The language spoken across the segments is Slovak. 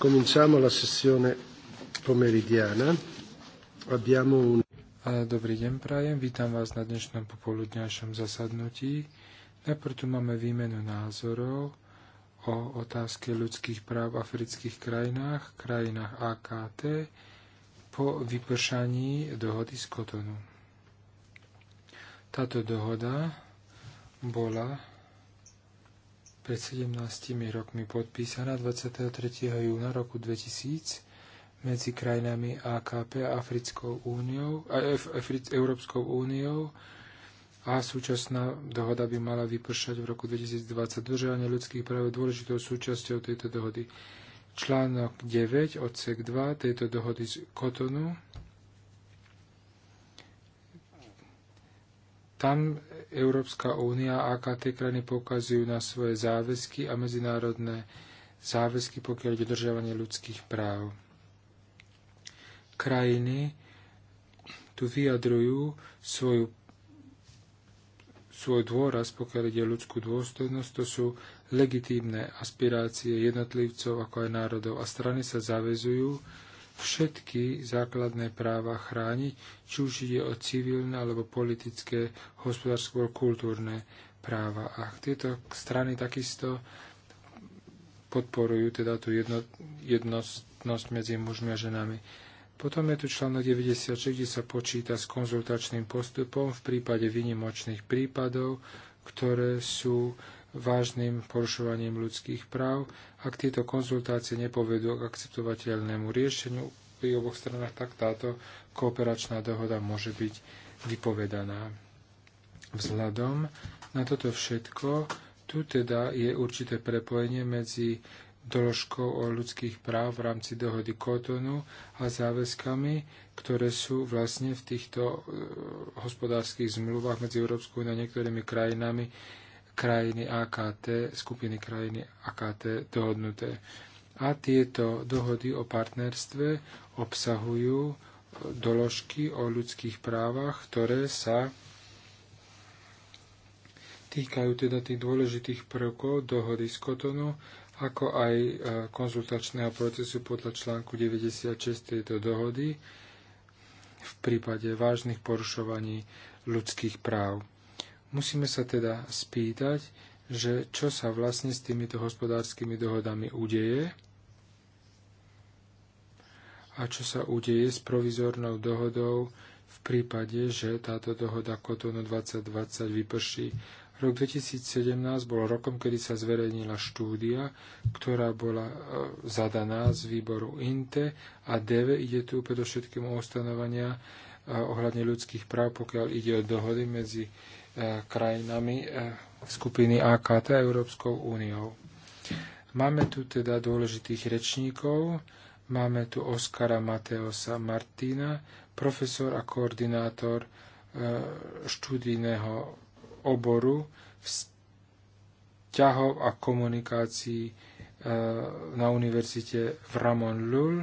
Cominciamo la sessione pomeridiana. Abbiamo un... Dobrý deň, prajem. Vítam vás na dnešnom popoludňajšom zasadnutí. Najprv tu máme výmenu názorov o otázke ľudských práv v afrických krajinách, krajinách AKT, po vypršaní dohody z Kotonu. Táto dohoda bola pred 17 rokmi podpísaná 23. júna roku 2000 medzi krajinami AKP a Africkou úniou, a e, Afric, Európskou úniou a súčasná dohoda by mala vypršať v roku 2020. Držanie ľudských práv je dôležitou súčasťou tejto dohody. Článok 9, odsek 2 tejto dohody z Kotonu. Tam Európska únia a tie krajiny poukazujú na svoje záväzky a medzinárodné záväzky, pokiaľ dodržiavanie ľudských práv. Krajiny tu vyjadrujú svoju, svoj dôraz, pokiaľ ide o ľudskú dôstojnosť, to sú legitímne aspirácie jednotlivcov ako aj národov a strany sa zavezujú, všetky základné práva chrániť, či už ide o civilné alebo politické, hospodárske alebo kultúrne práva. A tieto strany takisto podporujú teda tú jedno, jednotnosť medzi mužmi a ženami. Potom je tu článok 96, kde sa počíta s konzultačným postupom v prípade vynimočných prípadov, ktoré sú vážnym porušovaním ľudských práv. Ak tieto konzultácie nepovedú k akceptovateľnému riešeniu pri oboch stranách, tak táto kooperačná dohoda môže byť vypovedaná. Vzhľadom na toto všetko, tu teda je určité prepojenie medzi doložkou o ľudských práv v rámci dohody Kotonu a záväzkami, ktoré sú vlastne v týchto eh, hospodárskych zmluvách medzi Európskou a niektorými krajinami krajiny AKT, skupiny krajiny AKT dohodnuté. A tieto dohody o partnerstve obsahujú e, doložky o ľudských právach, ktoré sa týkajú teda tých dôležitých prvkov dohody z Kotonu, ako aj e, konzultačného procesu podľa článku 96 tejto dohody v prípade vážnych porušovaní ľudských práv. Musíme sa teda spýtať, že čo sa vlastne s týmito hospodárskymi dohodami udeje a čo sa udeje s provizornou dohodou v prípade, že táto dohoda Kotono 2020 vyprší. Rok 2017 bol rokom, kedy sa zverejnila štúdia, ktorá bola e, zadaná z výboru INTE a DV Ide tu predovšetkým o ustanovania e, ohľadne ľudských práv, pokiaľ ide o dohody medzi E, krajinami e, skupiny AKT Európskou úniou. Máme tu teda dôležitých rečníkov. Máme tu Oskara Mateosa Martina, profesor a koordinátor e, študijného oboru vzťahov a komunikácií na univerzite v Ramon Lul.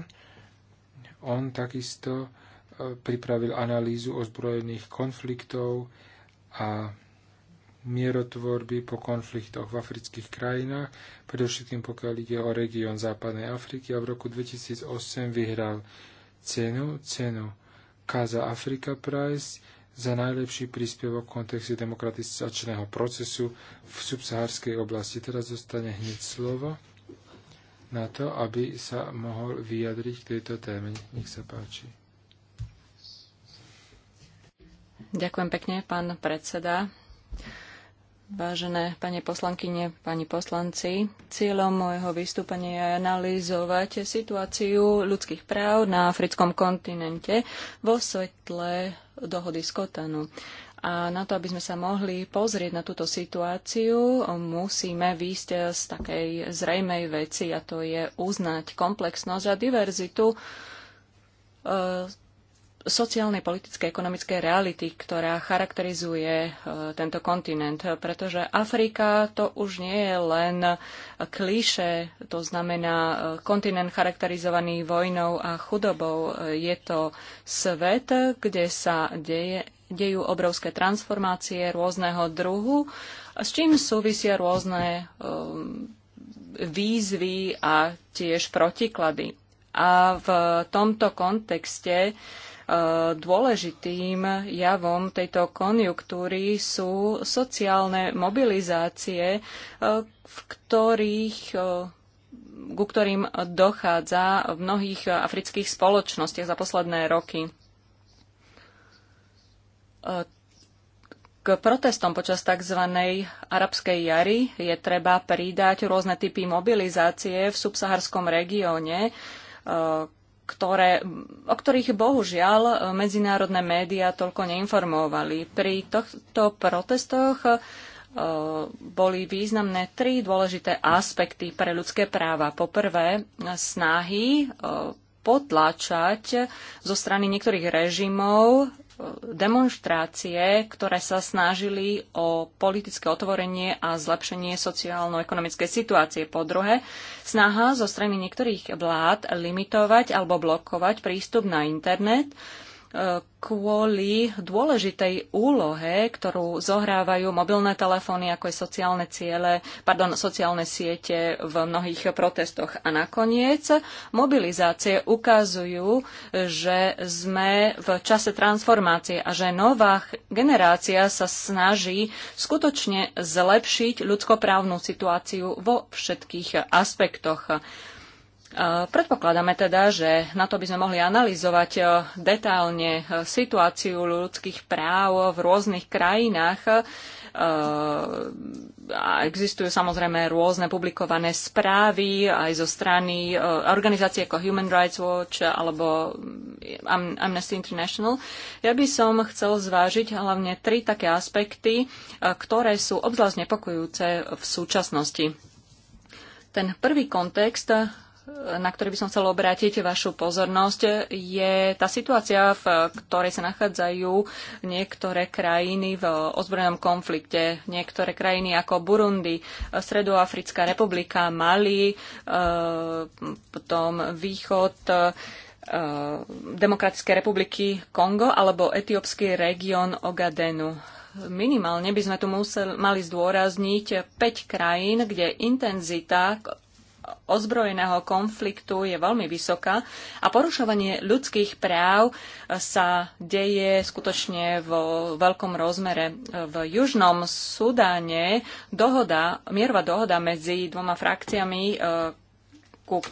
On takisto pripravil analýzu ozbrojených konfliktov a mierotvorby po konfliktoch v afrických krajinách, predovšetkým pokiaľ ide o región západnej Afriky a v roku 2008 vyhral cenu, cenu Kaza Africa Prize za najlepší príspevok v kontexte demokratizačného procesu v subsahárskej oblasti. Teraz zostane hneď slovo na to, aby sa mohol vyjadriť k tejto téme. Nech sa páči. Ďakujem pekne, pán predseda. Vážené pani poslankyne, pani poslanci, cieľom môjho vystúpenia je analyzovať situáciu ľudských práv na africkom kontinente vo svetle dohody z Kotanu. A na to, aby sme sa mohli pozrieť na túto situáciu, musíme výjsť z takej zrejmej veci, a to je uznať komplexnosť a diverzitu e, sociálnej, politickej, ekonomickej reality, ktorá charakterizuje e, tento kontinent. Pretože Afrika to už nie je len klíše, to znamená e, kontinent charakterizovaný vojnou a chudobou. E, je to svet, kde sa deje, dejú obrovské transformácie rôzneho druhu, s čím súvisia rôzne um, výzvy a tiež protiklady. A v tomto kontexte dôležitým javom tejto konjunktúry sú sociálne mobilizácie, e, v ktorých e, ku ktorým dochádza v mnohých afrických spoločnostiach za posledné roky. E, k protestom počas tzv. arabskej jary je treba pridať rôzne typy mobilizácie v subsaharskom regióne, ktoré, o ktorých bohužiaľ e, medzinárodné médiá toľko neinformovali. Pri tohto protestoch e, boli významné tri dôležité aspekty pre ľudské práva. Poprvé, snahy e, potlačať zo strany niektorých režimov demonstrácie, ktoré sa snažili o politické otvorenie a zlepšenie sociálno-ekonomickej situácie. Po druhé, snaha zo strany niektorých vlád limitovať alebo blokovať prístup na internet kvôli dôležitej úlohe, ktorú zohrávajú mobilné telefóny, ako je sociálne ciele, pardon, sociálne siete v mnohých protestoch. A nakoniec mobilizácie ukazujú, že sme v čase transformácie a že nová generácia sa snaží skutočne zlepšiť ľudskoprávnu situáciu vo všetkých aspektoch. Predpokladáme teda, že na to by sme mohli analyzovať e, detálne e, situáciu ľudských práv v rôznych krajinách. E, existujú samozrejme rôzne publikované správy aj zo strany organizácie ako Human Rights Watch alebo mm, Amnesty International. Ja by som chcel zvážiť hlavne tri také aspekty, ktoré sú obzvlášť nepokojúce v súčasnosti. Ten prvý kontext na ktorý by som chcel obrátiť vašu pozornosť, je tá situácia, v ktorej sa nachádzajú niektoré krajiny v ozbrojenom konflikte. Niektoré krajiny ako Burundi, Stredoafrická republika, Mali, e, potom východ e, Demokratickej republiky Kongo alebo etiópsky región Ogadenu. Minimálne by sme tu museli, mali zdôrazniť 5 krajín, kde intenzita ozbrojeného konfliktu je veľmi vysoká a porušovanie ľudských práv sa deje skutočne vo veľkom rozmere. V Južnom Sudáne dohoda, mierová dohoda medzi dvoma frakciami, e, ku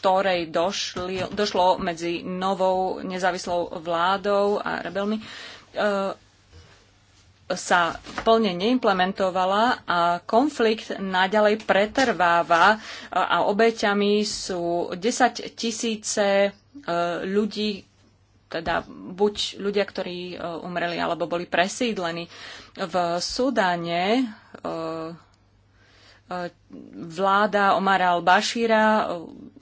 ktorej došli, došlo medzi novou nezávislou vládou a rebelmi, e, sa plne neimplementovala a konflikt naďalej pretrváva e, a obeťami sú 10 tisíce e, ľudí, teda buď ľudia, ktorí e, umreli alebo boli presídlení. V Sudáne vláda Omara al-Bashira eh,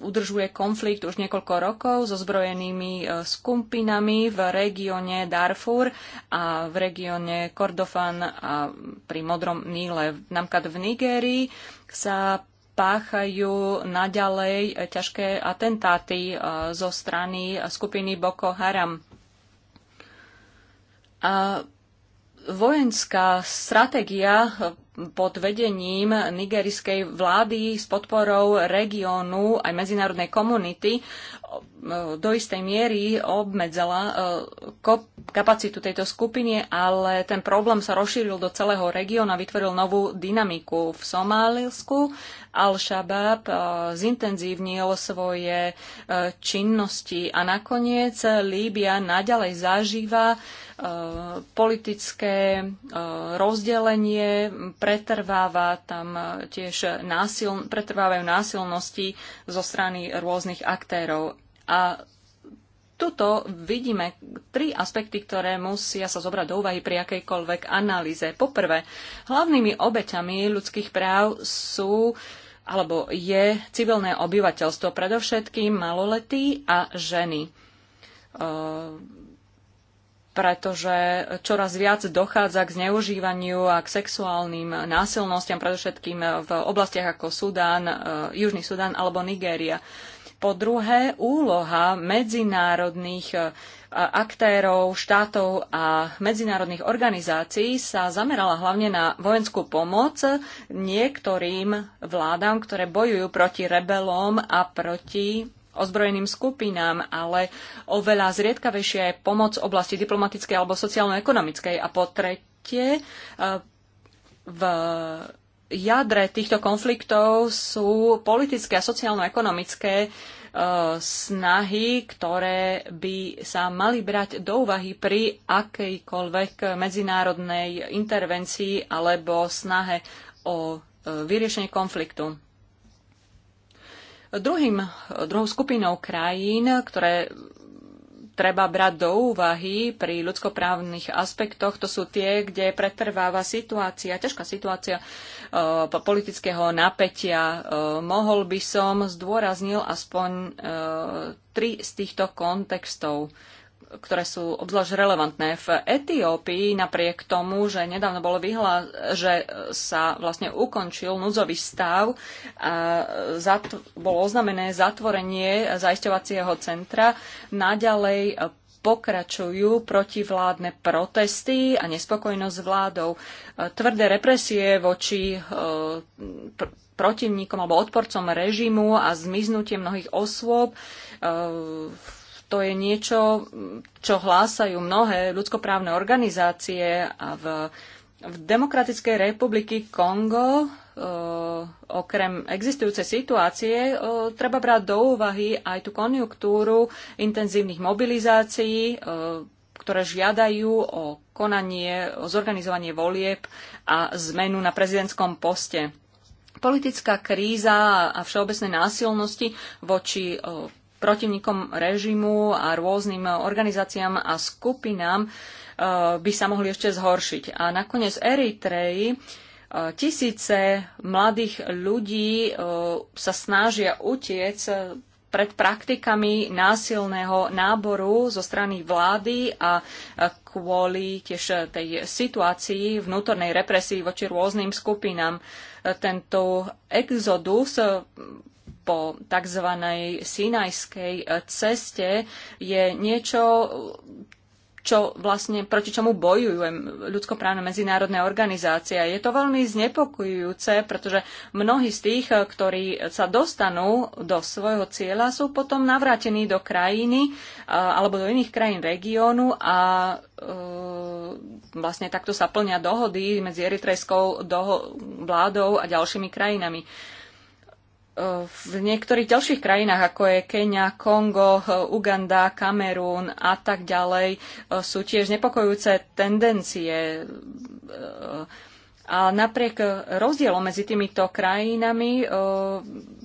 udržuje konflikt už niekoľko rokov so zbrojenými eh, skupinami v regióne Darfur a v regióne Kordofan a pri Modrom Níle. Namkad v Nigérii sa páchajú naďalej eh, ťažké atentáty zo strany skupiny Boko Haram. A vojenská stratégia eh, pod vedením nigerijskej vlády s podporou regiónu aj medzinárodnej komunity eh, do istej miery obmedzala eh, kapacitu tejto skupiny, ale ten problém sa rozšíril do celého regióna, vytvoril novú dynamiku v Somálsku. Al-Shabaab eh, zintenzívnil svoje eh, činnosti a nakoniec eh, Líbia naďalej zažíva politické rozdelenie, pretrváva tam tiež násil, pretrvávajú násilnosti zo strany rôznych aktérov. A tuto vidíme tri aspekty, ktoré musia sa zobrať do úvahy pri akejkoľvek analýze. Poprvé, hlavnými obeťami ľudských práv sú alebo je civilné obyvateľstvo, predovšetkým maloletí a ženy. E, pretože čoraz viac dochádza k zneužívaniu a k sexuálnym násilnostiam, predovšetkým v oblastiach ako Sudán, e, Južný Sudán alebo Nigéria. Po druhé, úloha medzinárodných e, aktérov, štátov a medzinárodných organizácií sa zamerala hlavne na vojenskú pomoc niektorým vládam, ktoré bojujú proti rebelom a proti ozbrojeným skupinám, ale oveľa zriedkavejšia je pomoc v oblasti diplomatickej alebo sociálno-ekonomickej. A po tretie, e, v jadre týchto konfliktov sú politické a sociálno-ekonomické e, snahy, ktoré by sa mali brať do úvahy pri akejkoľvek medzinárodnej intervencii alebo snahe o e, vyriešenie konfliktu. Druhým, druhou skupinou krajín, ktoré treba brať do úvahy pri ľudskoprávnych aspektoch, to sú tie, kde pretrváva situácia, ťažká situácia uh, politického napätia. Uh, mohol by som zdôraznil aspoň uh, tri z týchto kontextov. Uh, ktoré sú obzvlášť relevantné. V Etiópii napriek tomu, že nedávno bolo vyhla, že sa vlastne ukončil núdzový stav, a zat- bolo oznamené zatvorenie zaisťovacieho centra, naďalej pokračujú protivládne protesty a nespokojnosť s vládou. Tvrdé represie voči e, pr protivníkom alebo odporcom režimu a zmiznutie mnohých osôb e, to je niečo, čo hlásajú mnohé ľudskoprávne organizácie a v, v Demokratickej republiky Kongo e, okrem existujúcej situácie e, treba brať do úvahy aj tú konjunktúru intenzívnych mobilizácií, e, ktoré žiadajú o konanie, o zorganizovanie volieb a zmenu na prezidentskom poste politická kríza a všeobecné násilnosti voči protivníkom režimu a rôznym organizáciám a skupinám e, by sa mohli ešte zhoršiť. A nakoniec Eritreji e, tisíce mladých ľudí e, sa snažia utiec pred praktikami násilného náboru zo strany vlády a kvôli tiež tej situácii vnútornej represii voči rôznym skupinám. Tento exodus po tzv. sinajskej ceste je niečo, čo vlastne, proti čomu bojujú ľudskoprávne medzinárodné organizácie. Je to veľmi znepokojujúce, pretože mnohí z tých, ktorí sa dostanú do svojho cieľa, sú potom navrátení do krajiny alebo do iných krajín regiónu a e, vlastne takto sa plnia dohody medzi eritrejskou vládou a ďalšími krajinami. E, v niektorých ďalších krajinách, ako je Kenia, Kongo, Uganda, Kamerún a tak ďalej, sú tiež nepokojúce tendencie. A napriek rozdielom medzi týmito krajinami e,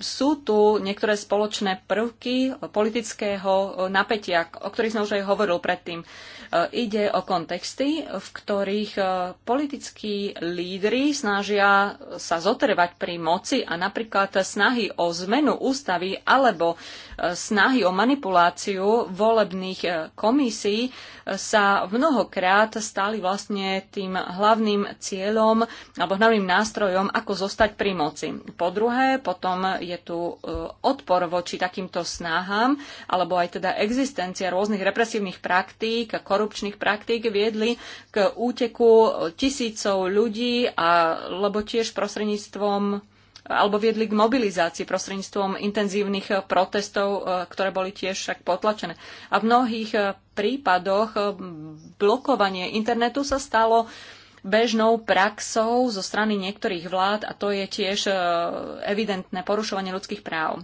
sú tu niektoré spoločné prvky politického napätia, o ktorých som už aj hovoril predtým. E, ide o kontexty, v ktorých e, politickí lídry snažia sa zotrvať pri moci a napríklad snahy o zmenu ústavy alebo e, snahy o manipuláciu volebných komisí sa mnohokrát stali vlastne tým hlavným cieľom alebo hlavným nástrojom, ako zostať pri moci. Po druhé, potom je tu odpor voči takýmto snahám alebo aj teda existencia rôznych represívnych praktík, korupčných praktík viedli k úteku tisícov ľudí, a, lebo tiež prostredníctvom alebo viedli k mobilizácii prostredníctvom intenzívnych protestov, e, ktoré boli tiež však potlačené. A v mnohých e, prípadoch e, blokovanie internetu sa stalo bežnou praxou zo strany niektorých vlád a to je tiež evidentné porušovanie ľudských práv.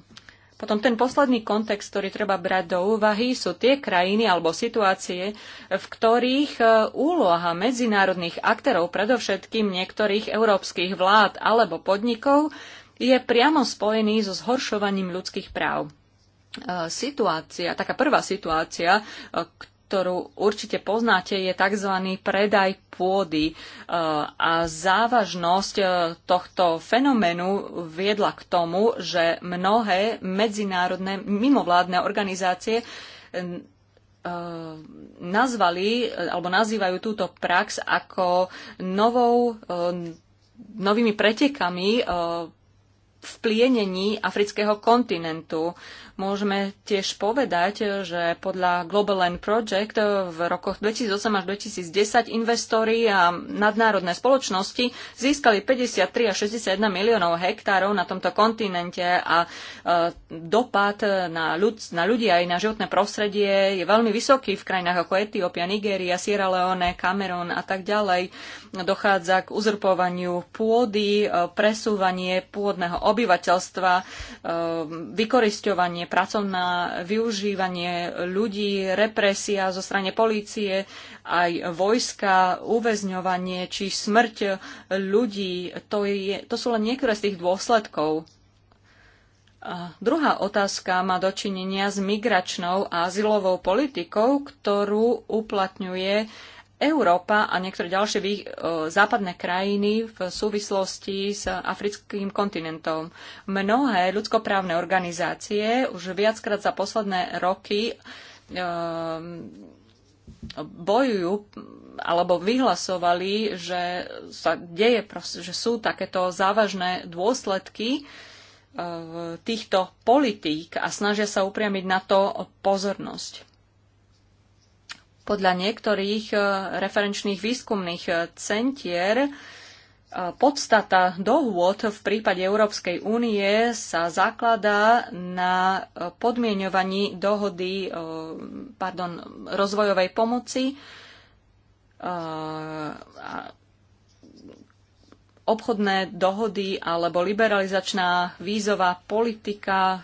Potom ten posledný kontext, ktorý treba brať do úvahy, sú tie krajiny alebo situácie, v ktorých e, úloha medzinárodných aktérov, predovšetkým niektorých európskych vlád alebo podnikov, je priamo spojený so zhoršovaním ľudských práv. E, situácia, taká prvá situácia, e, ktorú určite poznáte, je tzv. predaj pôdy e, a závažnosť e, tohto fenoménu viedla k tomu, že mnohé medzinárodné mimovládne organizácie e, nazvali alebo nazývajú túto prax ako novou, novými pretekami v plienení afrického kontinentu môžeme tiež povedať, že podľa Global Land Project v rokoch 2008 až 2010 investori a nadnárodné spoločnosti získali 53 až 61 miliónov hektárov na tomto kontinente a e, dopad na, ľud, na ľudí aj na životné prostredie je veľmi vysoký v krajinách ako Etiópia, Nigéria, Sierra Leone, Kamerun a tak ďalej. Dochádza k uzurpovaniu pôdy, e, presúvanie pôdneho obyvateľstva, e, vykoristovanie využívanie, pracovná využívanie ľudí, represia zo strany polície, aj vojska, uväzňovanie či smrť ľudí. To, je, to sú len niektoré z tých dôsledkov. A druhá otázka má dočinenia s migračnou a azylovou politikou, ktorú uplatňuje Európa a niektoré ďalšie vý, e, západné krajiny v súvislosti s africkým kontinentom. Mnohé ľudskoprávne organizácie už viackrát za posledné roky e, bojujú alebo vyhlasovali, že sa deje, že sú takéto závažné dôsledky e, týchto politík a snažia sa upriamiť na to pozornosť. Podľa niektorých e, referenčných výskumných e, centier e, podstata dohôd v prípade Európskej únie sa zakladá na podmienovaní dohody pardon, rozvojovej pomoci obchodné dohody alebo liberalizačná vízová politika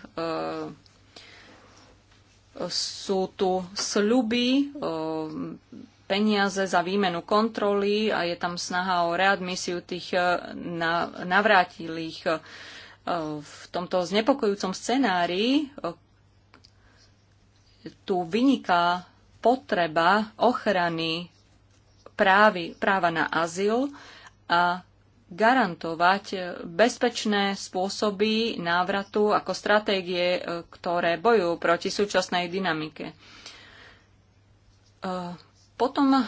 sú tu sľuby, eh, peniaze za výmenu kontroly a je tam snaha o readmisiu tých eh, navrátilých eh, v tomto znepokojúcom scenári. Tu vyniká potreba ochrany právy, práva na azyl a garantovať bezpečné spôsoby návratu ako stratégie, e, ktoré bojujú proti súčasnej dynamike. E, potom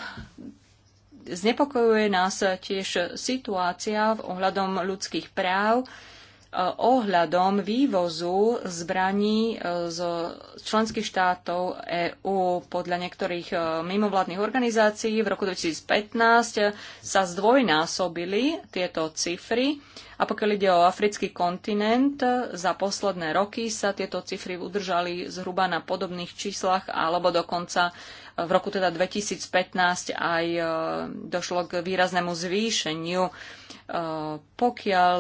znepokojuje nás tiež situácia v ohľadom ľudských práv, ohľadom vývozu zbraní e, z členských štátov EÚ. Podľa niektorých e, mimovládnych organizácií v roku 2015 sa zdvojnásobili tieto cifry a pokiaľ ide o africký kontinent, za posledné roky sa tieto cifry udržali zhruba na podobných číslach alebo dokonca e, v roku teda 2015 aj došlo k výraznému zvýšeniu. Pokiaľ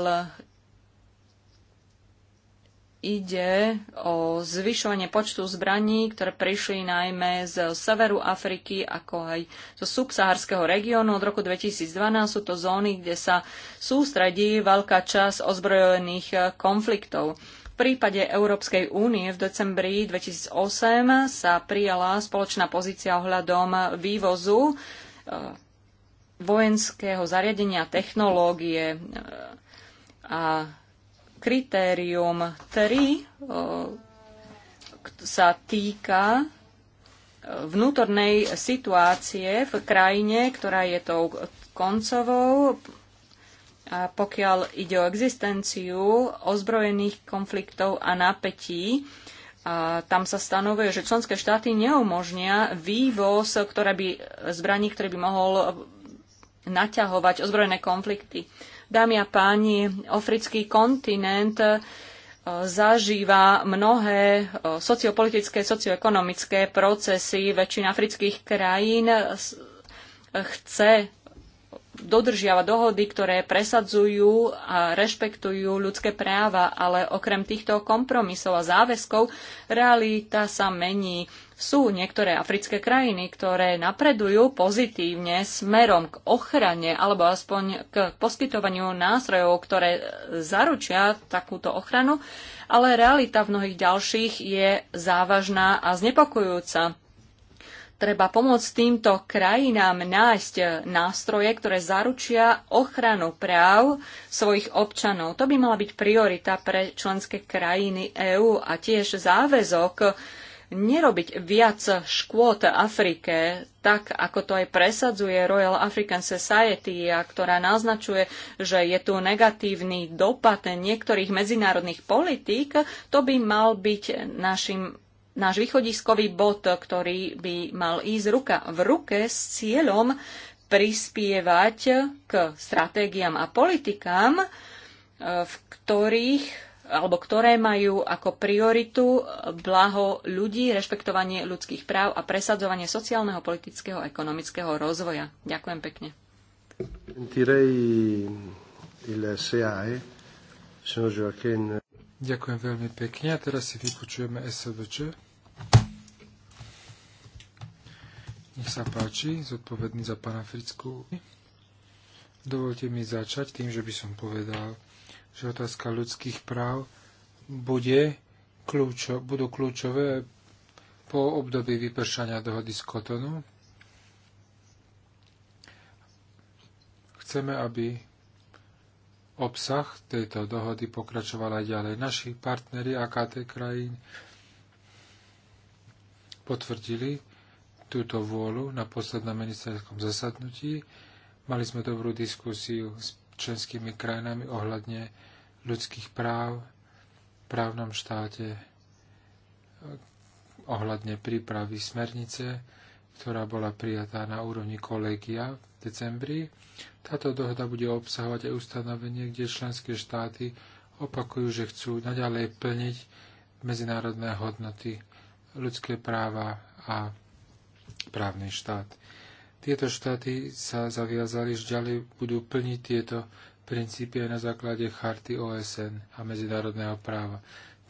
ide o zvyšovanie počtu zbraní, ktoré prišli najmä z severu Afriky, ako aj zo subsahárskeho regiónu. Od roku 2012 sú to zóny, kde sa sústredí veľká časť ozbrojených konfliktov. V prípade Európskej únie v decembri 2008 sa prijala spoločná pozícia ohľadom vývozu e, vojenského zariadenia technológie e, a kritérium 3 sa týka e, vnútornej situácie v krajine, ktorá je tou koncovou. A pokiaľ ide o existenciu ozbrojených konfliktov a napätí, a tam sa stanovuje, že členské štáty neumožnia vývoz ktoré by, zbraní, ktoré by mohol naťahovať ozbrojené konflikty. Dámy a páni, africký kontinent e, zažíva mnohé e, sociopolitické, socioekonomické procesy. Väčšina afrických krajín e, chce dodržiava dohody, ktoré presadzujú a rešpektujú ľudské práva, ale okrem týchto kompromisov a záväzkov realita sa mení. Sú niektoré africké krajiny, ktoré napredujú pozitívne smerom k ochrane alebo aspoň k poskytovaniu nástrojov, ktoré zaručia takúto ochranu, ale realita v mnohých ďalších je závažná a znepokojujúca. Treba pomôcť týmto krajinám nájsť nástroje, ktoré zaručia ochranu práv svojich občanov. To by mala byť priorita pre členské krajiny EÚ a tiež záväzok nerobiť viac škôd Afrike, tak ako to aj presadzuje Royal African Society, a ktorá naznačuje, že je tu negatívny dopad niektorých medzinárodných politík, to by mal byť našim náš východiskový bod, ktorý by mal ísť ruka v ruke s cieľom prispievať k stratégiám a politikám, eh, v ktorých alebo ktoré majú ako prioritu blaho ľudí, rešpektovanie ľudských práv a presadzovanie sociálneho, politického a ekonomického rozvoja. Ďakujem pekne. il e, signor Ďakujem veľmi pekne. A teraz si vypočujeme SVČ. Nech sa páči, zodpovedný za panafrickú. Dovolte mi začať tým, že by som povedal, že otázka ľudských práv bude kľúčo, budú kľúčové po období vypršania dohody z Kotonu. Chceme, aby obsah tejto dohody pokračovala aj ďalej. Naši partneri AKT krajín potvrdili túto vôľu na poslednom ministerskom zasadnutí. Mali sme dobrú diskusiu s členskými krajinami ohľadne ľudských práv, právnom štáte, ohľadne prípravy smernice ktorá bola prijatá na úrovni kolegia v decembri. Táto dohoda bude obsahovať aj ustanovenie, kde členské štáty opakujú, že chcú naďalej plniť medzinárodné hodnoty, ľudské práva a právny štát. Tieto štáty sa zaviazali, že ďalej budú plniť tieto princípy aj na základe charty OSN a medzinárodného práva.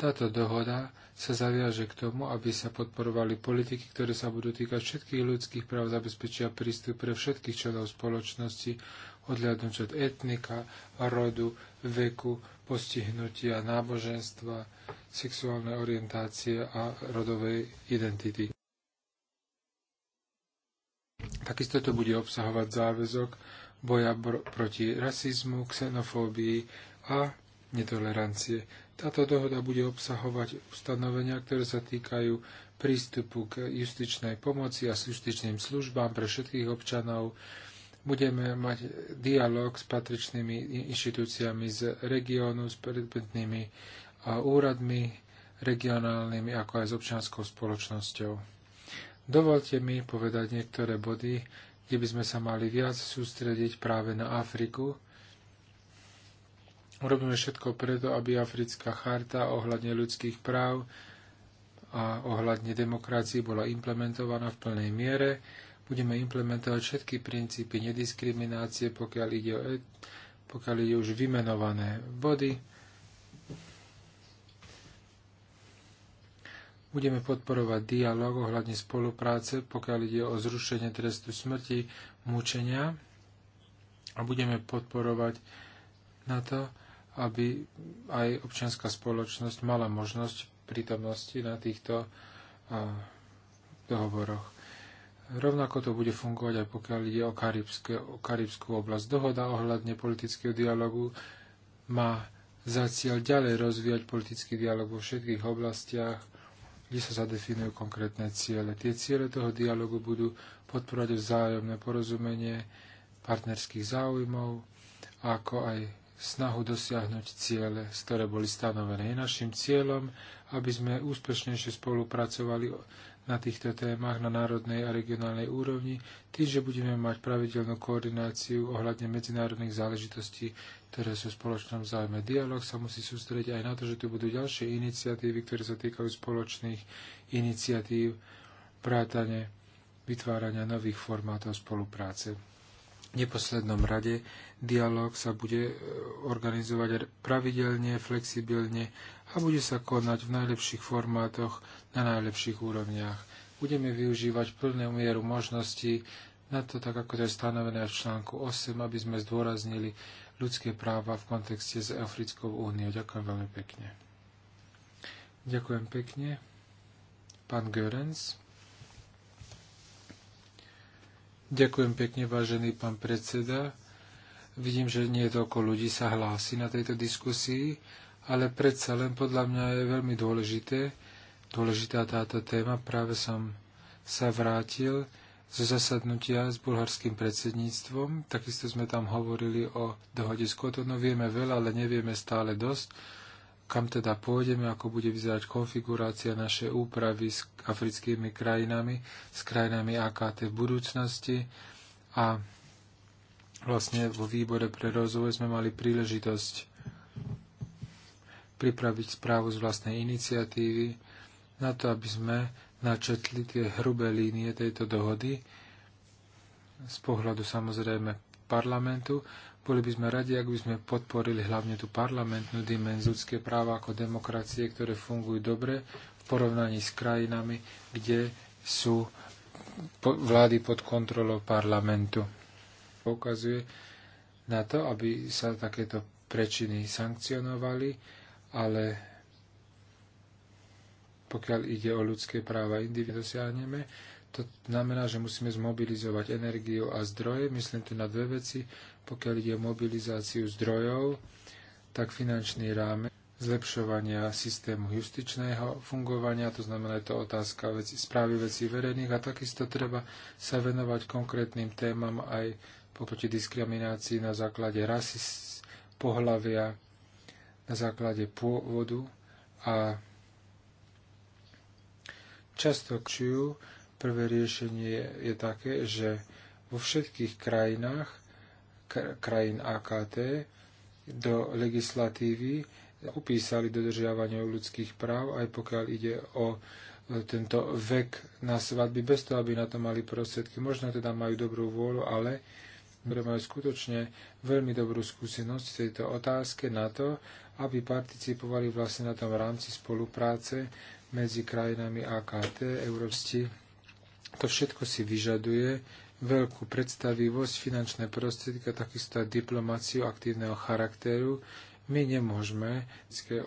Táto dohoda sa zaviaže k tomu, aby sa podporovali politiky, ktoré sa budú týkať všetkých ľudských práv, zabezpečia prístup pre všetkých členov spoločnosti, odhľadnúť od etnika, rodu, veku, postihnutia, náboženstva, sexuálnej orientácie a rodovej identity. Takisto to bude obsahovať záväzok boja proti rasizmu, xenofóbii a netolerancie. Táto dohoda bude obsahovať ustanovenia, ktoré sa týkajú prístupu k justičnej pomoci a justičným službám pre všetkých občanov. Budeme mať dialog s patričnými inštitúciami z regiónu, s predmetnými úradmi regionálnymi, ako aj s občianskou spoločnosťou. Dovolte mi povedať niektoré body, kde by sme sa mali viac sústrediť práve na Afriku, Urobíme všetko preto, aby Africká charta ohľadne ľudských práv a ohľadne demokracie bola implementovaná v plnej miere. Budeme implementovať všetky princípy nediskriminácie, pokiaľ ide o et- pokiaľ ide už vymenované body. Budeme podporovať dialog ohľadne spolupráce, pokiaľ ide o zrušenie trestu smrti, mučenia a budeme podporovať na to, aby aj občianská spoločnosť mala možnosť prítomnosti na týchto dohovoroch. Rovnako to bude fungovať aj pokiaľ ide o, karibské, o karibskú oblasť. Dohoda ohľadne politického dialogu má za cieľ ďalej rozvíjať politický dialog vo všetkých oblastiach, kde sa zadefinujú konkrétne ciele. Tie ciele toho dialogu budú podporovať vzájomné porozumenie partnerských záujmov, ako aj snahu dosiahnuť ciele, z ktoré boli stanovené. Je našim cieľom, aby sme úspešnejšie spolupracovali na týchto témach na národnej a regionálnej úrovni, tým, že budeme mať pravidelnú koordináciu ohľadne medzinárodných záležitostí, ktoré sú v spoločnom záujme. Dialóg sa musí sústrediť aj na to, že tu budú ďalšie iniciatívy, ktoré sa týkajú spoločných iniciatív, prátane vytvárania nových formátov spolupráce neposlednom rade dialog sa bude e, organizovať pravidelne, flexibilne a bude sa konať v najlepších formátoch na najlepších úrovniach. Budeme využívať plnú mieru možností na to, tak ako to je stanovené v článku 8, aby sme zdôraznili ľudské práva v kontexte s Africkou úniou. Ďakujem veľmi pekne. Ďakujem pekne. Pán Görens. Ďakujem pekne, vážený pán predseda. Vidím, že nie toľko ľudí sa hlási na tejto diskusii, ale predsa len podľa mňa je veľmi dôležité, dôležitá táto téma. Práve som sa vrátil zo zasadnutia s bulharským predsedníctvom. Takisto sme tam hovorili o dohode s Kotonou. Vieme veľa, ale nevieme stále dosť kam teda pôjdeme, ako bude vyzerať konfigurácia našej úpravy s africkými krajinami, s krajinami AKT v budúcnosti. A vlastne vo výbore pre rozvoj sme mali príležitosť pripraviť správu z vlastnej iniciatívy na to, aby sme načetli tie hrubé línie tejto dohody z pohľadu samozrejme parlamentu boli by sme radi, ak by sme podporili hlavne tú parlamentnú dimenziu ľudské práva ako demokracie, ktoré fungujú dobre v porovnaní s krajinami, kde sú vlády pod kontrolou parlamentu. Poukazuje na to, aby sa takéto prečiny sankcionovali, ale pokiaľ ide o ľudské práva individu dosiahneme, to znamená, že musíme zmobilizovať energiu a zdroje. Myslím tu na dve veci pokiaľ ide o mobilizáciu zdrojov, tak finančný ráme zlepšovania systému justičného fungovania, to znamená, je to otázka veci, správy vecí verejných a takisto treba sa venovať konkrétnym témam aj proti diskriminácii na základe rasy, pohlavia, na základe pôvodu a často kčujú. Prvé riešenie je také, že vo všetkých krajinách krajín AKT do legislatívy upísali dodržiavanie ľudských práv, aj pokiaľ ide o e, tento vek na svadby, bez toho, aby na to mali prostriedky. Možno teda majú dobrú vôľu, ale ktoré majú skutočne veľmi dobrú skúsenosť v tejto otázke na to, aby participovali vlastne na tom rámci spolupráce medzi krajinami AKT, Európsti. To všetko si vyžaduje veľkú predstavivosť, finančné prostriedky a takisto aj diplomáciu aktívneho charakteru. My nemôžeme,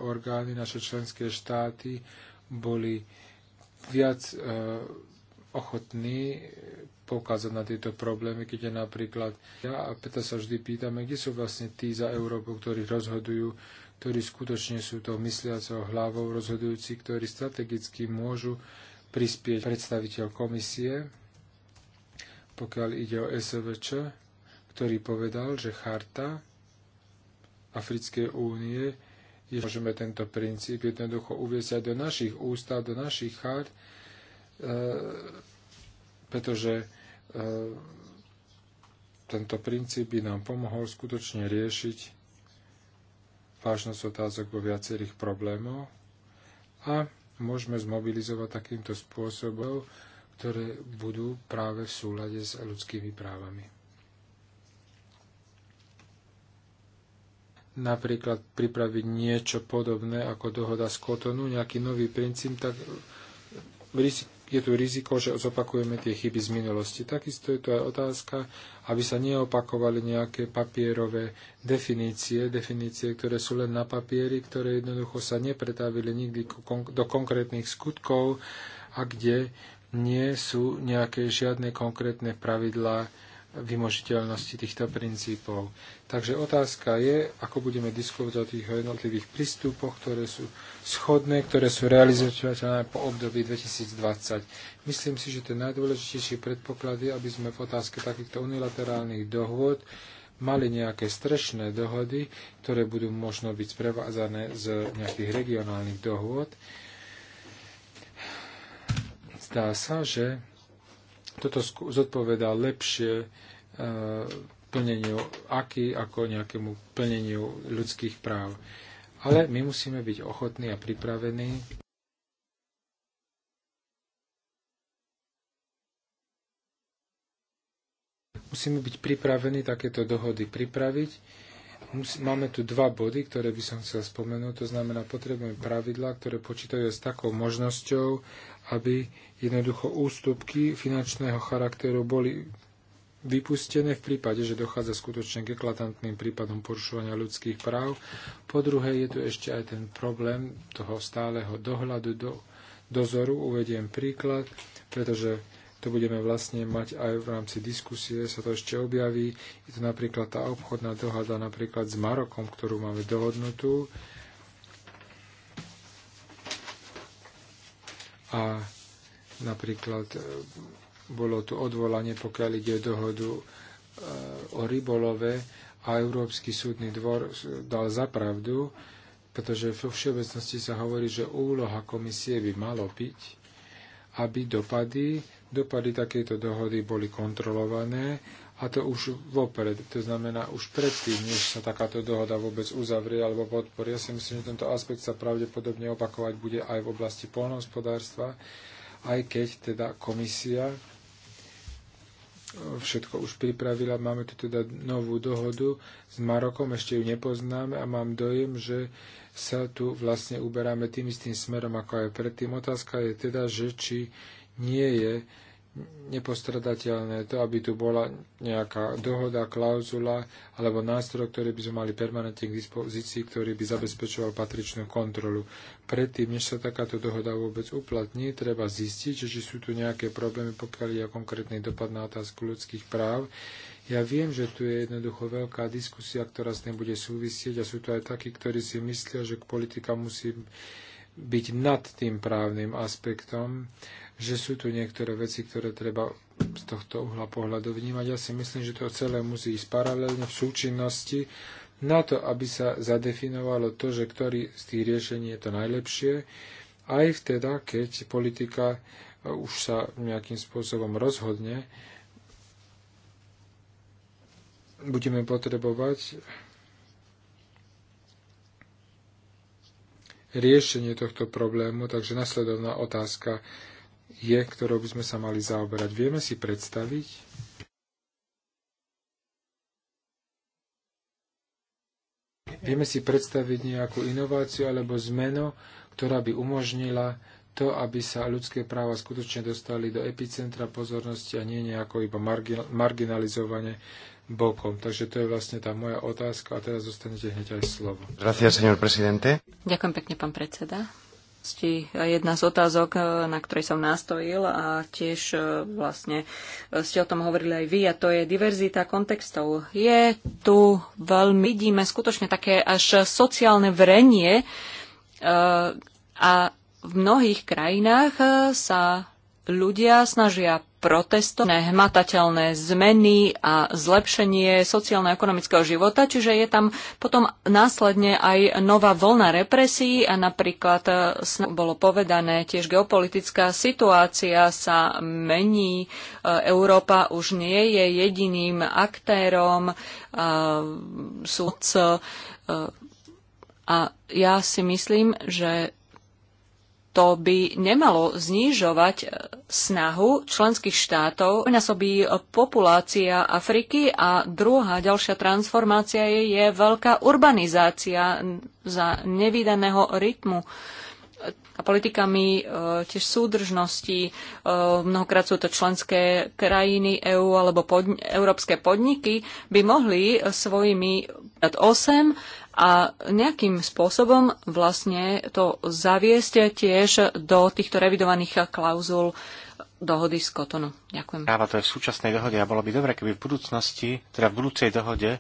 orgány, naše členské štáty boli viac e, ochotní poukázať na tieto problémy, keď je napríklad ja, a preto sa vždy pýtame, kde sú vlastne tí za Európu, ktorí rozhodujú, ktorí skutočne sú to mysliacou hlavou rozhodujúci, ktorí strategicky môžu prispieť predstaviteľ komisie, pokiaľ ide o SVČ, ktorý povedal, že charta Africkej únie je, môžeme tento princíp jednoducho uviesť aj do našich ústav, do našich chart, e, pretože e, tento princíp by nám pomohol skutočne riešiť vážnosť otázok vo viacerých problémoch a môžeme zmobilizovať takýmto spôsobom ktoré budú práve v súlade s ľudskými právami. Napríklad pripraviť niečo podobné ako dohoda z Kotonu, nejaký nový princíp, tak je tu riziko, že zopakujeme tie chyby z minulosti. Takisto je to aj otázka, aby sa neopakovali nejaké papierové definície, definície, ktoré sú len na papieri, ktoré jednoducho sa nepretavili nikdy do konkrétnych skutkov a kde nie sú nejaké žiadne konkrétne pravidlá vymožiteľnosti týchto princípov. Takže otázka je, ako budeme diskutovať o tých jednotlivých prístupoch, ktoré sú schodné, ktoré sú realizovateľné po období 2020. Myslím si, že ten najdôležitejší predpoklad je, aby sme v otázke takýchto unilaterálnych dohôd mali nejaké strešné dohody, ktoré budú možno byť sprevádzané z nejakých regionálnych dohôd, Zdá sa, že toto zodpovedá lepšie e, plneniu aký ako nejakému plneniu ľudských práv. Ale my musíme byť ochotní a pripravení musíme byť pripravení takéto dohody pripraviť. Máme tu dva body, ktoré by som chcel spomenúť. To znamená, potrebujeme pravidlá, ktoré počítajú s takou možnosťou, aby jednoducho ústupky finančného charakteru boli vypustené v prípade, že dochádza skutočne k eklatantným prípadom porušovania ľudských práv. Po druhé je tu ešte aj ten problém toho stáleho dohľadu, do, dozoru. Uvediem príklad, pretože to budeme vlastne mať aj v rámci diskusie, sa to ešte objaví. Je to napríklad tá obchodná dohada napríklad s Marokom, ktorú máme dohodnutú. a napríklad e, bolo tu odvolanie, pokiaľ ide o dohodu e, o rybolove a Európsky súdny dvor dal zapravdu, pretože vo všeobecnosti sa hovorí, že úloha komisie by malo byť, aby dopady, dopady takéto dohody boli kontrolované a to už vopred, to znamená už predtým, než sa takáto dohoda vôbec uzavrie alebo podporí. Ja si myslím, že tento aspekt sa pravdepodobne opakovať bude aj v oblasti polnohospodárstva, aj keď teda komisia e, všetko už pripravila. Máme tu teda novú dohodu s Marokom, ešte ju nepoznáme a mám dojem, že sa tu vlastne uberáme tým istým smerom, ako aj predtým. Otázka je teda, že či nie je nepostradateľné to, aby tu bola nejaká dohoda, klauzula alebo nástroj, ktorý by sme mali permanentne k dispozícii, ktorý by zabezpečoval patričnú kontrolu. Predtým, než sa takáto dohoda vôbec uplatní, treba zistiť, že sú tu nejaké problémy, pokiaľ je konkrétny dopad na otázku ľudských práv. Ja viem, že tu je jednoducho veľká diskusia, ktorá s tým bude súvisieť a sú tu aj takí, ktorí si myslia, že politika musí byť nad tým právnym aspektom že sú tu niektoré veci, ktoré treba z tohto uhla pohľadu vnímať. Ja si myslím, že to celé musí ísť paralelne v súčinnosti na to, aby sa zadefinovalo to, že ktorý z tých riešení je to najlepšie, aj vtedy, keď politika e, už sa nejakým spôsobom rozhodne, budeme potrebovať riešenie tohto problému, takže nasledovná otázka je, ktorou by sme sa mali zaoberať. Vieme si predstaviť, Vieme si predstaviť nejakú inováciu alebo zmenu, ktorá by umožnila to, aby sa ľudské práva skutočne dostali do epicentra pozornosti a nie nejako iba marginalizovanie bokom. Takže to je vlastne tá moja otázka a teraz dostanete hneď aj slovo. Gracias, señor presidente. Ďakujem pekne, pán predseda jedna z otázok, e, na ktorej som nastojil a tiež e, vlastne e, ste o tom hovorili aj vy a to je diverzita kontextov. Je tu veľmi, vidíme skutočne také až sociálne vrenie a v mnohých krajinách sa ľudia snažia protestovať hmatateľné zmeny a zlepšenie sociálno-ekonomického života, čiže je tam potom následne aj nová vlna represí a napríklad e, bolo povedané, tiež geopolitická situácia sa mení, e, Európa už nie je jediným aktérom, e, súdce a ja si myslím, že to by nemalo znižovať e, snahu členských štátov. Násobí e, populácia Afriky a druhá ďalšia transformácia je, je veľká urbanizácia za nevydaného rytmu a politikami e, tiež súdržnosti. E, mnohokrát sú to členské krajiny EÚ alebo podni- európske podniky by mohli e, svojimi 8 a nejakým spôsobom vlastne to zaviesť tiež do týchto revidovaných klauzul dohody z Kotonu. Ďakujem. Práva to je v súčasnej dohode a bolo by dobre, keby v budúcnosti, teda v budúcej dohode,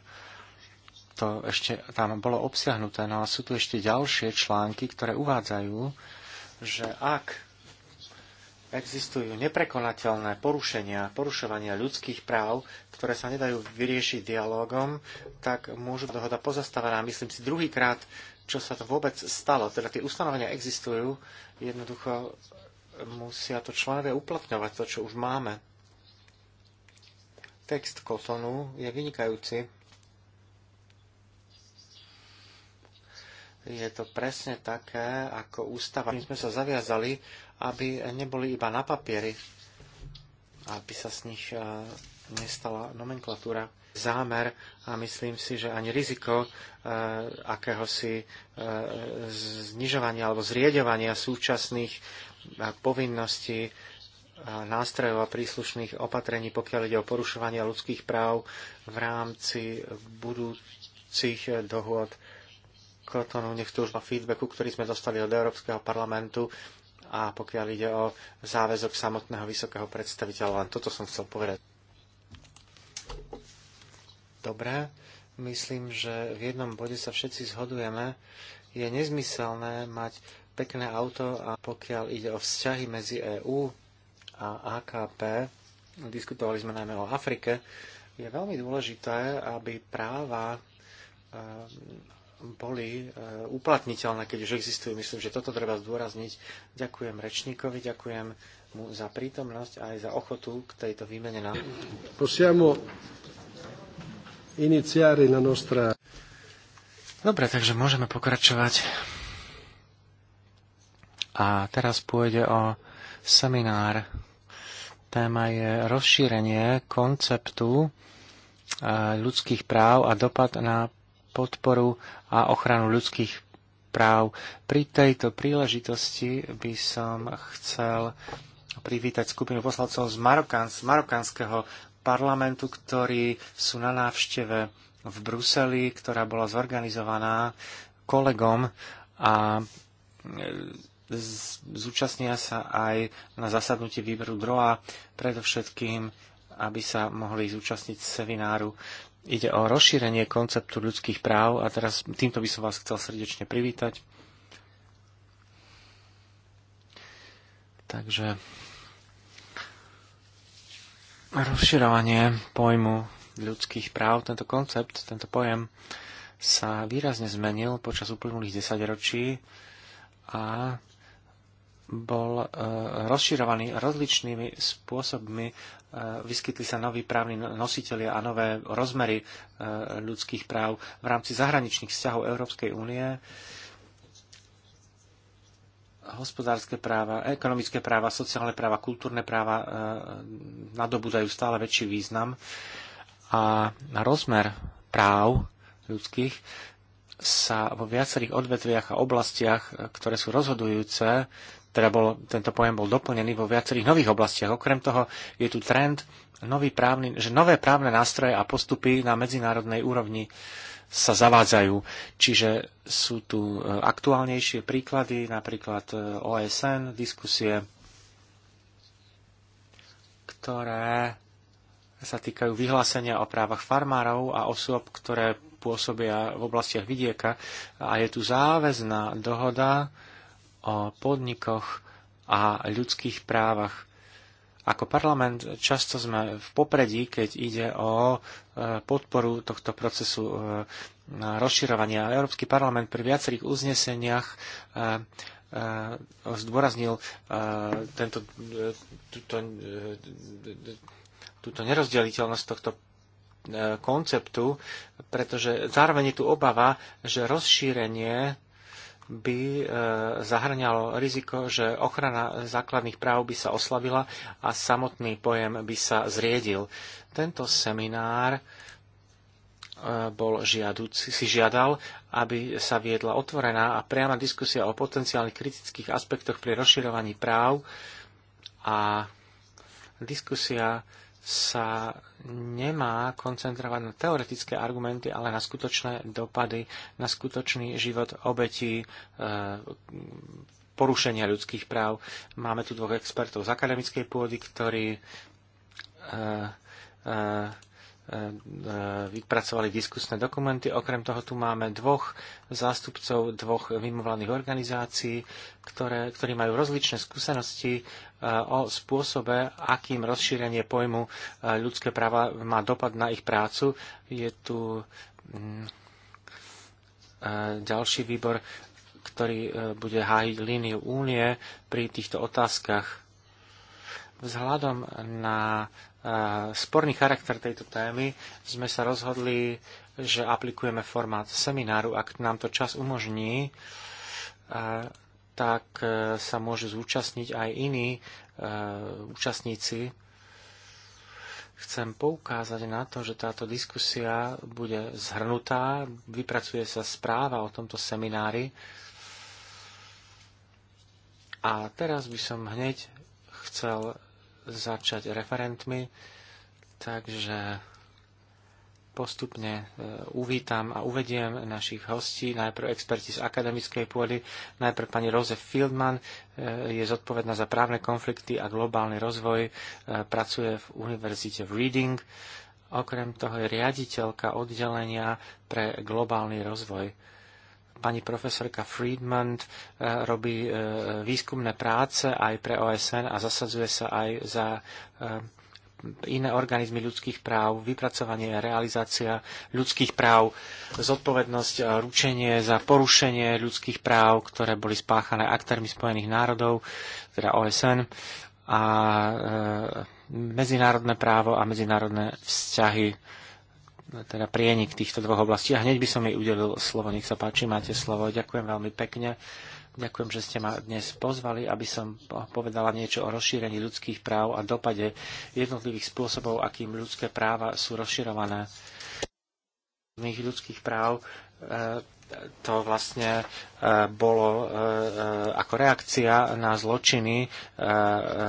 to ešte tam bolo obsiahnuté. No a sú tu ešte ďalšie články, ktoré uvádzajú, že ak existujú neprekonateľné porušenia, porušovania ľudských práv, ktoré sa nedajú vyriešiť dialogom, tak môžu dohoda pozastavená. Myslím si druhýkrát, čo sa to vôbec stalo. Teda tie ustanovenia existujú, jednoducho musia to členovia uplatňovať, to, čo už máme. Text Kotonu je vynikajúci. Je to presne také, ako ústava. My sme sa zaviazali aby neboli iba na papieri, aby sa z nich e, nestala nomenklatúra. Zámer a myslím si, že ani riziko e, akéhosi e, znižovania alebo zrieďovania súčasných povinností nástrojov a príslušných opatrení, pokiaľ ide o porušovanie ľudských práv v rámci budúcich dohôd Kotonu, nech to už má feedbacku, ktorý sme dostali od Európskeho parlamentu, a pokiaľ ide o záväzok samotného vysokého predstaviteľa. Len toto som chcel povedať. Dobre, myslím, že v jednom bode sa všetci zhodujeme. Je nezmyselné mať pekné auto a pokiaľ ide o vzťahy medzi EÚ a AKP, diskutovali sme najmä o Afrike, je veľmi dôležité, aby práva boli e, uplatniteľné, keď už existujú. Myslím, že toto treba zdôrazniť. Ďakujem rečníkovi, ďakujem mu za prítomnosť a aj za ochotu k tejto výmene na... Posiamo iniciári na nostra... Dobre, takže môžeme pokračovať. A teraz pôjde o seminár. Téma je rozšírenie konceptu e, ľudských práv a dopad na podporu a ochranu ľudských práv. Pri tejto príležitosti by som chcel privítať skupinu poslancov z, Marokán, z marokánskeho parlamentu, ktorí sú na návšteve v Bruseli, ktorá bola zorganizovaná kolegom a e, zúčastnia sa aj na zasadnutí výberu droa, predovšetkým, aby sa mohli zúčastniť semináru Ide o rozšírenie konceptu ľudských práv a teraz týmto by som vás chcel srdečne privítať. Takže rozširovanie pojmu ľudských práv, tento koncept, tento pojem sa výrazne zmenil počas uplynulých desaťročí a bol e, rozširovaný rozličnými spôsobmi. E, vyskytli sa noví právni nositeľi a nové rozmery e, ľudských práv v rámci zahraničných vzťahov Európskej únie hospodárske práva, ekonomické práva, sociálne práva, kultúrne práva nadobúdajú stále väčší význam a rozmer práv ľudských sa vo viacerých odvetviach a oblastiach, ktoré sú rozhodujúce teda bol, tento pojem bol doplnený vo viacerých nových oblastiach. Okrem toho je tu trend, nový právny, že nové právne nástroje a postupy na medzinárodnej úrovni sa zavádzajú. Čiže sú tu e, aktuálnejšie príklady, napríklad e, OSN, diskusie, ktoré sa týkajú vyhlásenia o právach farmárov a osôb, ktoré pôsobia v oblastiach vidieka. A je tu záväzná dohoda, o podnikoch a ľudských právach. Ako parlament často sme v popredí, keď ide o e, podporu tohto procesu e, rozširovania. Európsky parlament pri viacerých uzneseniach e, zdôraznil tento, túto, túto nerozdeliteľnosť tohto konceptu, pretože zároveň je tu obava, že rozšírenie by e, zahrňalo riziko, že ochrana základných práv by sa oslabila a samotný pojem by sa zriedil. Tento seminár e, bol žiaduci, si žiadal, aby sa viedla otvorená a priama diskusia o potenciálnych kritických aspektoch pri rozširovaní práv a diskusia sa nemá koncentrovať na teoretické argumenty, ale na skutočné dopady, na skutočný život obetí e, porušenia ľudských práv. Máme tu dvoch expertov z akademickej pôdy, ktorí e, e, Eh, vypracovali diskusné dokumenty. Okrem toho tu máme dvoch zástupcov dvoch vymovaných organizácií, ktoré, ktorí majú rozličné skúsenosti eh, o spôsobe, akým rozšírenie pojmu eh, ľudské práva má dopad na ich prácu. Je tu mm, ďalší výbor, ktorý bude hájiť líniu únie pri týchto otázkach. Vzhľadom na sporný charakter tejto témy sme sa rozhodli, že aplikujeme formát semináru. Ak nám to čas umožní, e, tak e, sa môžu zúčastniť aj iní e, účastníci. Chcem poukázať na to, že táto diskusia bude zhrnutá, vypracuje sa správa o tomto seminári. A teraz by som hneď chcel začať referentmi, takže postupne e, uvítam a uvediem našich hostí, najprv experti z akademickej pôdy, najprv pani Rose Fieldman e, je zodpovedná za právne konflikty a globálny rozvoj, e, pracuje v univerzite v Reading, okrem toho je riaditeľka oddelenia pre globálny rozvoj pani profesorka Friedman eh, robí eh, výskumné práce aj pre OSN a zasadzuje sa aj za eh, iné organizmy ľudských práv, vypracovanie a realizácia ľudských práv, zodpovednosť a ručenie za porušenie ľudských práv, ktoré boli spáchané aktérmi Spojených národov, teda OSN, a medzinárodné právo a medzinárodné vzťahy teda prienik týchto dvoch oblastí. A hneď by som jej udelil slovo. Nech sa páči, máte slovo. Ďakujem veľmi pekne. Ďakujem, že ste ma dnes pozvali, aby som povedala niečo o rozšírení ľudských práv a dopade jednotlivých spôsobov, akým ľudské práva sú rozširované. Mých ľudských práv eh, to vlastne eh, bolo eh, ako reakcia na zločiny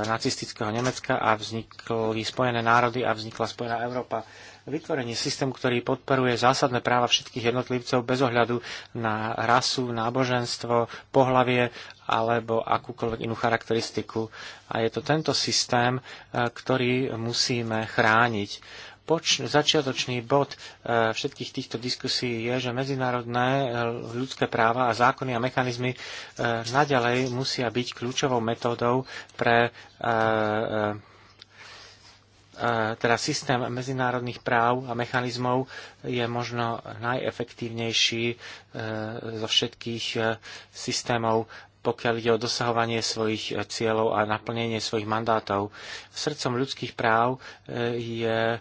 nacistického Nemecka a vznikli Spojené národy a vznikla Spojená Európa Vytvorenie systému, ktorý podporuje zásadné práva všetkých jednotlivcov bez ohľadu na rasu, náboženstvo, pohlavie alebo akúkoľvek inú charakteristiku. A je to tento systém, e, ktorý musíme chrániť poč- začiatočný bod e, všetkých týchto diskusí je, že medzinárodné e, ľudské práva a zákony a mechanizmy naďalej musia byť kľúčovou metódou pre E, teda systém medzinárodných práv a mechanizmov je možno najefektívnejší e, zo všetkých e, systémov, pokiaľ ide o dosahovanie svojich cieľov a naplnenie svojich mandátov. Srdcom ľudských práv je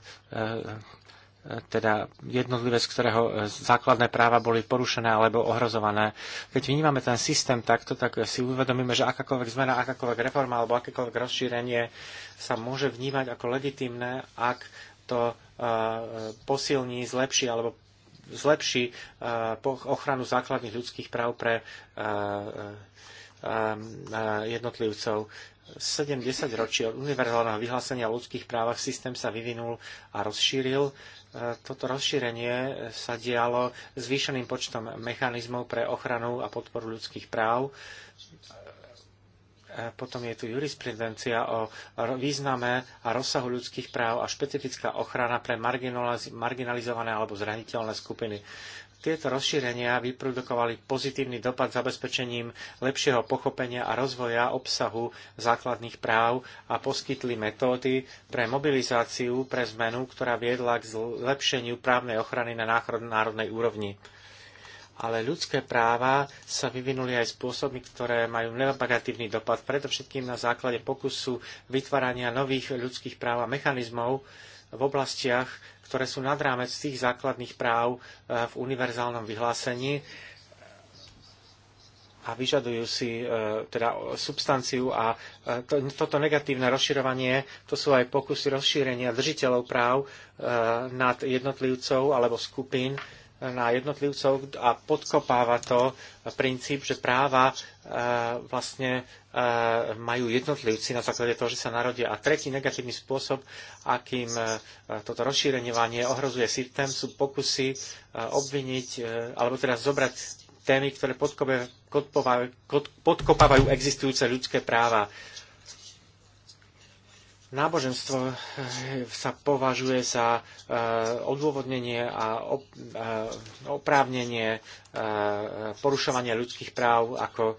teda jednotlivé, z ktorého e, základné práva boli porušené alebo ohrozované. Keď vnímame ten systém takto, tak si uvedomíme, že akákoľvek zmena, akákoľvek reforma alebo akékoľvek rozšírenie sa môže vnímať ako legitimné, ak to e, posilní, zlepší alebo zlepší e, ochranu základných ľudských práv pre jednotlivcov. 70 ročí od univerzálneho vyhlásenia o ľudských právach systém sa vyvinul a rozšíril toto rozšírenie sa dialo zvýšeným počtom mechanizmov pre ochranu a podporu ľudských práv. E, potom je tu jurisprudencia o význame a rozsahu ľudských práv a špecifická ochrana pre marginalizované alebo zraniteľné skupiny. Tieto rozšírenia vyprodukovali pozitívny dopad zabezpečením lepšieho pochopenia a rozvoja obsahu základných práv a poskytli metódy pre mobilizáciu pre zmenu, ktorá viedla k zlepšeniu právnej ochrany na národnej úrovni ale ľudské práva sa vyvinuli aj spôsoby, ktoré majú nevapagatívny dopad, predovšetkým na základe pokusu vytvárania nových ľudských práv a mechanizmov v oblastiach, ktoré sú nad rámec tých základných práv eh, v univerzálnom vyhlásení a vyžadujú si eh, teda substanciu a eh, to, toto negatívne rozširovanie, to sú aj pokusy rozšírenia držiteľov práv nad jednotlivcov alebo skupín, na jednotlivcov a podkopáva to princíp, že práva e, vlastne e, majú jednotlivci na základe toho, že sa narodia. A tretí negatívny spôsob, akým e, toto rozšírenie ohrozuje systém, sú pokusy obviniť, alebo teda zobrať témy, ktoré podkopávajú, podkopávajú existujúce ľudské práva náboženstvo eh, sa považuje za eh, odôvodnenie a eh, oprávnenie porušovania ľudských práv ako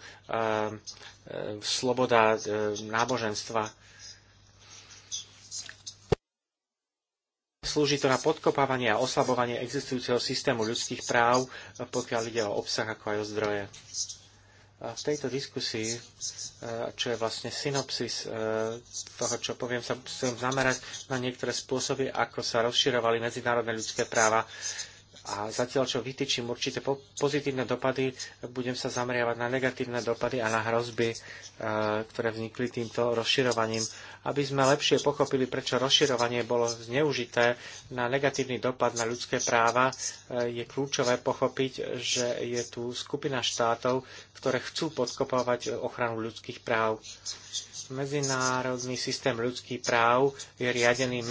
sloboda náboženstva. Slúži to na podkopávanie a oslabovanie existujúceho systému ľudských práv, pokiaľ ide o obsah ako aj o zdroje. A v tejto diskusii, e, čo je vlastne synopsis e, toho, čo poviem, sa chcem zamerať na niektoré spôsoby, ako sa rozširovali medzinárodné ľudské práva a zatiaľ, čo vytýčim určité pozitívne dopady, budem sa zameriavať na negatívne dopady a na hrozby, e, ktoré vznikli týmto rozširovaním, aby sme lepšie pochopili, prečo rozširovanie bolo zneužité na negatívny dopad na ľudské práva, e, je kľúčové pochopiť, že je tu skupina štátov, ktoré chcú podkopávať ochranu ľudských práv. Medzinárodný systém ľudských práv je riadený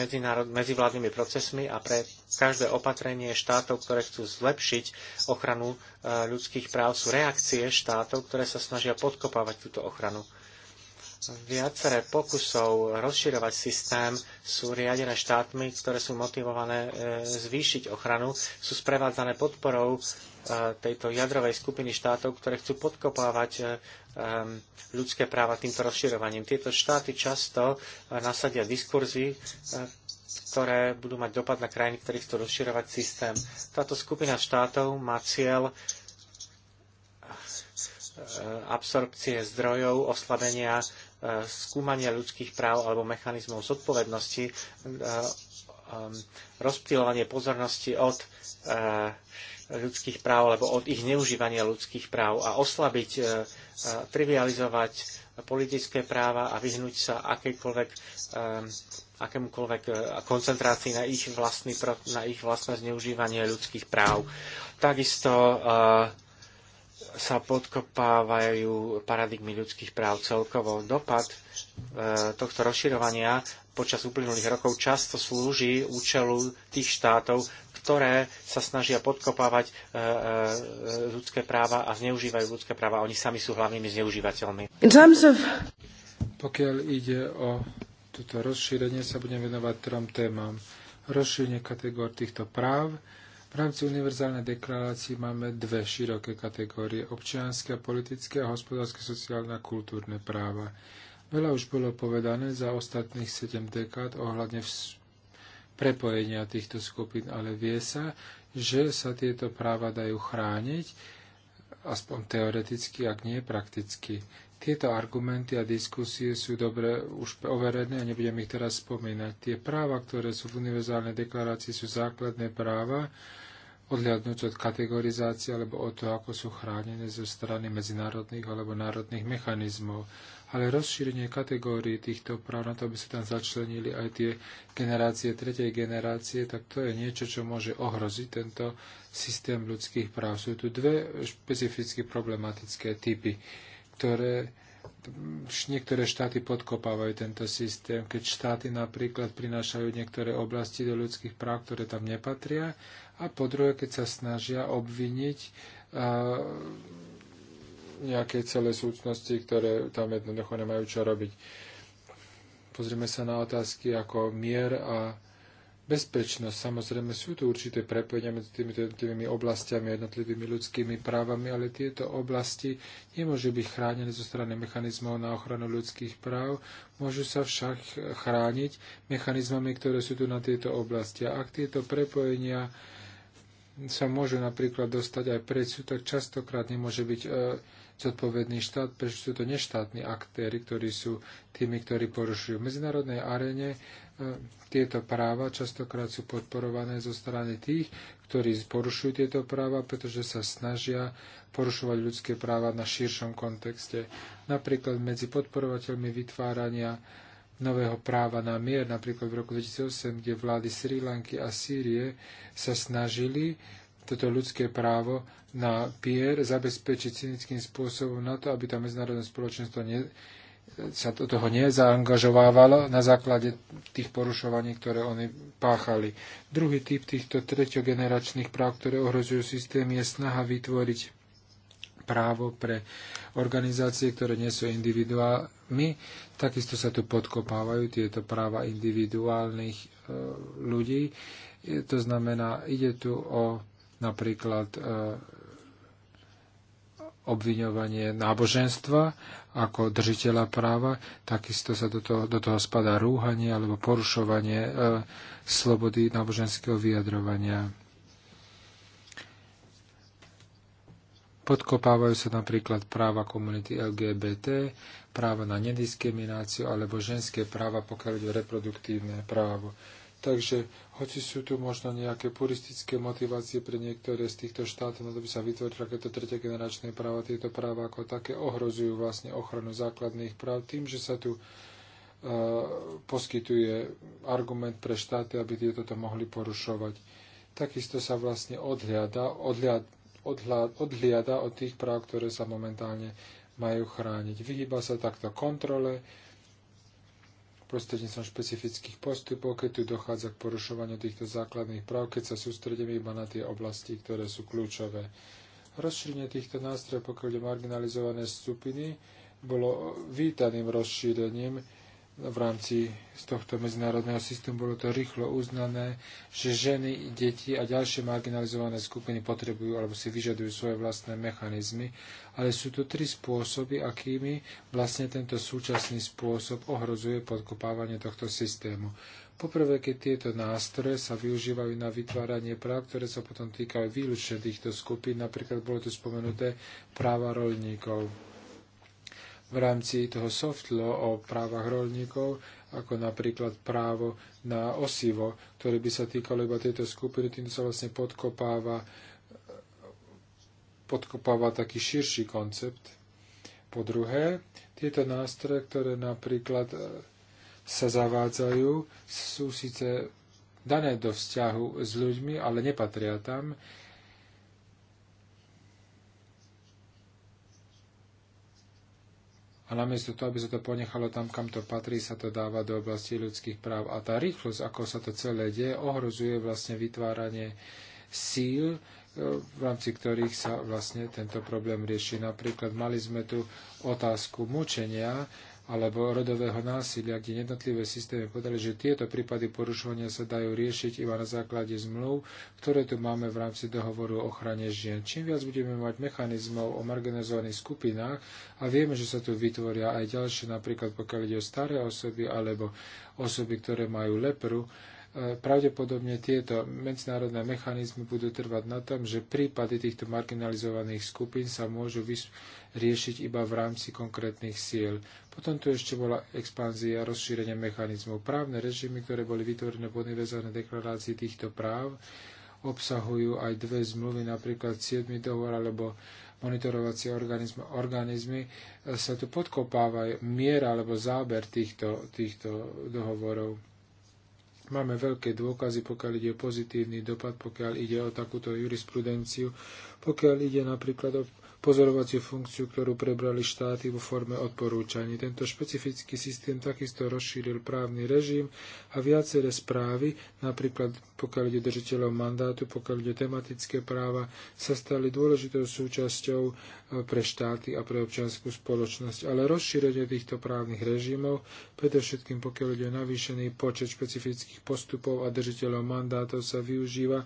medzivládnymi procesmi a pre Každé opatrenie štátov, ktoré chcú zlepšiť ochranu e, ľudských práv, sú reakcie štátov, ktoré sa snažia podkopávať túto ochranu. Viaceré pokusov rozširovať systém sú riadené štátmi, ktoré sú motivované e, zvýšiť ochranu, sú sprevádzané podporou e, tejto jadrovej skupiny štátov, ktoré chcú podkopávať ľudské práva týmto rozširovaním. Tieto štáty často nasadia diskurzy, ktoré budú mať dopad na krajiny, ktoré chcú rozširovať systém. Táto skupina štátov má cieľ eh, absorpcie zdrojov, oslabenia, eh, skúmania ľudských práv alebo mechanizmov zodpovednosti, eh, rozptýlovanie pozornosti od ľudských práv alebo od ich neužívania ľudských práv a oslabiť, trivializovať politické práva a vyhnúť sa akejkoľvek akémukoľvek e, koncentrácii na ich, vlastný, na ich vlastné zneužívanie ľudských práv. Takisto e, sa podkopávajú paradigmy ľudských práv celkovo. Dopad e, tohto rozširovania počas uplynulých rokov často slúži účelu tých štátov, ktoré sa snažia podkopávať ľudské práva a zneužívajú ľudské práva. Oni sami sú hlavnými zneužívateľmi. Pokiaľ ide o toto rozšírenie sa budem venovať trom témam. Rozšírenie kategór týchto práv. V rámci univerzálnej deklarácie máme dve široké kategórie. Občianske a politické a hospodárske, sociálne a kultúrne práva. Veľa už bolo povedané za ostatných 7 dekád ohľadne prepojenia týchto skupín, ale vie sa, že sa tieto práva dajú chrániť, aspoň teoreticky, ak nie prakticky. Tieto argumenty a diskusie sú dobre už overené a nebudem ich teraz spomínať. Tie práva, ktoré sú v univerzálnej deklarácii, sú základné práva, odhľadnúť od kategorizácie alebo od toho, ako sú chránené zo strany medzinárodných alebo národných mechanizmov. Ale rozšírenie kategórií týchto práv, na to by sa tam začlenili aj tie generácie tretej generácie, tak to je niečo, čo môže ohroziť tento systém ľudských práv. Sú tu dve špecificky problematické typy ktoré niektoré štáty podkopávajú tento systém, keď štáty napríklad prinášajú niektoré oblasti do ľudských práv, ktoré tam nepatria, a po druhé, keď sa snažia obviniť uh, nejaké celé súcnosti, ktoré tam jednoducho nemajú čo robiť. Pozrieme sa na otázky ako mier a bezpečnosť. Samozrejme sú tu určité prepojenia medzi týmito jednotlivými oblastiami a jednotlivými ľudskými právami, ale tieto oblasti nemôžu byť chránené zo strany mechanizmov na ochranu ľudských práv, môžu sa však chrániť mechanizmami, ktoré sú tu na tieto oblasti. A ak tieto prepojenia sa môžu napríklad dostať aj pred sú, tak častokrát nemôže byť e, zodpovedný štát, prečo sú to neštátni aktéry, ktorí sú tými, ktorí porušujú. V medzinárodnej aréne tieto práva častokrát sú podporované zo strany tých, ktorí porušujú tieto práva, pretože sa snažia porušovať ľudské práva na širšom kontexte. Napríklad medzi podporovateľmi vytvárania nového práva na mier, napríklad v roku 2008, kde vlády Sri Lanky a Sýrie sa snažili toto ľudské právo na pier zabezpečiť cynickým spôsobom na to, aby tá medzinárodné spoločenstvo ne, sa do toho nezaangažovávalo na základe tých porušovaní, ktoré oni páchali. Druhý typ týchto treťogeneračných práv, ktoré ohrozujú systém, je snaha vytvoriť právo pre organizácie, ktoré nie sú individuálmi. Takisto sa tu podkopávajú tieto práva individuálnych e, ľudí. E, to znamená, ide tu o napríklad e, obviňovanie náboženstva ako držiteľa práva, takisto sa do toho, do toho spadá rúhanie alebo porušovanie e, slobody náboženského vyjadrovania. Podkopávajú sa napríklad práva komunity LGBT, práva na nediskrimináciu alebo ženské práva, pokiaľ ide reproduktívne právo. Takže hoci sú tu možno nejaké puristické motivácie pre niektoré z týchto štátov, na no to by sa vytvorilo takéto tretie generačné práva, tieto práva ako také ohrozujú vlastne ochranu základných práv tým, že sa tu uh, poskytuje argument pre štáty, aby tieto to mohli porušovať. Takisto sa vlastne odhliada, odhliad, odhliad, odhliada od tých práv, ktoré sa momentálne majú chrániť. Vyhýba sa takto kontrole, prostredníctvom špecifických postupov, keď tu dochádza k porušovaniu týchto základných práv, keď sa sústredíme iba na tie oblasti, ktoré sú kľúčové. Rozšírenie týchto nástrojov, pokiaľ je marginalizované skupiny, bolo vítaným rozšírením v rámci z tohto medzinárodného systému bolo to rýchlo uznané, že ženy, deti a ďalšie marginalizované skupiny potrebujú alebo si vyžadujú svoje vlastné mechanizmy, ale sú tu tri spôsoby, akými vlastne tento súčasný spôsob ohrozuje podkopávanie tohto systému. Poprvé, keď tieto nástroje sa využívajú na vytváranie práv, ktoré sa potom týkajú výlučne týchto skupín, napríklad bolo tu spomenuté práva roľníkov v rámci toho soft law o právach rolníkov, ako napríklad právo na osivo, ktoré by sa týkalo iba tejto skupiny, tým sa vlastne podkopáva, podkopáva taký širší koncept. Po druhé, tieto nástroje, ktoré napríklad e, sa zavádzajú, sú síce dané do vzťahu s ľuďmi, ale nepatria tam. A namiesto toho, aby sa to ponechalo tam, kam to patrí, sa to dáva do oblasti ľudských práv. A tá rýchlosť, ako sa to celé deje, ohrozuje vlastne vytváranie síl, e, v rámci ktorých sa vlastne tento problém rieši. Napríklad mali sme tu otázku mučenia, alebo rodového násilia, kde jednotlivé systémy povedali, že tieto prípady porušovania sa dajú riešiť iba na základe zmluv, ktoré tu máme v rámci dohovoru o ochrane žien. Čím viac budeme mať mechanizmov o marginalizovaných skupinách a vieme, že sa tu vytvoria aj ďalšie, napríklad pokiaľ ide o staré osoby alebo osoby, ktoré majú lepru, pravdepodobne tieto medzinárodné mechanizmy budú trvať na tom, že prípady týchto marginalizovaných skupín sa môžu riešiť iba v rámci konkrétnych síl. Potom tu ešte bola expanzia rozšírenia mechanizmov. Právne režimy, ktoré boli vytvorené v univerzálnej deklarácii týchto práv, obsahujú aj dve zmluvy, napríklad 7. dohovor alebo monitorovacie organizmy, organizmy e, sa tu podkopáva miera alebo záber týchto, týchto dohovorov Máme veľké dôkazy, pokiaľ ide o pozitívny dopad, pokiaľ ide o takúto jurisprudenciu, pokiaľ ide napríklad o pozorovaciu funkciu, ktorú prebrali štáty vo forme odporúčaní. Tento špecifický systém takisto rozšíril právny režim a viaceré správy, napríklad pokiaľ ide držiteľov mandátu, pokiaľ ide tematické práva, sa stali dôležitou súčasťou e, pre štáty a pre občianskú spoločnosť. Ale rozšírenie týchto právnych režimov, predovšetkým pokiaľ ide navýšený počet špecifických postupov a držiteľov mandátov, sa využíva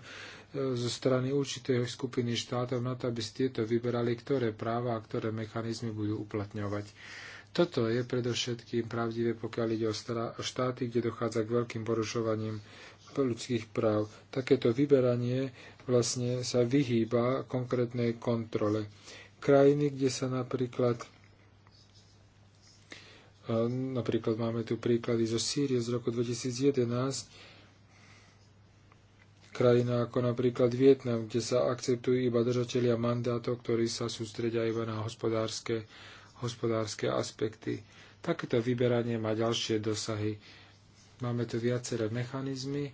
zo strany určitej skupiny štátov na to, aby si tieto vyberali, ktoré práva a ktoré mechanizmy budú uplatňovať. Toto je predovšetkým pravdivé, pokiaľ ide o štáty, kde dochádza k veľkým porušovaním ľudských práv. Takéto vyberanie vlastne sa vyhýba konkrétnej kontrole. Krajiny, kde sa napríklad e, napríklad máme tu príklady zo Sýrie z roku 2011, krajina ako napríklad Vietnam, kde sa akceptujú iba držatelia mandátov, ktorí sa sústredia iba na hospodárske, hospodárske aspekty. Takéto vyberanie má ďalšie dosahy. Máme tu viaceré mechanizmy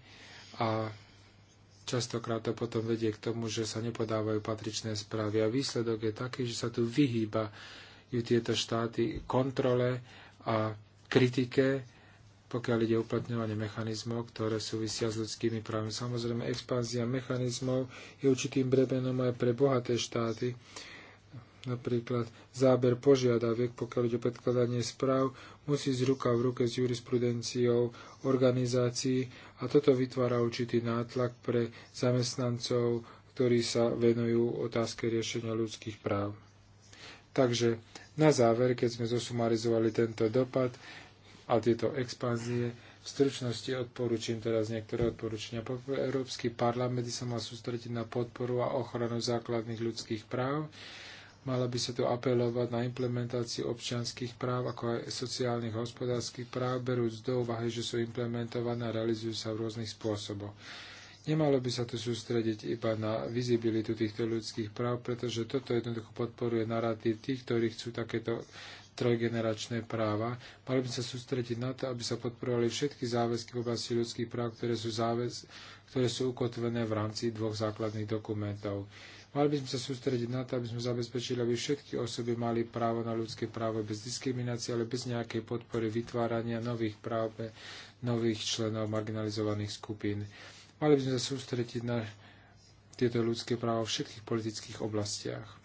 a častokrát to potom vedie k tomu, že sa nepodávajú patričné správy. A výsledok je taký, že sa tu vyhýba tieto štáty kontrole a kritike pokiaľ ide o uplatňovanie mechanizmov, ktoré súvisia s ľudskými právami. Samozrejme, expanzia mechanizmov je určitým brebenom aj pre bohaté štáty, napríklad záber požiadaviek, pokiaľ ide o predkladanie správ, musí z ruka v ruke s jurisprudenciou organizácií a toto vytvára určitý nátlak pre zamestnancov, ktorí sa venujú otázke riešenia ľudských práv. Takže na záver, keď sme zosumarizovali tento dopad, a tieto expanzie. V stručnosti odporúčam teraz niektoré odporúčania. Európsky parlament sa mal sústrediť na podporu a ochranu základných ľudských práv. Mala by sa tu apelovať na implementáciu občianských práv, ako aj sociálnych hospodárskych práv, berúc do úvahy, že sú implementované a realizujú sa v rôznych spôsoboch. Nemalo by sa tu sústrediť iba na vizibilitu týchto ľudských práv, pretože toto jednoducho podporuje narratív tých, ktorí chcú takéto trojgeneračné práva. Mali by sa sústrediť na to, aby sa podporovali všetky záväzky v oblasti ľudských práv, ktoré sú, záväz, ktoré sú ukotvené v rámci dvoch základných dokumentov. Mali by sme sa sústrediť na to, aby sme zabezpečili, aby všetky osoby mali právo na ľudské právo bez diskriminácie, ale bez nejakej podpory vytvárania nových práv pre nových členov marginalizovaných skupín. Mali by sme sa sústrediť na tieto ľudské práva v všetkých politických oblastiach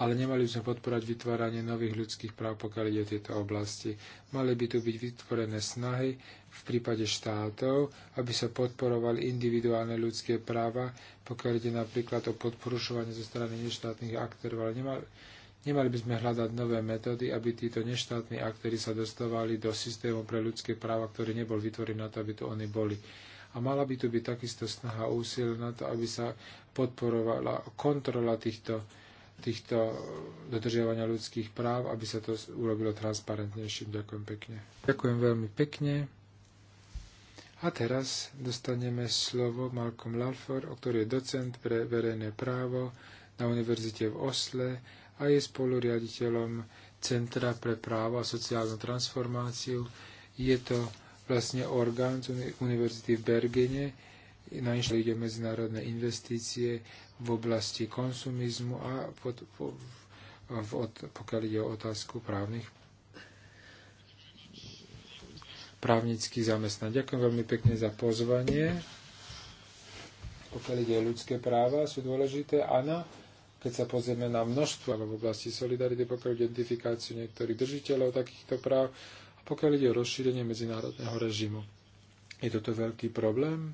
ale nemali by sme podporať vytváranie nových ľudských práv, pokiaľ ide o tieto oblasti. Mali by tu byť vytvorené snahy v prípade štátov, aby sa podporovali individuálne ľudské práva, pokiaľ ide napríklad o podporušovanie zo strany neštátnych aktérov, ale nemali, Nemali by sme hľadať nové metódy, aby títo neštátni aktéry sa dostávali do systému pre ľudské práva, ktorý nebol vytvorený na to, aby tu oni boli. A mala by tu byť takisto snaha úsilia na to, aby sa podporovala kontrola týchto týchto dodržiavania ľudských práv, aby sa to urobilo transparentnejším. Ďakujem pekne. Ďakujem veľmi pekne. A teraz dostaneme slovo Malcolm Lalford, o ktorý je docent pre verejné právo na univerzite v Osle a je spoluriaditeľom Centra pre právo a sociálnu transformáciu. Je to vlastne orgán z univerzity v Bergene, na ide medzinárodné investície v oblasti konsumizmu a pod, po, v, od, pokiaľ ide o otázku právnych právnických zamestnaní. Ďakujem veľmi pekne za pozvanie. Pokiaľ ide o ľudské práva, sú dôležité. Áno, keď sa pozrieme na množstvo v oblasti solidarity, pokiaľ identifikáciu niektorých držiteľov takýchto práv a pokiaľ ide o rozšírenie medzinárodného režimu. Je toto veľký problém?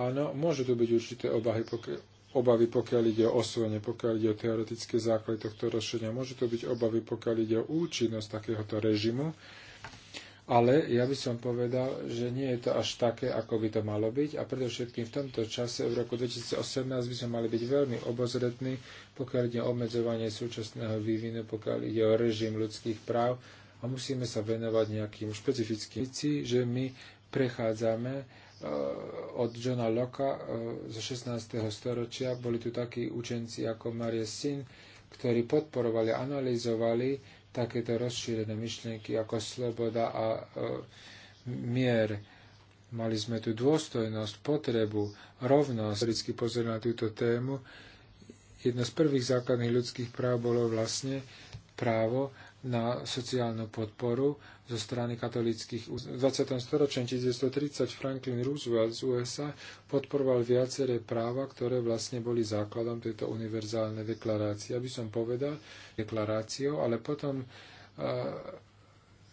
Áno, môžu tu byť určité obavy, pokiaľ, obavy, pokiaľ ide o osvojenie, pokiaľ ide o teoretické základy tohto rozšenia. Môžu to byť obavy, pokiaľ ide o účinnosť takéhoto režimu, ale ja by som povedal, že nie je to až také, ako by to malo byť a predovšetkým v tomto čase v roku 2018 by sme mali byť veľmi obozretní, pokiaľ ide o obmedzovanie súčasného vývinu, pokiaľ ide o režim ľudských práv a musíme sa venovať nejakým špecifickým, že my prechádzame Eh, od Johna Locke eh, zo 16. storočia. Boli tu takí učenci ako Marie Sin, ktorí podporovali, analyzovali takéto rozšírené myšlienky ako sloboda a eh, mier. Mali sme tu dôstojnosť, potrebu, rovnosť. Vždycky pozor na túto tému. Jedno z prvých základných ľudských práv bolo vlastne právo na sociálnu podporu zo strany katolických. V 20. storočí 1930 Franklin Roosevelt z USA podporoval viaceré práva, ktoré vlastne boli základom tejto univerzálnej deklarácie. Aby som povedal deklaráciou, ale potom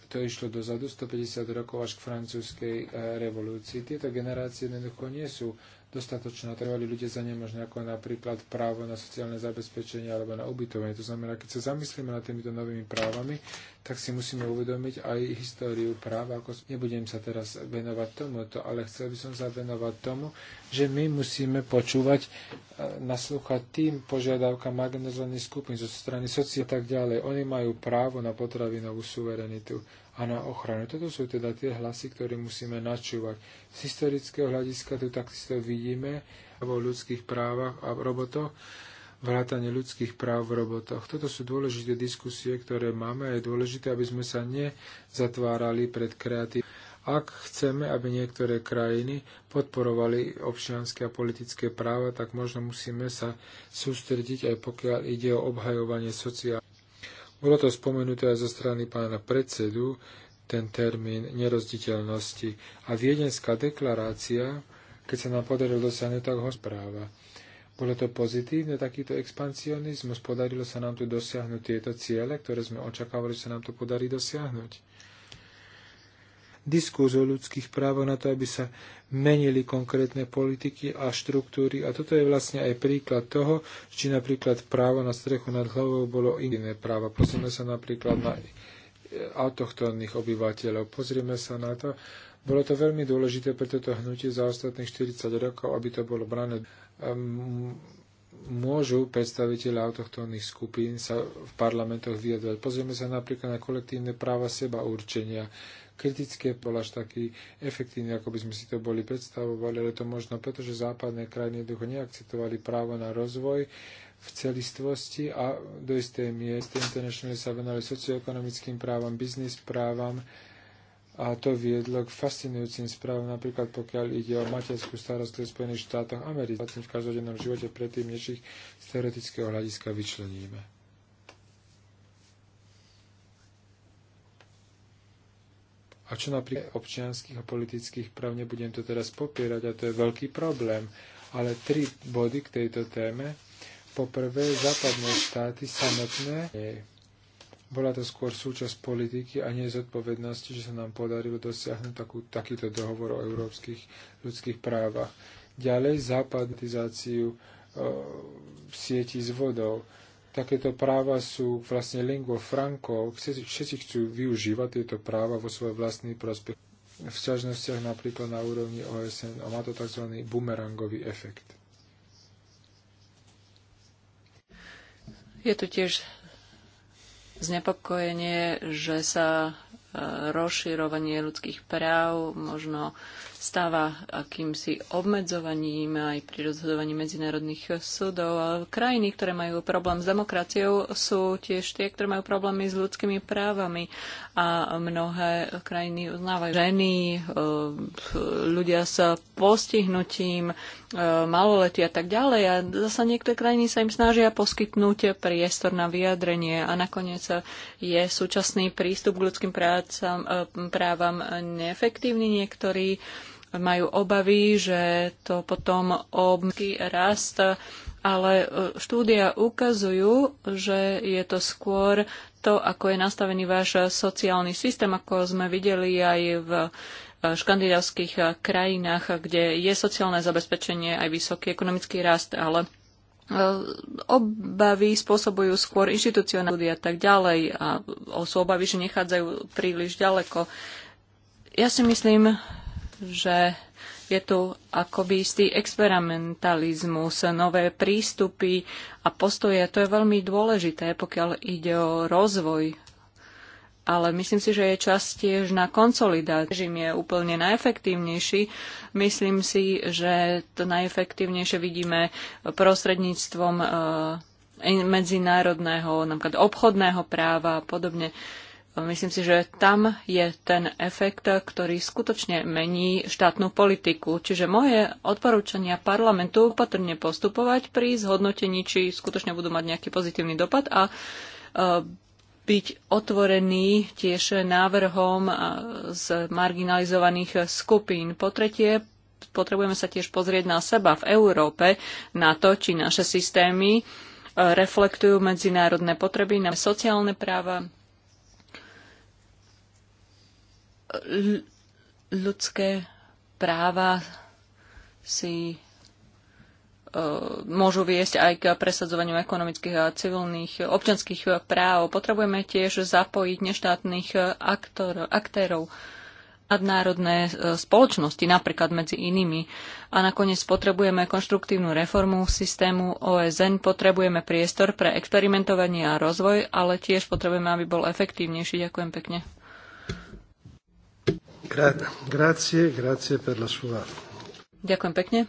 to išlo dozadu 150 rokov až k francúzskej revolúcii. Tieto generácie jednoducho nie sú dostatočná, trvali ľudia za nemožné, ako napríklad právo na sociálne zabezpečenie alebo na ubytovanie. To znamená, keď sa zamyslíme nad týmito novými právami, tak si musíme uvedomiť aj históriu práva. Ako... Nebudem sa teraz venovať tomuto, ale chcel by som sa venovať tomu, že my musíme počúvať, e, naslúchať tým požiadavkám marginalizovaných skupín zo strany socie a tak ďalej. Oni majú právo na potravinovú suverenitu a na ochranu. Toto sú teda tie hlasy, ktoré musíme načúvať. Z historického hľadiska tu takisto vidíme o ľudských právach a robotoch, vrátanie ľudských práv v robotoch. Toto sú dôležité diskusie, ktoré máme a je dôležité, aby sme sa nezatvárali pred kreatív. Ak chceme, aby niektoré krajiny podporovali občianske a politické práva, tak možno musíme sa sústrediť aj pokiaľ ide o obhajovanie sociálnych bolo to spomenuté aj zo strany pána predsedu, ten termín nerozditeľnosti. A viedenská deklarácia, keď sa nám podarilo dosiahnuť, tak ho správa. Bolo to pozitívne, takýto expansionizmus? Podarilo sa nám tu dosiahnuť tieto ciele, ktoré sme očakávali, že sa nám to podarí dosiahnuť? diskurz o ľudských právach na to, aby sa menili konkrétne politiky a štruktúry. A toto je vlastne aj príklad toho, či napríklad právo na strechu nad hlavou bolo iné práva. Pozrieme sa napríklad na eh, autochtónnych obyvateľov. Pozrieme sa na to. Bolo to veľmi dôležité pre toto hnutie za ostatných 40 rokov, aby to bolo brané ehm, môžu predstaviteľe autochtónnych skupín sa v parlamentoch vyjadrať. Pozrieme sa napríklad na kolektívne práva seba určenia kritické, bol až taký efektívny, ako by sme si to boli predstavovali, ale to možno preto, že západné krajiny jednoducho neakceptovali právo na rozvoj v celistvosti a do istej miesty internationally sa venovali socioekonomickým právam, biznis právam, a to viedlo k fascinujúcim správam, napríklad pokiaľ ide o materskú starost v Spojených štátoch Ameriky, v každodennom živote predtým, než ich z teoretického hľadiska vyčleníme. A čo napríklad občianských a politických práv, nebudem to teraz popierať, a to je veľký problém. Ale tri body k tejto téme. Poprvé, západné štáty samotné. Bola to skôr súčasť politiky a nie zodpovednosti, že sa nám podarilo dosiahnuť takú, takýto dohovor o európskych ľudských právach. Ďalej západnizáciu e, sieti s vodou takéto práva sú vlastne lingvo franco, všetci chcú využívať tieto práva vo svoj vlastný prospech. V ťažnostiach napríklad na úrovni OSN a má to tzv. bumerangový efekt. Je tu tiež znepokojenie, že sa e, rozširovanie ľudských práv možno stáva akýmsi obmedzovaním aj pri rozhodovaní medzinárodných súdov. krajiny, ktoré majú problém s demokraciou, sú tiež tie, ktoré majú problémy s ľudskými právami. A mnohé krajiny uznávajú ženy, eh, ľudia s postihnutím, eh, maloletí a tak ďalej. A zasa niektoré krajiny sa im snažia poskytnúť priestor na vyjadrenie a nakoniec je súčasný prístup k ľudským prácam, eh, právam neefektívny. Niektorí majú obavy, že to potom obmedzí rast, ale e, štúdia ukazujú, že je to skôr to, ako je nastavený váš sociálny systém, ako sme videli aj v e, škandinávskych e, krajinách, kde je sociálne zabezpečenie aj vysoký ekonomický rast, ale obavy spôsobujú skôr inštitucionálne ľudia a tak ďalej a sú obavy, že nechádzajú príliš ďaleko. Ja si myslím, že je tu akoby istý experimentalizmus, nové prístupy a postoje. To je veľmi dôležité, pokiaľ ide o rozvoj. Ale myslím si, že je čas tiež na konsolidáciu. Režim je úplne najefektívnejší. Myslím si, že to najefektívnejšie vidíme prostredníctvom eh, medzinárodného, napríklad obchodného práva a podobne. Myslím si, že tam je ten efekt, ktorý skutočne mení štátnu politiku. Čiže moje odporúčania parlamentu opatrne postupovať pri zhodnotení, či skutočne budú mať nejaký pozitívny dopad a e, byť otvorený tiež návrhom e, z marginalizovaných skupín. Po tretie, potrebujeme sa tiež pozrieť na seba v Európe, na to, či naše systémy e, reflektujú medzinárodné potreby, na sociálne práva, ľudské práva si e, môžu viesť aj k presadzovaniu ekonomických a civilných občanských práv. Potrebujeme tiež zapojiť neštátnych aktor, aktérov nadnárodné e, spoločnosti, napríklad medzi inými. A nakoniec potrebujeme konštruktívnu reformu systému OSN, potrebujeme priestor pre experimentovanie a rozvoj, ale tiež potrebujeme, aby bol efektívnejší. Ďakujem pekne grazie, grazie per la sua... Ďakujem pekne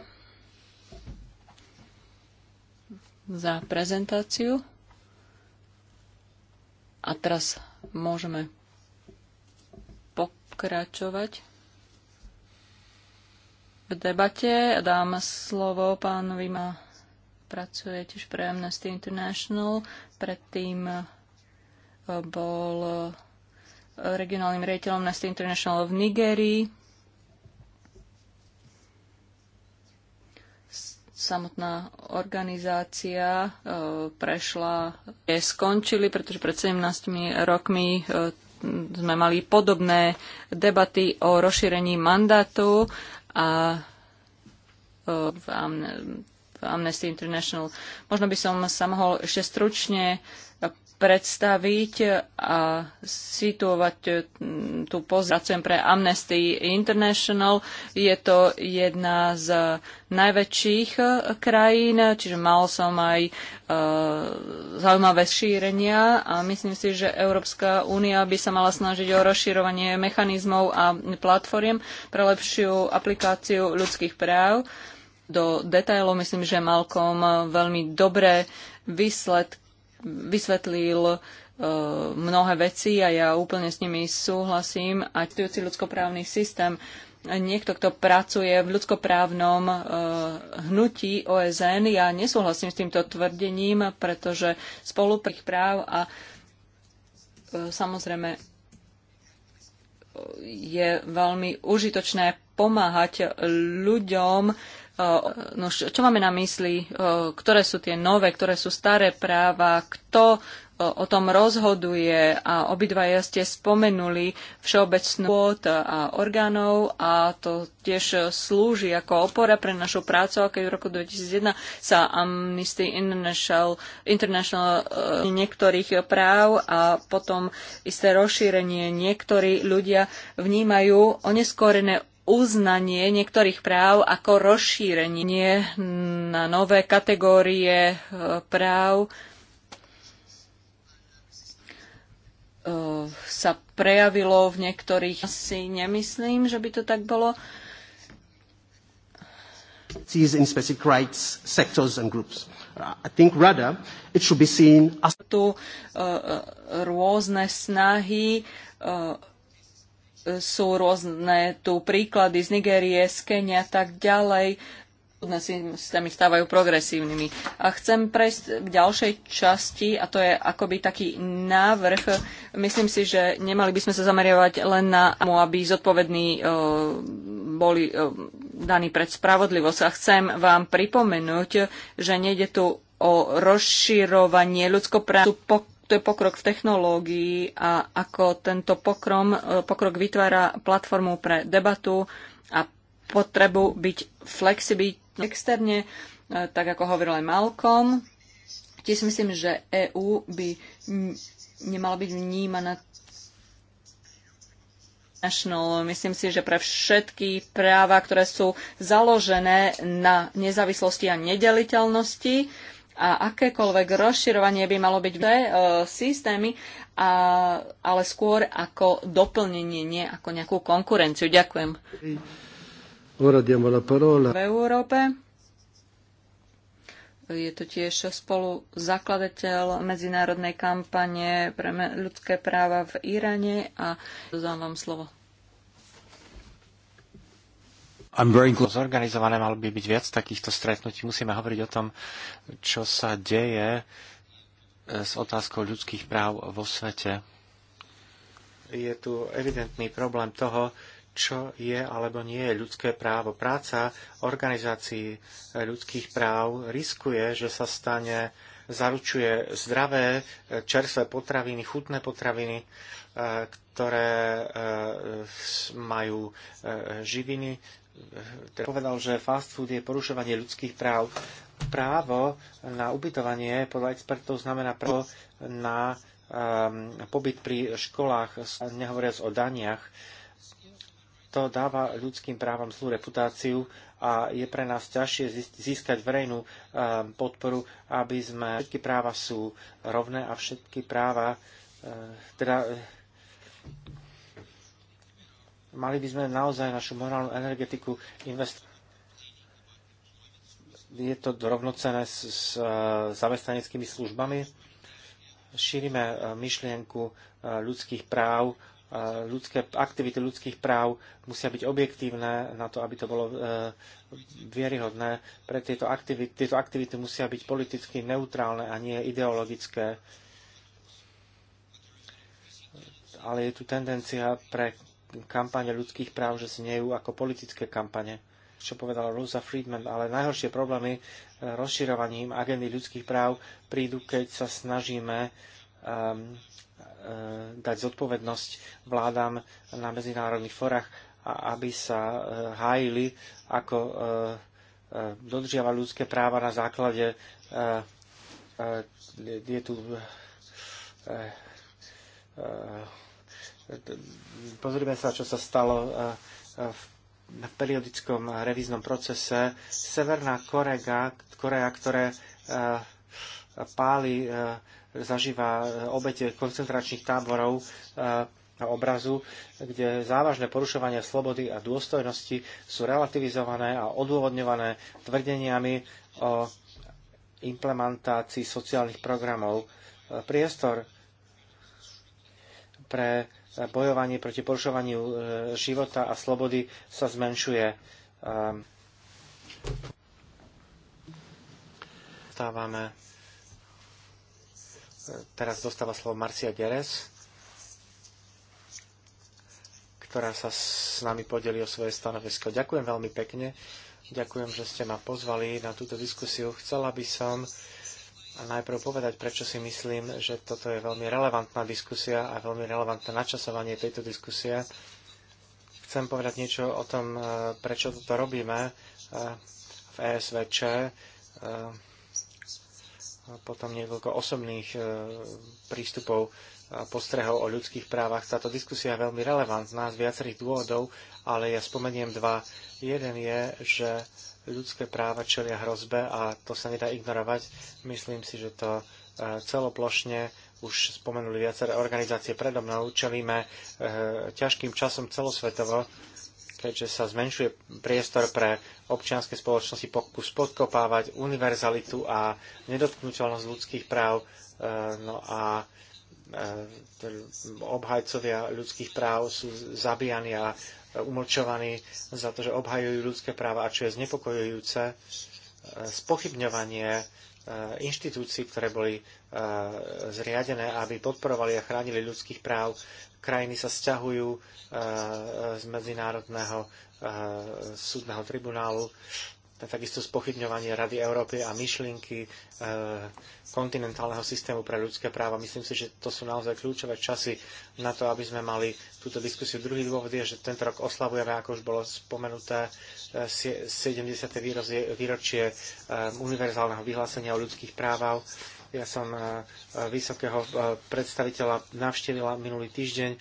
za prezentáciu. A teraz môžeme pokračovať v debate. Dám slovo pánovi, ma pracuje tiež pre Amnesty International. Predtým eh, bol regionálnym riaditeľom Nasty International v Nigerii. Samotná organizácia e, prešla, je skončili, pretože pred 17 rokmi e, sme mali podobné debaty o rozšírení mandátu a e, v Amnesty International. Možno by som sa mohol ešte stručne predstaviť a situovať e, tú pozíciu pre Amnesty International. Je to jedna z najväčších e, krajín, čiže mal som aj e, zaujímavé šírenia a myslím si, že Európska únia by sa mala snažiť o rozširovanie mechanizmov a platform pre lepšiu aplikáciu ľudských práv. Do detailov myslím, že Malcolm veľmi dobré výsledky vysvetlil eh, mnohé veci a ja úplne s nimi súhlasím. A tujúci ľudskoprávny systém, niekto, kto pracuje v ľudskoprávnom eh, hnutí OSN, ja nesúhlasím s týmto tvrdením, pretože spoluprých práv a eh, samozrejme je veľmi užitočné pomáhať ľuďom No, čo máme na mysli, ktoré sú tie nové, ktoré sú staré práva, kto o tom rozhoduje a obidvaja ste spomenuli všeobecnú pôd a orgánov a to tiež slúži ako opora pre našu prácu, a keď v roku 2001 sa Amnesty International, International e, niektorých práv a potom isté rozšírenie niektorí ľudia vnímajú oneskorené uznanie niektorých práv ako rozšírenie na nové kategórie e, práv e, sa prejavilo v niektorých. Asi nemyslím, že by to tak bolo. in specific rights, sectors and groups. I think rather it should be seen as... Tu uh, rôzne snahy uh, sú rôzne tu príklady z Nigérie, z Kenia a tak ďalej. Systémy stávajú progresívnymi. A chcem prejsť k ďalšej časti, a to je akoby taký návrh. Myslím si, že nemali by sme sa zameriavať len na mu, aby zodpovední e, boli e, daní pred spravodlivosť. A chcem vám pripomenúť, že nejde tu o rozširovanie ľudskoprávnych to je pokrok v technológii a ako tento pokrom, e, pokrok vytvára platformu pre debatu a potrebu byť flexibilný externe, e, tak ako hovoril aj Malcolm. Tiež myslím, že EÚ by nemala byť vnímaná National. Myslím si, že pre všetky práva, ktoré sú založené na nezávislosti a nedeliteľnosti, a akékoľvek rozširovanie by malo byť v e, systémy, a, ale skôr ako doplnenie, nie ako nejakú konkurenciu. Ďakujem. V Európe je to tiež spolu zakladateľ medzinárodnej kampane pre ľudské práva v Iráne a dozvám vám slovo. Very... Zorganizované malo by byť viac takýchto stretnutí. Musíme hovoriť o tom, čo sa deje e, s otázkou ľudských práv vo svete. Je tu evidentný problém toho, čo je alebo nie je ľudské právo. Práca organizácií e, ľudských práv riskuje, že sa stane, zaručuje zdravé, e, čerstvé potraviny, chutné potraviny, ktoré majú živiny, teda povedal, že fast food je porušovanie ľudských práv. Právo na ubytovanie podľa expertov znamená právo na um, pobyt pri školách, nehovoriac o daniach. To dáva ľudským právam zlú reputáciu a je pre nás ťažšie získať verejnú um, podporu, aby sme... Všetky práva sú rovné a všetky práva, uh, teda Mali by sme naozaj našu morálnu energetiku investovať. Je to rovnocené s, s e, zamestnaneckými službami. Šírime e, myšlienku e, ľudských práv, ľudské, aktivity ľudských práv musia byť objektívne na to, aby to bolo vieryhodné. Pre tieto aktivity, tieto aktivity musia byť politicky neutrálne a nie ideologické. Ale je tu tendencia pre kampane ľudských práv, že znejú ako politické kampane, čo povedala Rosa Friedman, ale najhoršie problémy e, rozširovaním agendy ľudských práv prídu, keď sa snažíme um, dať zodpovednosť vládám na medzinárodných forách, a aby sa e, hájili, ako dodržiava ľudské práva na základe je tu Pozrime sa, čo sa stalo e, e, v periodickom revíznom procese. Severná Korega, Korea, ktoré e, páli, zažíva obete koncentračných táborov a obrazu, kde závažné porušovania slobody a dôstojnosti sú relativizované a odôvodňované tvrdeniami o implementácii sociálnych programov. Priestor pre bojovanie proti porušovaniu e, života a slobody sa zmenšuje. Ehm, Stávame. E, teraz dostáva slovo Marcia Geres, ktorá sa s nami podelí o svoje stanovisko. Ďakujem veľmi pekne. Ďakujem, že ste ma pozvali na túto diskusiu. Chcela by som najprv povedať, prečo si myslím, že toto je veľmi relevantná diskusia a veľmi relevantné načasovanie tejto diskusie. Chcem povedať niečo o tom, e, prečo toto robíme e, v ESVČ. E, potom niekoľko osobných prístupov a postrehov o ľudských právach. Táto diskusia je veľmi relevantná z viacerých dôvodov, ale ja spomeniem dva. Jeden je, že ľudské práva čelia hrozbe a to sa nedá ignorovať. Myslím si, že to e, celoplošne už spomenuli viaceré organizácie predo mnou, čelíme e, ťažkým časom celosvetovo, keďže sa zmenšuje priestor pre občianske spoločnosti pokus podkopávať univerzalitu a nedotknutelnosť ľudských práv. E, no a obhajcovia ľudských práv sú zabíjani a umlčovaní za to, že obhajujú ľudské práva a čo je znepokojujúce, e, spochybňovanie e, inštitúcií, ktoré boli e, zriadené, aby podporovali a chránili ľudských práv. Krajiny sa sťahujú z Medzinárodného súdneho tribunálu takisto spochybňovanie Rady Európy a myšlienky e, kontinentálneho systému pre ľudské práva. Myslím si, že to sú naozaj kľúčové časy na to, aby sme mali túto diskusiu. Druhý dôvod je, že tento rok oslavujeme, ako už bolo spomenuté, 70. E, výročie e, univerzálneho vyhlásenia o ľudských právach. Ja som vysokého predstaviteľa navštívila minulý týždeň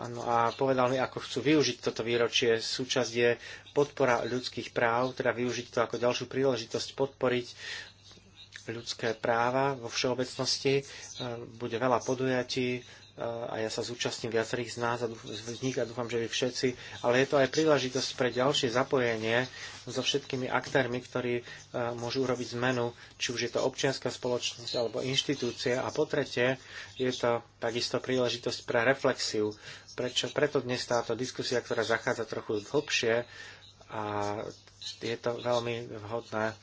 Áno, a povedal mi, ako chcú využiť toto výročie. Súčasť je podpora ľudských práv, teda využiť to ako ďalšiu príležitosť podporiť ľudské práva vo všeobecnosti. Ehm, bude veľa podujatí, a ja sa zúčastním viacerých z nás a z nich a dúfam, že vy všetci, ale je to aj príležitosť pre ďalšie zapojenie so všetkými aktérmi, ktorí e, môžu urobiť zmenu, či už je to občianská spoločnosť alebo inštitúcie. A po tretie, je to takisto príležitosť pre reflexiu. Prečo? Preto dnes táto diskusia, ktorá zachádza trochu hlbšie a je to veľmi vhodné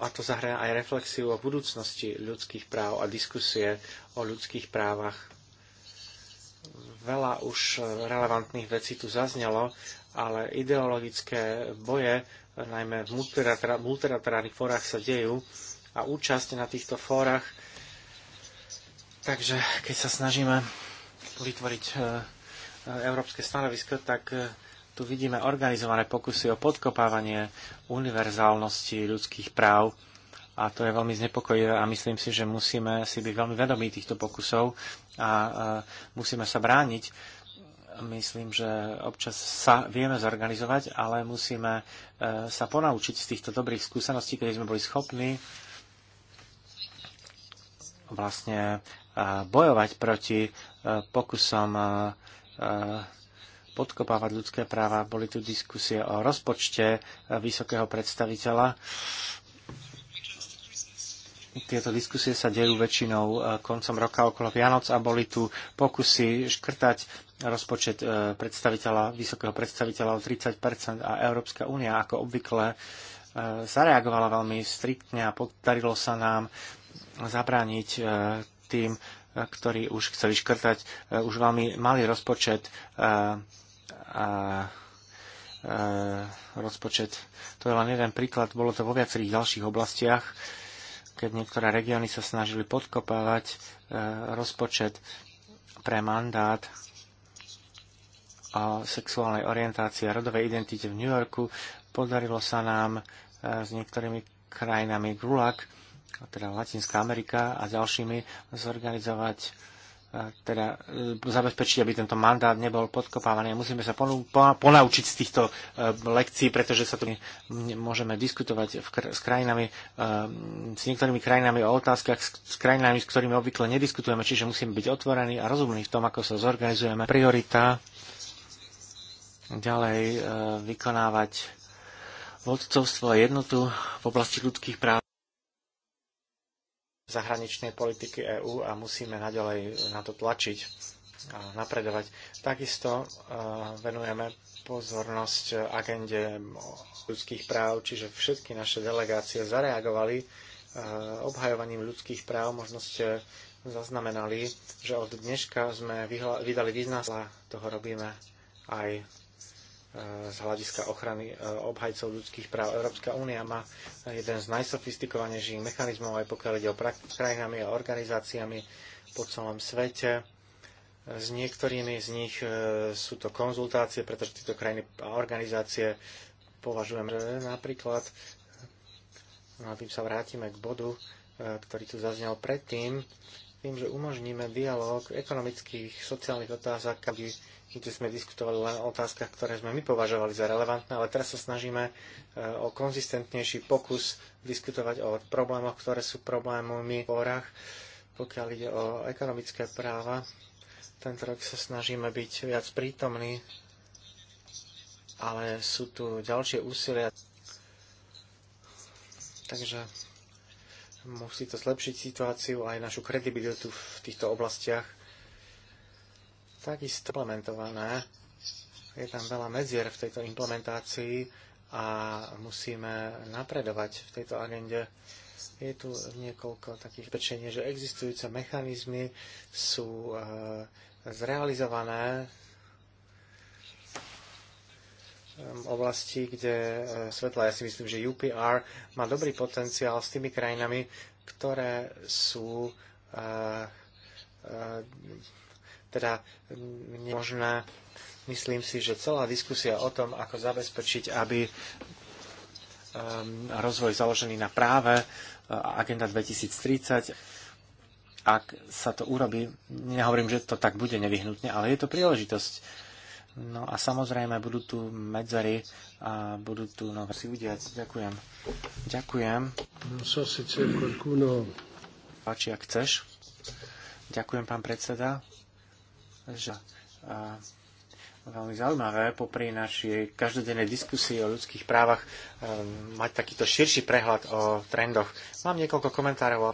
a to zahraja aj reflexiu o budúcnosti ľudských práv a diskusie o ľudských právach. Veľa už relevantných vecí tu zaznelo, ale ideologické boje, najmä v multilaterálnych fórach sa dejú a účasť na týchto fórach. Takže keď sa snažíme vytvoriť eh, eh, európske stanovisko, tak eh, tu vidíme organizované pokusy o podkopávanie univerzálnosti ľudských práv a to je veľmi znepokojivé a myslím si, že musíme si byť veľmi vedomí týchto pokusov a musíme sa brániť. Myslím, že občas sa vieme zorganizovať, ale musíme e, sa ponaučiť z týchto dobrých skúseností, keď sme boli schopní vlastne e, bojovať proti e, pokusom podkopávať ľudské práva. Boli tu diskusie o rozpočte vysokého predstaviteľa. Tieto diskusie sa dejú väčšinou e, koncom roka okolo Vianoc a boli tu pokusy škrtať rozpočet e, predstaviteľa, vysokého predstaviteľa o 30 a Európska únia ako obvykle e, zareagovala veľmi striktne a podarilo sa nám zabrániť tým, ktorí už chceli škrtať už veľmi malý rozpočet a rozpočet. To je len jeden príklad, bolo to vo viacerých ďalších oblastiach, keď niektoré regióny sa snažili podkopávať e, rozpočet pre mandát o sexuálnej orientácii a rodovej identite v New Yorku. Podarilo sa nám e, s niektorými krajinami GRULAC, teda Latinská Amerika a ďalšími, zorganizovať teda e, zabezpečiť, aby tento mandát nebol podkopávaný. Musíme sa ponaučiť z týchto e, lekcií, pretože sa tu môžeme diskutovať s krajinami, e, s niektorými krajinami o otázkach, s krajinami, s ktorými obvykle nediskutujeme, čiže musíme byť otvorení a rozumní v tom, ako sa zorganizujeme. Priorita ďalej vykonávať vodcovstvo a jednotu v oblasti ľudských práv zahraničnej politiky EÚ a musíme naďalej na to tlačiť a napredovať. Takisto e, venujeme pozornosť agende ľudských práv, čiže všetky naše delegácie zareagovali e, obhajovaním ľudských práv. Možno ste zaznamenali, že od dneška sme vydali význam, toho robíme aj z hľadiska ochrany e, obhajcov ľudských práv. Európska únia má jeden z najsofistikovanejších mechanizmov, aj pokiaľ ide o krajinami a organizáciami po celom svete. S niektorými z nich e, sú to konzultácie, pretože tieto krajiny a organizácie považujem e, napríklad, no a tým sa vrátime k bodu, ktorý tu zaznel predtým, tým, že umožníme dialog ekonomických, sociálnych otázkach, aby kde sme diskutovali len o otázkach, ktoré sme my považovali za relevantné, ale teraz sa snažíme e, o konzistentnejší pokus diskutovať o problémoch, ktoré sú problémami v horách, pokiaľ ide o ekonomické práva. Tento rok sa snažíme byť viac prítomní, ale sú tu ďalšie úsilia. Takže Musí to zlepšiť situáciu aj našu kredibilitu v týchto oblastiach. Takisto implementované. Je tam veľa medzier v tejto implementácii a musíme napredovať v tejto agende. Je tu niekoľko takých pečení, že existujúce mechanizmy sú eh, zrealizované Ehm, oblasti, kde e, svetla, ja si myslím, že UPR má dobrý potenciál s tými krajinami, ktoré sú e, e, teda nemožné. Myslím si, že celá diskusia o tom, ako zabezpečiť, aby ehm, rozvoj založený na práve Agenda 2030, ak sa to urobí, nehovorím, že to tak bude nevyhnutne, ale je to príležitosť No a samozrejme budú tu medzery a budú tu nové si udiať. Ďakujem. Ďakujem. No, So si síce no. Páči, ak chceš. Ďakujem, pán predseda. Že, a, veľmi zaujímavé popri našej každodennej diskusii o ľudských právach ehm, mať takýto širší prehľad o trendoch. Mám niekoľko komentárov eh,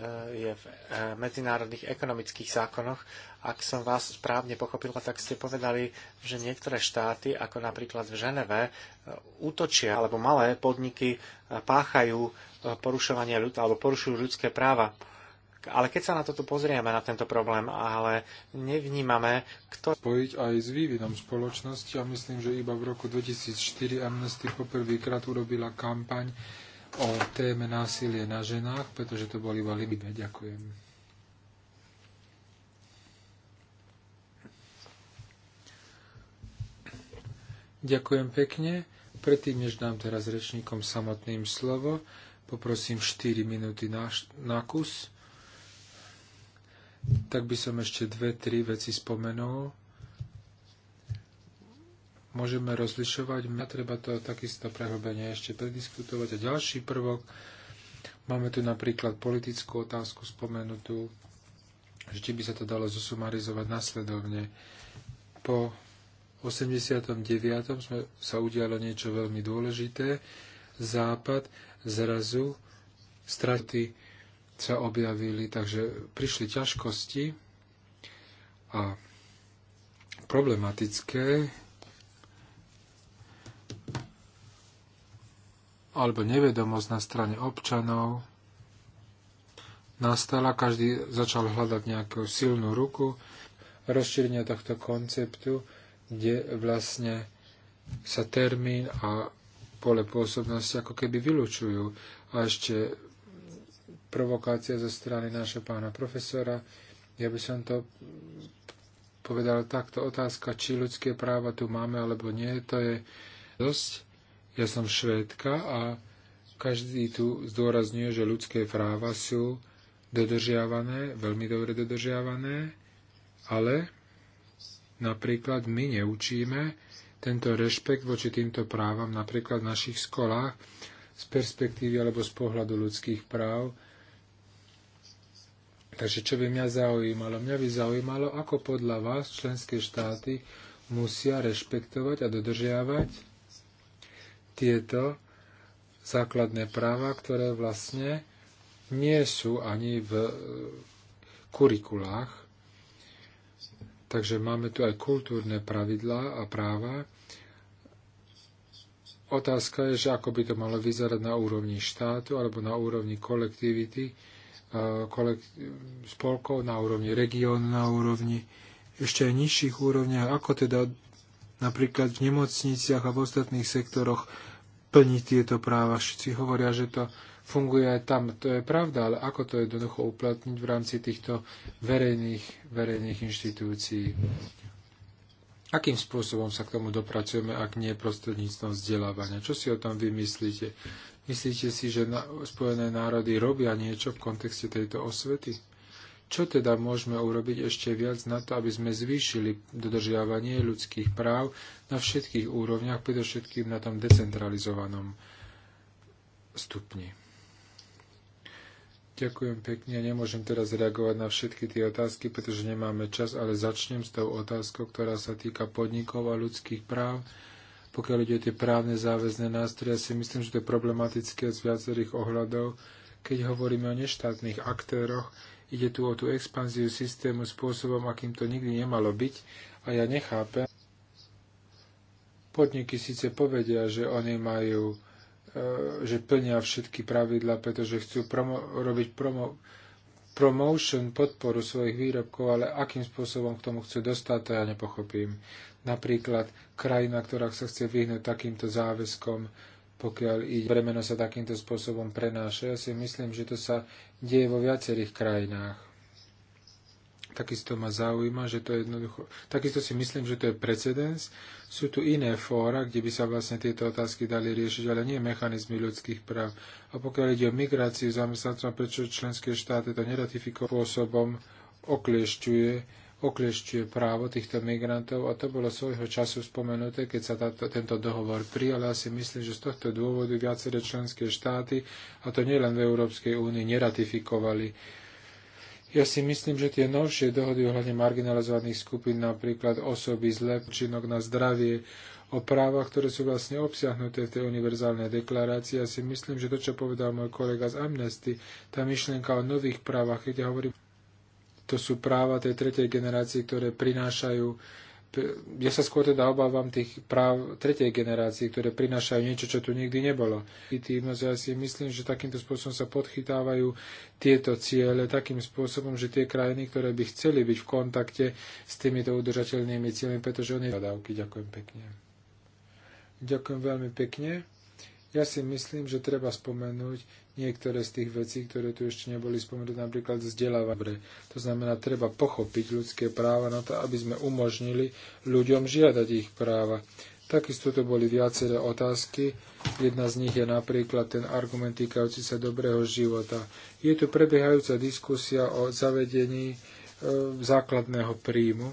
je v eh, medzinárodných ekonomických zákonoch. Ak som vás správne pochopila, tak ste povedali, že niektoré štáty, ako napríklad v Ženeve, eh, útočia alebo malé podniky páchajú porušovanie ľud, alebo porušujú ľudské práva ale keď sa na toto pozrieme, na tento problém, ale nevnímame, kto... Spojiť aj s vývinom spoločnosti a myslím, že iba v roku 2004 Amnesty poprvýkrát urobila kampaň o téme násilie na ženách, pretože to boli valibé. Ďakujem. Ďakujem pekne. Predtým, než dám teraz rečníkom samotným slovo, poprosím 4 minúty na, na kus tak by som ešte dve, tri veci spomenul. Môžeme rozlišovať, a treba to takisto prehlbenie ešte prediskutovať. A ďalší prvok, máme tu napríklad politickú otázku spomenutú, že či by sa to dalo zosumarizovať nasledovne. Po 89. Sme, sa udialo niečo veľmi dôležité. Západ zrazu straty sa objavili, takže prišli ťažkosti a problematické alebo nevedomosť na strane občanov nastala, každý začal hľadať nejakú silnú ruku rozšírenia tohto konceptu, kde vlastne sa termín a pole pôsobnosti ako keby vylučujú. A ešte provokácia zo strany nášho pána profesora. Ja by som to povedal takto. Otázka, či ľudské práva tu máme alebo nie, to je dosť. Ja som švédka a každý tu zdôrazňuje, že ľudské práva sú dodržiavané, veľmi dobre dodržiavané, ale napríklad my neučíme tento rešpekt voči týmto právam napríklad v našich školách z perspektívy alebo z pohľadu ľudských práv Takže čo by mňa zaujímalo? Mňa by zaujímalo, ako podľa vás členské štáty musia rešpektovať a dodržiavať tieto základné práva, ktoré vlastne nie sú ani v e, kurikulách. Takže máme tu aj kultúrne pravidlá a práva. Otázka je, že ako by to malo vyzerať na úrovni štátu alebo na úrovni kolektivity, spolkov na úrovni regiónu, na úrovni ešte aj nižších úrovniach, ako teda napríklad v nemocniciach a v ostatných sektoroch plniť tieto práva. Všetci hovoria, že to funguje aj tam. To je pravda, ale ako to jednoducho uplatniť v rámci týchto verejných, verejných inštitúcií? Akým spôsobom sa k tomu dopracujeme, ak nie prostredníctvom vzdelávania? Čo si o tom vymyslíte? Myslíte si, že Spojené národy robia niečo v kontexte tejto osvety? Čo teda môžeme urobiť ešte viac na to, aby sme zvýšili dodržiavanie ľudských práv na všetkých úrovniach, predovšetkým na tom decentralizovanom stupni? Ďakujem pekne. Nemôžem teraz reagovať na všetky tie otázky, pretože nemáme čas, ale začnem s tou otázkou, ktorá sa týka podnikov a ľudských práv. Pokiaľ ide o tie právne záväzné nástroje, ja si myslím, že to je problematické z viacerých ohľadov. Keď hovoríme o neštátnych aktéroch, ide tu o tú expanziu systému spôsobom, akým to nikdy nemalo byť a ja nechápem. Podniky síce povedia, že oni majú e, že plnia všetky pravidla, pretože chcú promo- robiť promo- promotion, podporu svojich výrobkov, ale akým spôsobom k tomu chcú dostať, to ja nepochopím. Napríklad krajina, ktorá sa chce vyhnúť takýmto záväzkom, pokiaľ i bremeno sa takýmto spôsobom prenáša. Ja si myslím, že to sa deje vo viacerých krajinách. Takisto ma zaujíma, že to je jednoducho... Takisto si myslím, že to je precedens. Sú tu iné fóra, kde by sa vlastne tieto otázky dali riešiť, ale nie mechanizmy ľudských práv. A pokiaľ ide o migráciu zamestnancov, prečo členské štáty to neratifikovým spôsobom okliešťuje oklešťuje právo týchto migrantov a to bolo svojho času spomenuté, keď sa táto, tento dohovor prijal. Ja si myslím, že z tohto dôvodu viaceré členské štáty, a to nielen v Európskej únii, neratifikovali. Ja si myslím, že tie novšie dohody ohľadne marginalizovaných skupín, napríklad osoby z činok na zdravie, o právach, ktoré sú vlastne obsiahnuté v tej univerzálnej deklarácii. Ja si myslím, že to, čo povedal môj kolega z Amnesty, tá myšlienka o nových právach, keď ja hovorím to sú práva tej tretej generácie, ktoré prinášajú ja sa skôr teda obávam tých práv tretej generácie, ktoré prinášajú niečo, čo tu nikdy nebolo. Ja si myslím, že takýmto spôsobom sa podchytávajú tieto ciele takým spôsobom, že tie krajiny, ktoré by chceli byť v kontakte s týmito udržateľnými cieľmi, pretože oni dávky. Ďakujem pekne. Ďakujem veľmi pekne. Ja si myslím, že treba spomenúť niektoré z tých vecí, ktoré tu ešte neboli spomenuté, napríklad vzdelávanie. To znamená, treba pochopiť ľudské práva na to, aby sme umožnili ľuďom žiadať ich práva. Takisto to boli viaceré otázky. Jedna z nich je napríklad ten argument týkajúci sa dobrého života. Je tu prebiehajúca diskusia o zavedení e, základného príjmu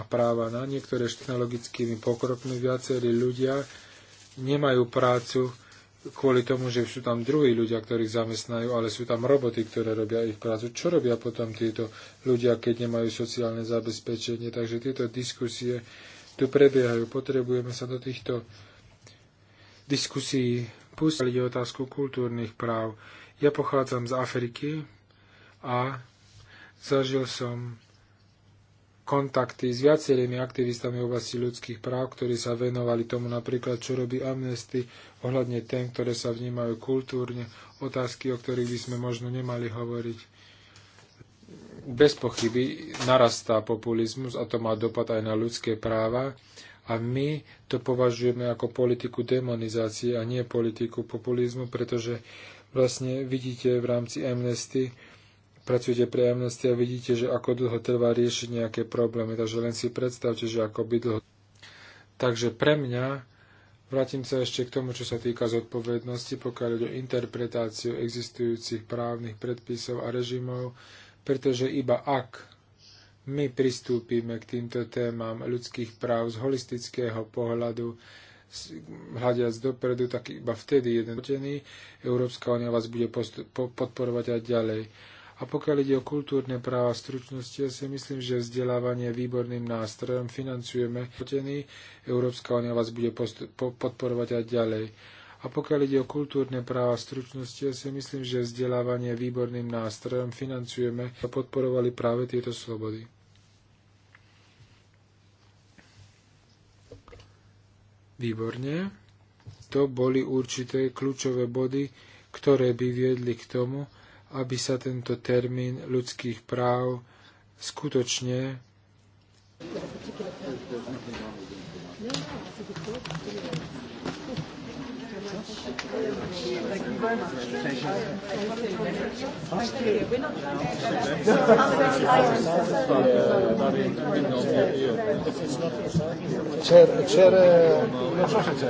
a práva na niektoré technologickými pokrokmi viacerí ľudia nemajú prácu kvôli tomu, že sú tam druhí ľudia, ktorých zamestnajú, ale sú tam roboty, ktoré robia ich prácu. Čo robia potom títo ľudia, keď nemajú sociálne zabezpečenie? Takže tieto diskusie tu prebiehajú. Potrebujeme sa do týchto diskusí pustiť otázku kultúrnych práv. Ja pochádzam z Afriky a zažil som kontakty s viacerými aktivistami v oblasti ľudských práv, ktorí sa venovali tomu napríklad, čo robí Amnesty ohľadne ten, ktoré sa vnímajú kultúrne, otázky, o ktorých by sme možno nemali hovoriť. Bez pochyby narastá populizmus a to má dopad aj na ľudské práva a my to považujeme ako politiku demonizácie a nie politiku populizmu, pretože vlastne vidíte v rámci Amnesty, pracujete pre Amnesty a vidíte, že ako dlho trvá riešiť nejaké problémy. Takže len si predstavte, že ako by dlho. Takže pre mňa, vrátim sa ešte k tomu, čo sa týka zodpovednosti, pokiaľ ide o interpretáciu existujúcich právnych predpisov a režimov, pretože iba ak my pristúpime k týmto témam ľudských práv z holistického pohľadu, hľadiac dopredu, tak iba vtedy jeden Európska únia vás bude podporovať aj ďalej. A pokiaľ ide o kultúrne práva stručnosti, ja si myslím, že vzdelávanie je výborným nástrojom, financujeme potený, Európska únia vás bude po podporovať aj ďalej. A pokiaľ ide o kultúrne práva stručnosti, ja si myslím, že vzdelávanie je výborným nástrojom, financujeme a podporovali práve tieto slobody. Výborne. To boli určité kľúčové body, ktoré by viedli k tomu, aby sa tento termín ľudských práv skutočne C'era, c'era, non so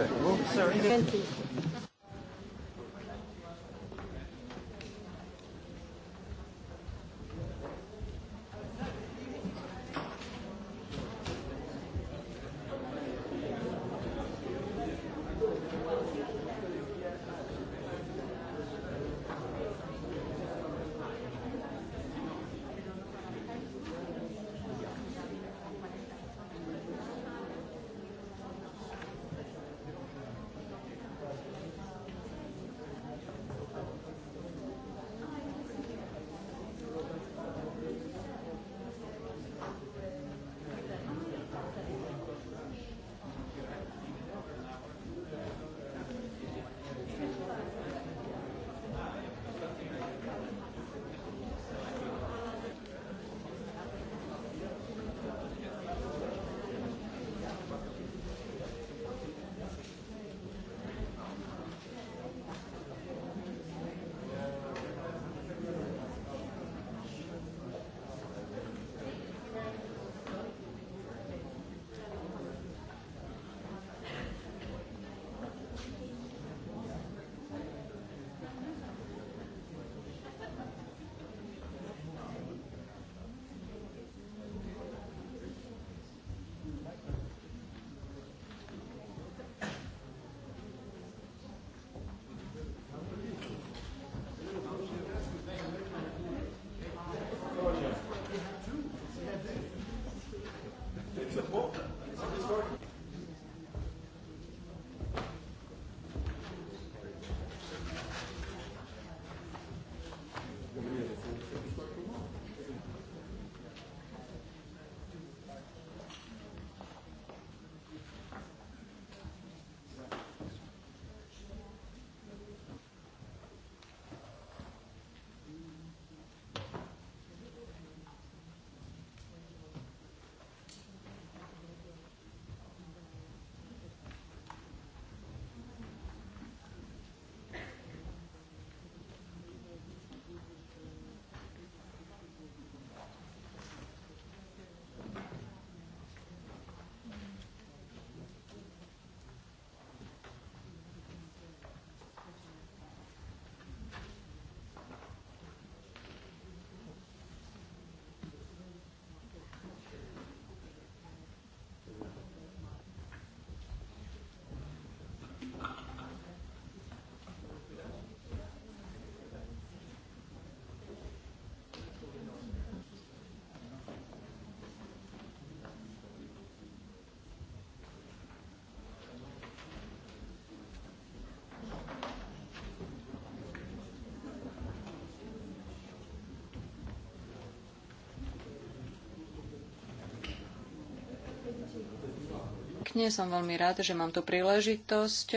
pekne, som veľmi rád, že mám tu príležitosť,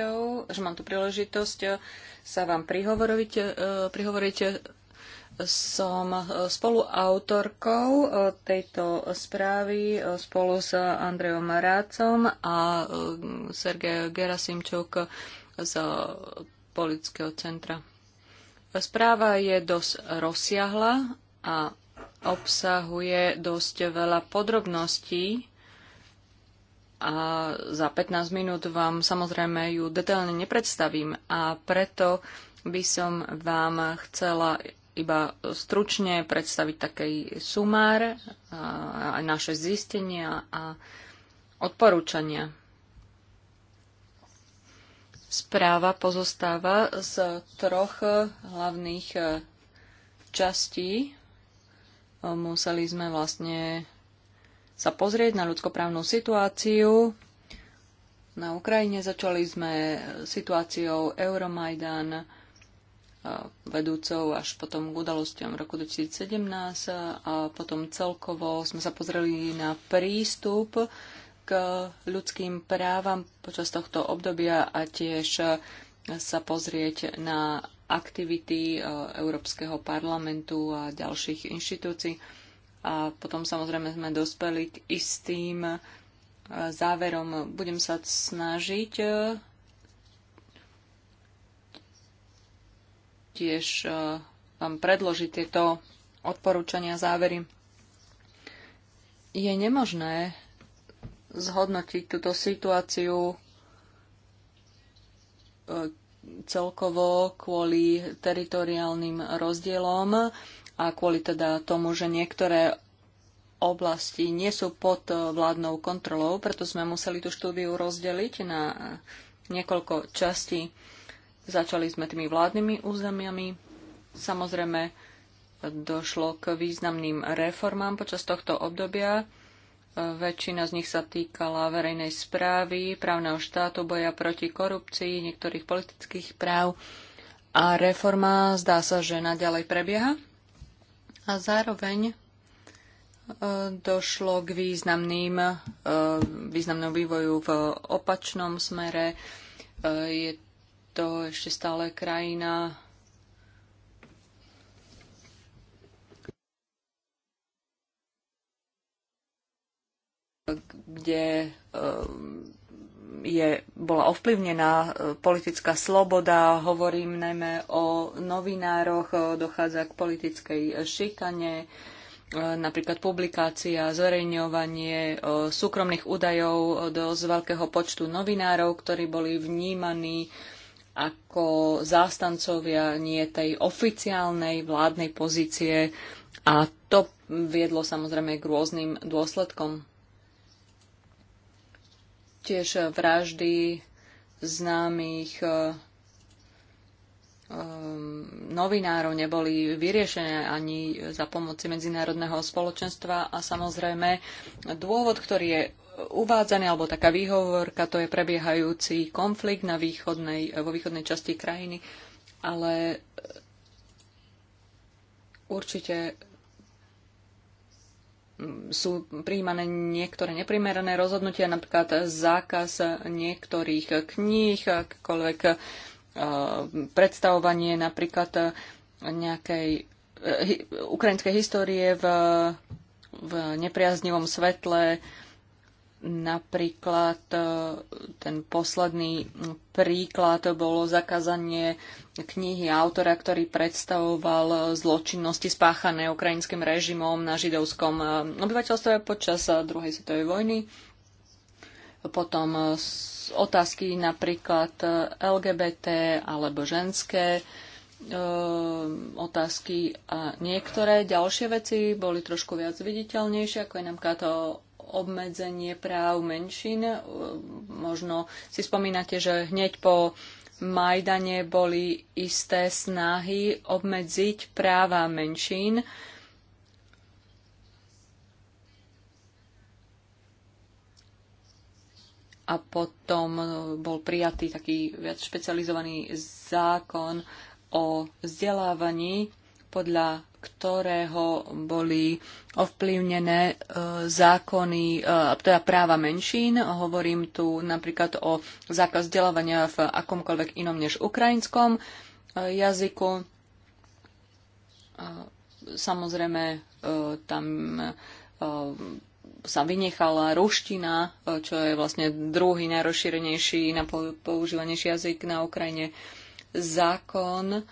že mám tu príležitosť e, sa vám prihovoriť, e, prihovoriť som e, spoluautorkou tejto správy spolu s Andrejom Rácom a Sergej Gerasimčuk z Politického centra. Správa je dosť rozsiahla a obsahuje dosť veľa podrobností, a za 15 minút vám samozrejme ju detailne nepredstavím a preto by som vám chcela iba stručne predstaviť taký sumár, aj naše zistenia a odporúčania. Správa pozostáva z troch hlavných e, častí. Museli sme vlastne sa pozrieť na ľudskoprávnu situáciu. Na Ukrajine začali sme situáciou Euromajdan vedúcou až potom k udalostiam roku 2017 a potom celkovo sme sa pozreli na prístup k ľudským právam počas tohto obdobia a tiež sa pozrieť na aktivity Európskeho parlamentu a ďalších inštitúcií a potom samozrejme sme dospeli k istým e, záverom. Budem sa snažiť e, tiež e, vám predložiť tieto odporúčania závery. Je nemožné zhodnotiť túto situáciu celkovo kvôli teritoriálnym rozdielom a kvôli teda tomu, že niektoré oblasti nie sú pod e, vládnou kontrolou, preto sme museli tú štúdiu rozdeliť na niekoľko častí. Začali sme tými vládnymi územiami. Samozrejme, došlo k významným reformám počas tohto obdobia. E, väčšina z nich sa týkala verejnej správy, právneho štátu, boja proti korupcii, niektorých politických práv. A reforma zdá sa, že naďalej prebieha. A zároveň e, došlo k významným, e, významnom vývoju v opačnom smere. E, je to ešte stále krajina, kde je, bola ovplyvnená e, politická sloboda, hovorím najmä o novinároch, e, dochádza k politickej šikane, e, napríklad publikácia, zverejňovanie súkromných údajov dosť veľkého počtu novinárov, ktorí boli vnímaní ako zástancovia nie tej oficiálnej vládnej pozície a to viedlo samozrejme k rôznym dôsledkom tiež vraždy známych e, e, novinárov neboli vyriešené ani za pomoci medzinárodného spoločenstva a samozrejme dôvod, ktorý je uvádzaný alebo taká výhovorka, to je prebiehajúci konflikt na východnej, vo východnej časti krajiny, ale určite sú prijímané niektoré neprimerané rozhodnutia, napríklad zákaz niektorých kníh, akékoľvek eh, predstavovanie napríklad nejakej eh, ukrajinskej histórie v, v nepriaznivom svetle, Napríklad e, ten posledný príklad bolo zakázanie knihy autora, ktorý predstavoval zločinnosti spáchané ukrajinským režimom na židovskom e, obyvateľstve počas druhej svetovej vojny. Potom e, otázky napríklad LGBT alebo ženské otázky a niektoré ďalšie veci boli trošku viac viditeľnejšie, ako je nám to obmedzenie práv menšín. E, možno si spomínate, že hneď po Majdane boli isté snahy obmedziť práva menšín. A potom bol prijatý taký viac špecializovaný zákon o vzdelávaní, podľa ktorého boli ovplyvnené e, zákony, e, teda práva menšín. Hovorím tu napríklad o zákaz vzdelávania v akomkoľvek inom než ukrajinskom e, jazyku. Samozrejme, tam sa vynechala ruština, čo je vlastne druhý najrozšírenejší, používanejší jazyk na Ukrajine. Zákon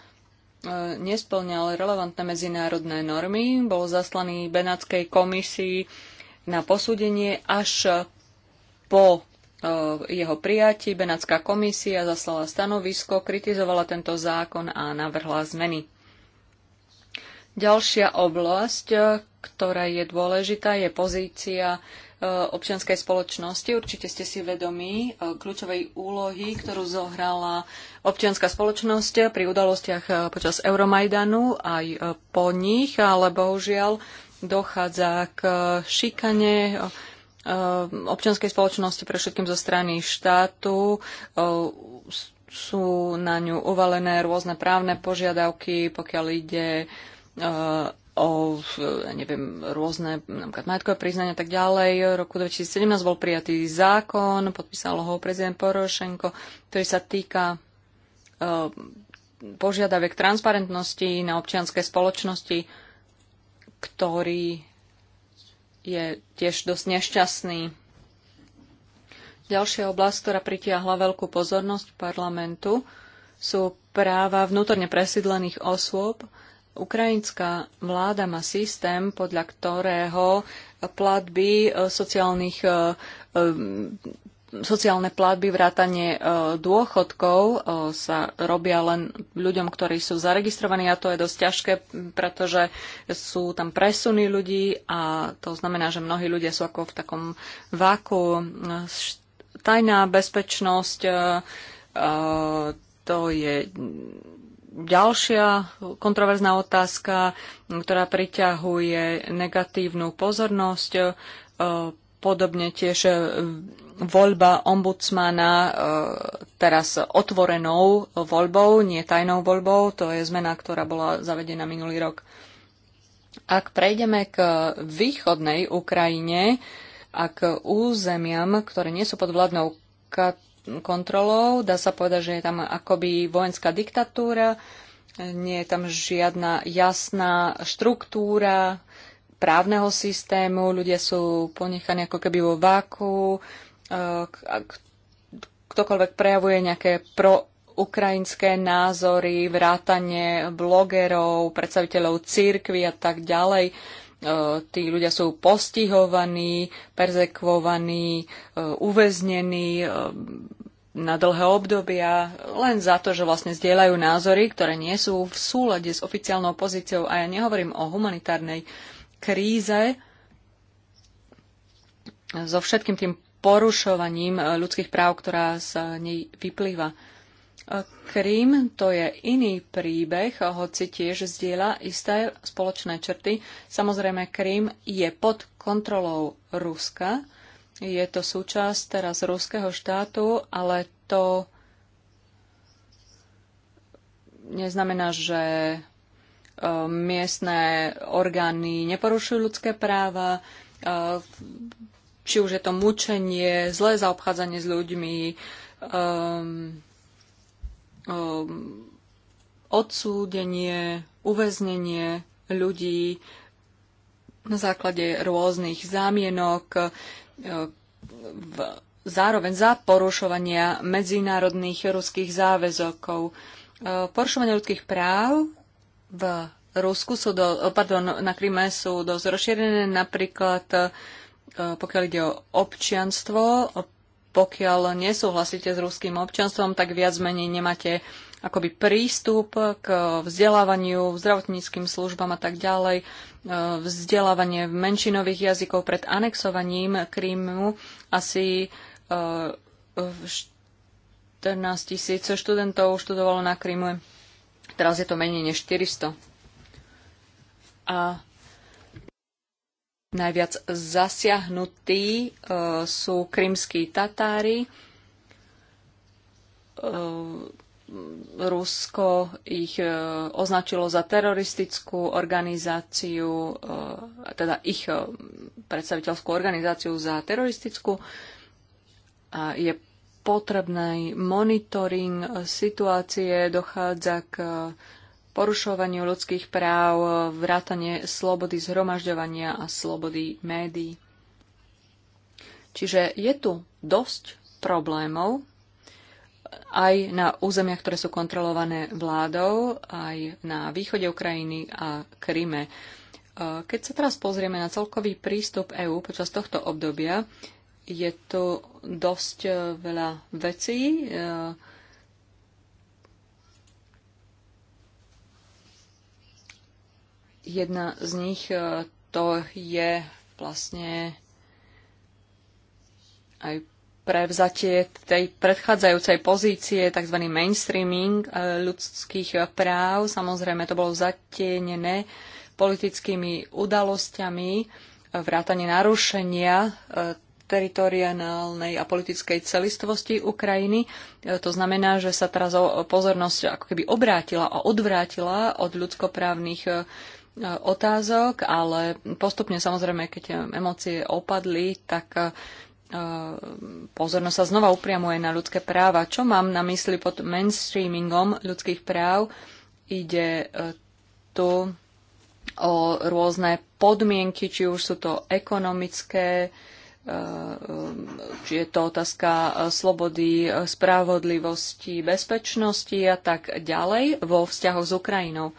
E, nesplňal relevantné medzinárodné normy, bol zaslaný Benátskej komisii na posúdenie až po e, jeho prijatí. Benátska komisia zaslala stanovisko, kritizovala tento zákon a navrhla zmeny. Ďalšia oblasť, e, ktorá je dôležitá, je pozícia Eh, občianskej spoločnosti. Určite ste si vedomí eh, kľúčovej úlohy, ktorú zohrala občianská spoločnosť pri udalostiach eh, počas Euromajdanu aj po nich, ale bohužiaľ dochádza k šikane občianskej spoločnosti pre všetkým zo strany štátu sú na ňu uvalené rôzne právne požiadavky, pokiaľ ide o neviem, rôzne napríklad majetkové priznania a tak ďalej. V roku 2017 bol prijatý zákon, podpísal ho prezident Porošenko, ktorý sa týka e, požiadaviek transparentnosti na občianskej spoločnosti, ktorý je tiež dosť nešťastný. Ďalšia oblasť, ktorá pritiahla veľkú pozornosť parlamentu, sú práva vnútorne presídlených osôb, Ukrajinská vláda má systém, podľa ktorého platby e, sociálnych e, e, sociálne platby, vrátanie dôchodkov sa robia len ľuďom, ktorí sú zaregistrovaní a to je dosť ťažké, pretože sú tam presuny ľudí a to znamená, že mnohí ľudia sú ako v takom váku. Tajná bezpečnosť, to je ďalšia kontroverzná otázka, ktorá priťahuje negatívnu pozornosť. E, podobne tiež e, voľba ombudsmana e, teraz otvorenou voľbou, nie tajnou voľbou. To je zmena, ktorá bola zavedená minulý rok. Ak prejdeme k východnej Ukrajine a k územiam, ktoré nie sú pod vládnou kat- kontrolou. Dá sa povedať, že je tam akoby vojenská diktatúra, nie je tam žiadna jasná štruktúra právneho systému, ľudia sú ponechaní ako keby vo váku, e, ktokoľvek prejavuje nejaké pro ukrajinské názory, vrátanie blogerov, predstaviteľov církvy a tak ďalej tí ľudia sú postihovaní, perzekvovaní, e, uväznení e, na dlhé obdobia len za to, že vlastne zdieľajú názory, ktoré nie sú v súlade s oficiálnou pozíciou. A ja nehovorím o humanitárnej kríze so všetkým tým porušovaním ľudských práv, ktorá sa nej vyplýva. Krím to je iný príbeh, hoci tiež zdieľa isté spoločné črty. Samozrejme, Krím je pod kontrolou Ruska. Je to súčasť teraz ruského štátu, ale to neznamená, že e, miestne orgány neporušujú ľudské práva, e, či už je to mučenie, zlé zaobchádzanie s ľuďmi, um, Ehm, odsúdenie, uväznenie ľudí na základe rôznych zámienok, ehm, v, zároveň za porušovania medzinárodných ruských záväzokov. Ehm, porušovanie ľudských práv v Rusku sú do, pardon, na Kryme sú dosť rozšírené, napríklad pokiaľ ide o občianstvo, pokiaľ nesúhlasíte s ruským občanstvom, tak viac menej nemáte akoby prístup k vzdelávaniu, zdravotníckým službám a tak ďalej, e, vzdelávanie v menšinových jazykov pred anexovaním Krímu asi 14 e, tisíc študentov študovalo na Krímu. Teraz je to menej než 400. A Najviac zasiahnutí e, sú krymskí Tatári. E, Rusko ich e, označilo za teroristickú organizáciu, teda ich predstaviteľskú organizáciu za teroristickú. A je potrebný monitoring situácie, dochádza k porušovaniu ľudských práv, vrátanie slobody zhromažďovania a slobody médií. Čiže je tu dosť problémov aj na územiach, ktoré sú kontrolované vládou, aj na východe Ukrajiny a Kryme. E, keď sa teraz pozrieme na celkový prístup EÚ počas tohto obdobia, je tu dosť e, veľa vecí, e, Jedna z nich e, to je vlastne aj prevzatie tej predchádzajúcej pozície, tzv. mainstreaming e, ľudských práv. Samozrejme, to bolo zatienené politickými udalosťami, vrátanie narušenia e, teritoriálnej a politickej celistvosti Ukrajiny. To znamená, že sa teraz pozornosť ako keby obrátila a odvrátila od ľudskoprávnych E, otázok, ale postupne samozrejme, keď emócie opadli, tak e, pozornosť sa znova upriamuje na ľudské práva. Čo mám na mysli pod mainstreamingom ľudských práv? Ide e, tu o rôzne podmienky, či už sú to ekonomické, či je to otázka slobody, spravodlivosti, bezpečnosti a tak ďalej vo vzťahoch s Ukrajinou.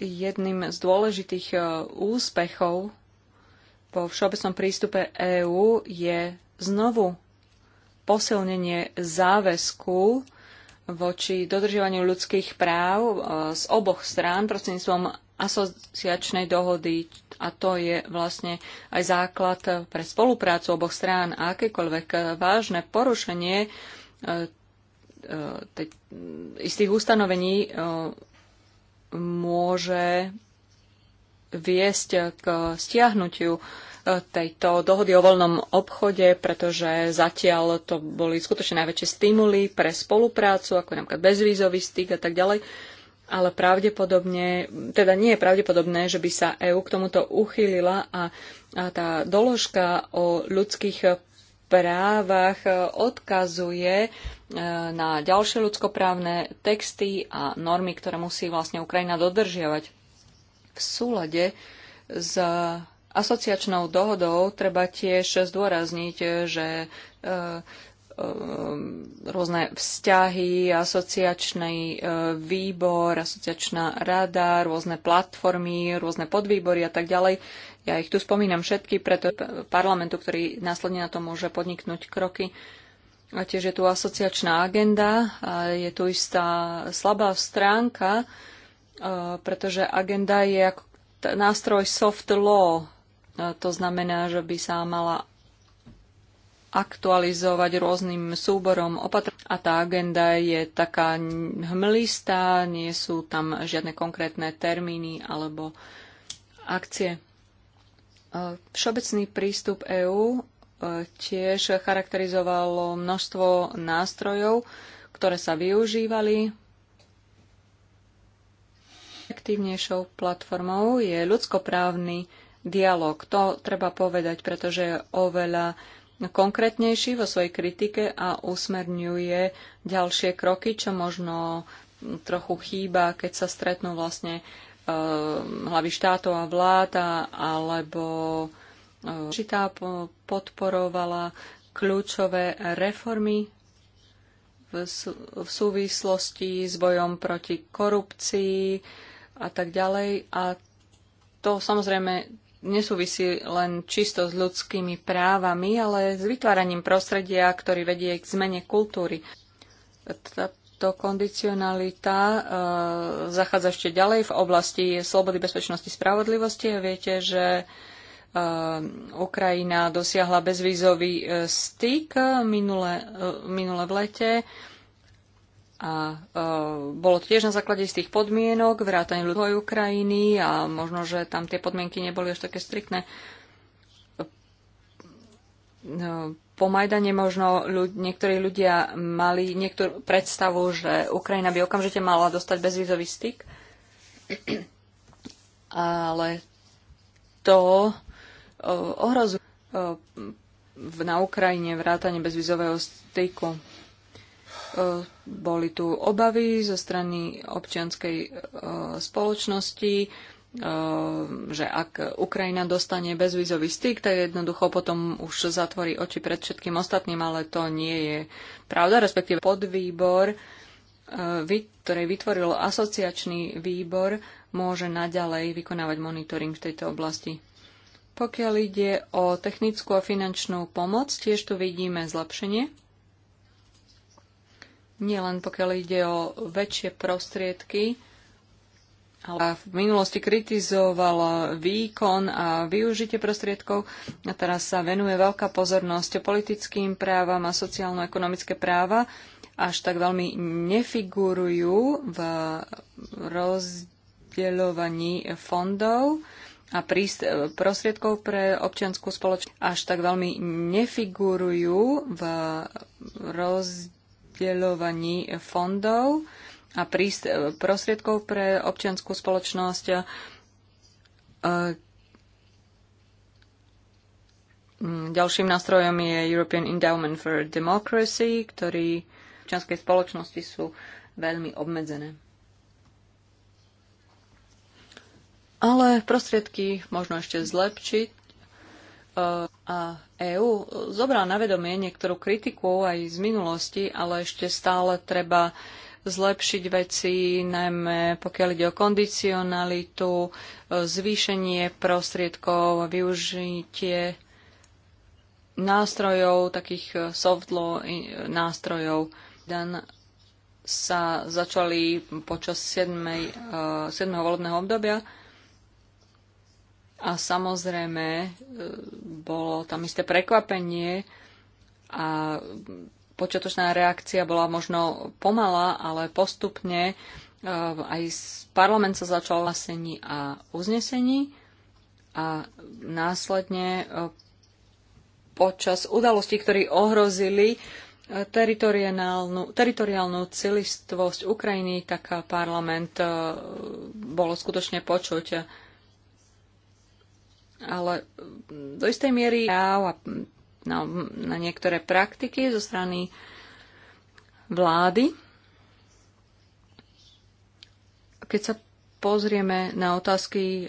jedným z dôležitých e, úspechov vo všeobecnom prístupe EÚ je znovu posilnenie záväzku voči dodržiavaniu ľudských práv e, z oboch strán prostredníctvom asociačnej dohody a to je vlastne aj základ pre spoluprácu oboch strán a akékoľvek vážne porušenie e, istých ustanovení môže viesť k stiahnutiu e, tejto dohody o voľnom obchode, pretože zatiaľ to boli skutočne najväčšie stimuly pre spoluprácu, ako napríklad bezvízový styk a tak ďalej. Ale pravdepodobne, teda nie je pravdepodobné, že by sa EÚ k tomuto uchýlila a, a tá doložka o ľudských právach e, odkazuje e, na ďalšie ľudskoprávne texty a normy, ktoré musí vlastne Ukrajina dodržiavať. V súlade s asociačnou dohodou treba tiež zdôrazniť, že e, rôzne vzťahy, asociačný výbor, asociačná rada, rôzne platformy, rôzne podvýbory a tak ďalej ja ich tu spomínam všetky, preto parlamentu, ktorý následne na to môže podniknúť kroky. A tiež je tu asociačná agenda, a je tu istá slabá stránka, e, pretože agenda je ako nástroj soft law, e, to znamená, že by sa mala aktualizovať rôznym súborom opatr. A tá agenda je taká hmlistá, nie sú tam žiadne konkrétne termíny alebo akcie. Všeobecný prístup EÚ e, tiež charakterizovalo množstvo nástrojov, ktoré sa využívali. Efektívnejšou platformou je ľudskoprávny dialog. To treba povedať, pretože je oveľa konkrétnejší vo svojej kritike a usmerňuje ďalšie kroky, čo možno trochu chýba, keď sa stretnú vlastne Ehm, hlavy štátov a vlád, alebo ehm, určitá podporovala kľúčové reformy v súvislosti s bojom proti korupcii a tak ďalej. A to samozrejme nesúvisí len čisto s ľudskými právami, ale s vytváraním prostredia, ktorý vedie k zmene kultúry táto kondicionalita e, zachádza ešte ďalej v oblasti slobody, bezpečnosti, spravodlivosti. A viete, že e, Ukrajina dosiahla bezvízový e, styk e, minule, e, minule v lete a e, bolo tiež na základe z tých podmienok vrátane ľudovej Ukrajiny a možno, že tam tie podmienky neboli až také striktné. E, no, po Majdane možno ľud, niektorí ľudia mali niektorú predstavu, že Ukrajina by okamžite mala dostať bezvízový styk, ale to ohrozuje na Ukrajine vrátanie bezvízového styku. Boli tu obavy zo strany občianskej spoločnosti, Ehm, že ak Ukrajina dostane bezvízový styk, tak jednoducho potom už zatvorí oči pred všetkým ostatným, ale to nie je pravda, respektíve podvýbor, ehm, ktorý vytvoril asociačný výbor, môže naďalej vykonávať monitoring v tejto oblasti. Pokiaľ ide o technickú a finančnú pomoc, tiež tu vidíme zlepšenie. Nielen pokiaľ ide o väčšie prostriedky, a v minulosti kritizoval výkon a využitie prostriedkov a teraz sa venuje veľká pozornosť politickým právam a sociálno-ekonomické práva až tak veľmi nefigurujú v rozdeľovaní fondov a prostriedkov pre občianskú spoločnosť až tak veľmi nefigurujú v rozdeľovaní fondov a e, prostriedkov pre občianskú spoločnosť. E, ďalším nástrojom je European Endowment for Democracy, ktorý v občianskej spoločnosti sú veľmi obmedzené. Ale prostriedky možno ešte zlepšiť e, a EÚ zobral na vedomie niektorú kritiku aj z minulosti, ale ešte stále treba zlepšiť veci, najmä pokiaľ ide o kondicionalitu, e, zvýšenie prostriedkov, využitie nástrojov, takých e, soft law e, nástrojov. Dan sa začali počas 7. 7. volebného obdobia a samozrejme bolo tam isté prekvapenie a počiatočná reakcia bola možno pomalá, ale postupne e, aj parlament sa začal hlasení a uznesení a následne e, počas udalostí, ktorí ohrozili e, teritoriálnu, teritoriálnu celistvosť Ukrajiny, tak parlament bolo skutočne počuť. Ale do istej miery práv a na, na niektoré praktiky zo strany vlády. Keď sa pozrieme na otázky, e,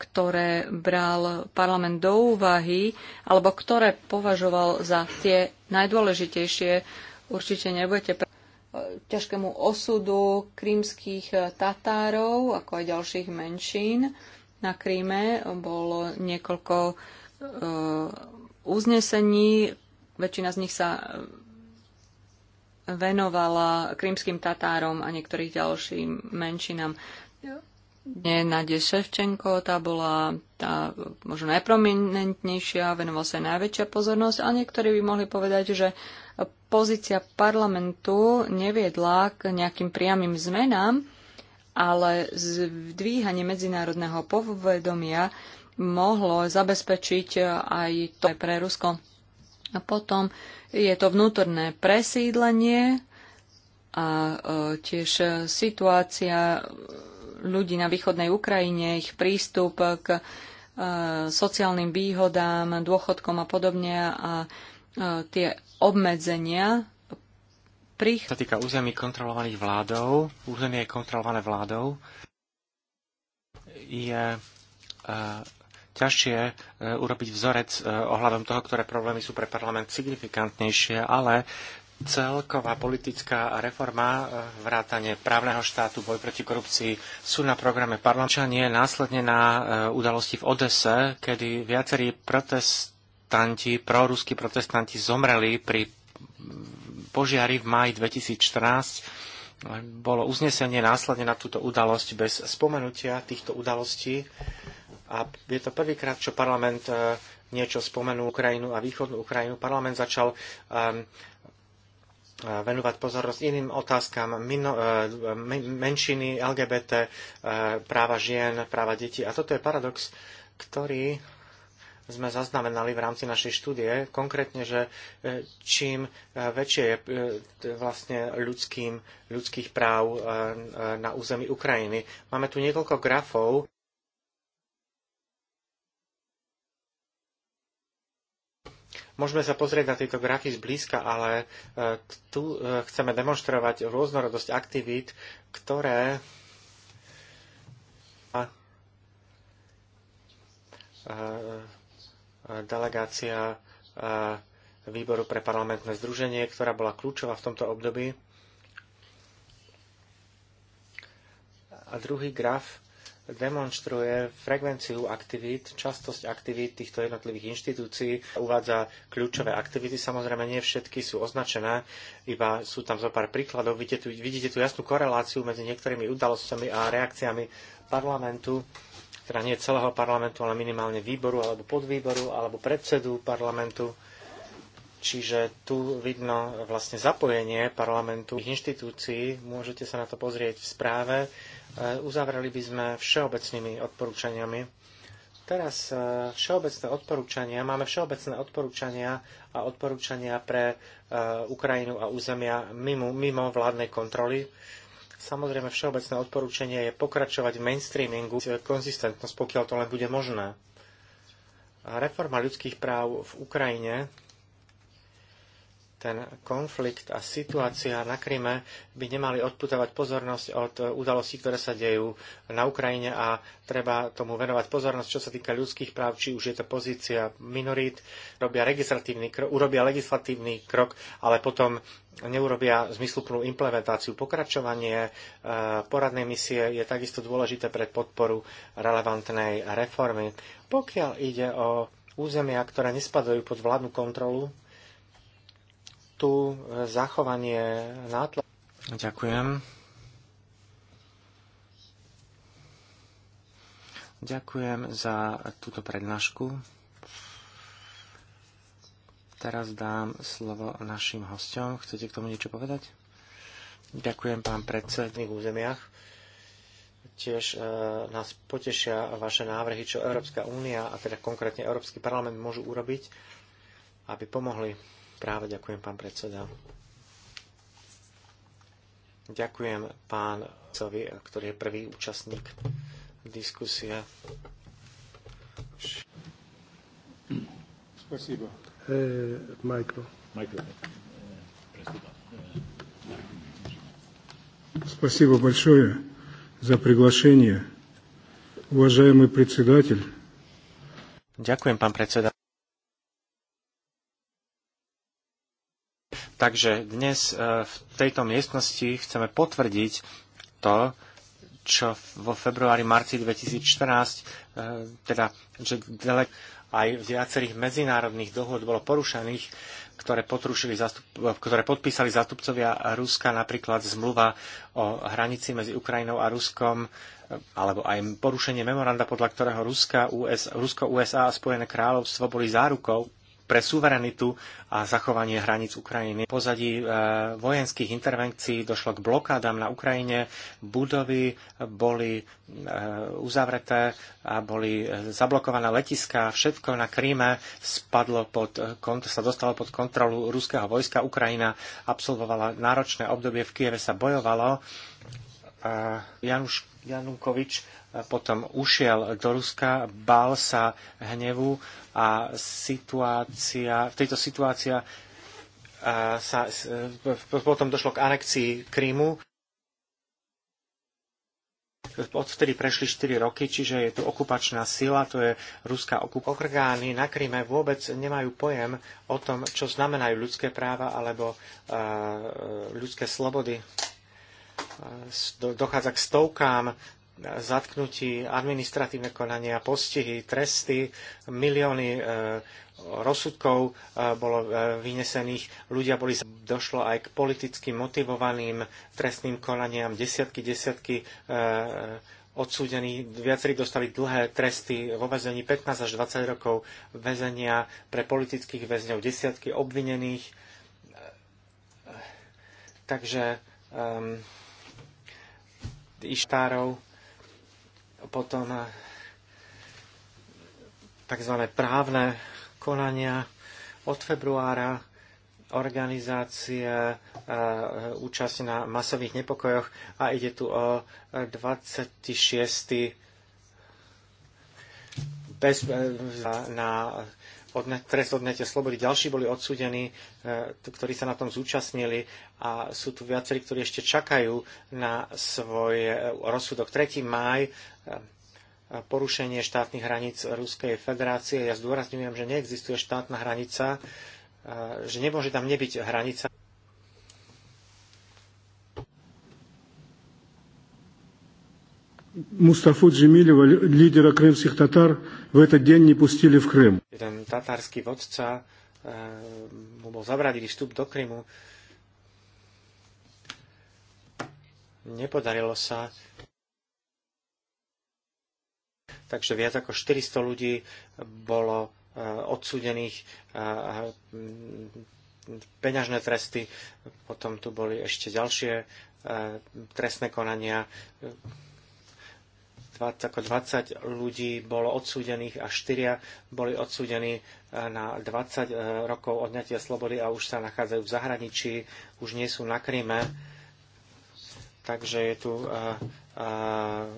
ktoré bral parlament do úvahy, alebo ktoré považoval za tie najdôležitejšie, určite nebudete pre ťažkému osudu krímskych e, Tatárov, ako aj ďalších menšín na Kríme. Bolo niekoľko e, uznesení, väčšina z nich sa eh, venovala krímským Tatárom a niektorých ďalším menšinám. Nadie Ševčenko, tá bola tá možno najprominentnejšia, venovala sa aj najväčšia pozornosť, ale niektorí by mohli povedať, že pozícia parlamentu neviedla k nejakým priamým zmenám, ale zdvíhanie medzinárodného povedomia mohlo zabezpečiť e, aj to pre Rusko. A potom je to vnútorné presídlenie a e, tiež situácia ľudí na východnej Ukrajine, ich prístup k e, sociálnym výhodám, dôchodkom a podobne a tie obmedzenia Pri... sa týka území kontrolovaných vládou, územie kontrolované vládou, je ťažšie e, urobiť vzorec e, ohľadom toho, ktoré problémy sú pre parlament signifikantnejšie, ale celková politická reforma, e, vrátanie právneho štátu, boj proti korupcii sú na programe parlamentu. Následne na udalosti v Odese, kedy viacerí protestanti, proruskí protestanti zomreli pri požiari v maji 2014 bolo uznesenie následne na túto udalosť bez spomenutia týchto udalostí a je to prvýkrát, čo parlament e, niečo spomenul Ukrajinu a východnú Ukrajinu. Parlament začal e, venovať pozornosť iným otázkam mino, e, menšiny, LGBT, práva žien, práva detí. A toto je paradox, ktorý sme zaznamenali v rámci našej štúdie, konkrétne, že čím väčšie je vlastne ľudským, ľudských práv na území Ukrajiny. Máme tu niekoľko grafov, Môžeme sa pozrieť na tieto grafy zblízka, ale e, tu e, chceme demonstrovať rôznorodosť aktivít, ktoré e, delegácia výboru pre parlamentné združenie, ktorá bola kľúčová v tomto období. A druhý graf demonstruje frekvenciu aktivít, častosť aktivít týchto jednotlivých inštitúcií, uvádza kľúčové aktivity, samozrejme nie všetky sú označené, iba sú tam zo pár príkladov. Vidíte tu, vidíte tu jasnú koreláciu medzi niektorými udalosťami a reakciami parlamentu, teda nie celého parlamentu, ale minimálne výboru alebo podvýboru alebo predsedu parlamentu. Čiže tu vidno vlastne zapojenie parlamentu, inštitúcií, môžete sa na to pozrieť v správe Eh, uzavreli by sme všeobecnými odporúčaniami. Teraz eh, všeobecné odporúčania, máme všeobecné odporúčania a odporúčania pre eh, Ukrajinu a územia mimo, mimo vládnej kontroly. Samozrejme, všeobecné odporúčanie je pokračovať v mainstreamingu, konzistentnosť, pokiaľ to len bude možné. Reforma ľudských práv v Ukrajine ten konflikt a situácia na Kryme by nemali odputovať pozornosť od udalostí, ktoré sa dejú na Ukrajine a treba tomu venovať pozornosť, čo sa týka ľudských práv, či už je to pozícia minorít, robia legislatívny krok, urobia legislatívny krok, ale potom neurobia zmysluplnú implementáciu. Pokračovanie e, poradnej misie je takisto dôležité pre podporu relevantnej reformy. Pokiaľ ide o územia, ktoré nespadajú pod vládnu kontrolu, tu e, zachovanie nátlaku. Ďakujem. Ďakujem za túto prednášku. Teraz dám slovo našim hostom. Chcete k tomu niečo povedať? Ďakujem, pán predsedník územiach. Tiež e, nás potešia vaše návrhy, čo Európska únia a teda konkrétne Európsky parlament môžu urobiť, aby pomohli správe. Ďakujem, pán predseda. Ďakujem pán Covi, ktorý je prvý účastník diskusie. Spasibo. E, Michael. Michael. Спасибо большое за приглашение. Уважаемый председатель. Ďakujem, pán predseda. Takže dnes e, v tejto miestnosti chceme potvrdiť to, čo vo februári, marci 2014, e, teda, že aj aj viacerých medzinárodných dohod bolo porušených, ktoré, zastup, e, ktoré podpísali zástupcovia Ruska, napríklad zmluva o hranici medzi Ukrajinou a Ruskom, alebo aj porušenie memoranda, podľa ktorého Ruska, US, Rusko, USA a Spojené kráľovstvo boli zárukou pre suverenitu a zachovanie hraníc Ukrajiny. V pozadí e, vojenských intervencií došlo k blokádám na Ukrajine, budovy boli e, uzavreté a boli e, zablokované letiská, všetko na Kríme spadlo pod, sa dostalo pod kontrolu ruského vojska. Ukrajina absolvovala náročné obdobie, v Kieve sa bojovalo Januš, Janukovič potom ušiel do Ruska, bál sa hnevu a situácia, v tejto situácia sa, e, potom došlo k anekcii Krímu. Odvtedy prešli 4 roky, čiže je tu okupačná sila, to je ruská okupačná. Orgány na Kríme vôbec nemajú pojem o tom, čo znamenajú ľudské práva alebo e, e, ľudské slobody dochádza k stovkám zatknutí, administratívne konania, postihy, tresty, milióny e, rozsudkov e, bolo e, vynesených, ľudia boli, došlo aj k politicky motivovaným trestným konaniam, desiatky, desiatky odsúdení, viacerí dostali dlhé tresty vo väzení 15 až 20 rokov väzenia pre politických väzňov, desiatky obvinených. Takže um, Ištárov, potom eh, tzv. právne konania od februára organizácie eh, účasti na masových nepokojoch a ide tu o 26. Eh, bez, na odne, trest odňatia slobody. Ďalší boli odsúdení, e, ktorí sa na tom zúčastnili a sú tu viacerí, ktorí ešte čakajú na svoj e, rozsudok. 3. máj e, porušenie štátnych hraníc Ruskej federácie. Ja zdôrazňujem, že neexistuje štátna hranica, že nemôže tam nebyť hranica. Mustafa Джемилева, лидера крымских татар, в этот день не пустили в Крым jeden tatársky vodca eh, mu bol zabradili vstup do Krymu. Nepodarilo sa. Takže viac ako 400 ľudí bolo eh, odsúdených eh, peňažné tresty, potom tu boli ešte ďalšie trestné konania, 20, ako 20 ľudí bolo odsúdených a 4 boli odsúdení e, na 20 e, rokov odňatia slobody a už sa nachádzajú v zahraničí, už nie sú na Kryme. Takže je tu uh, uh,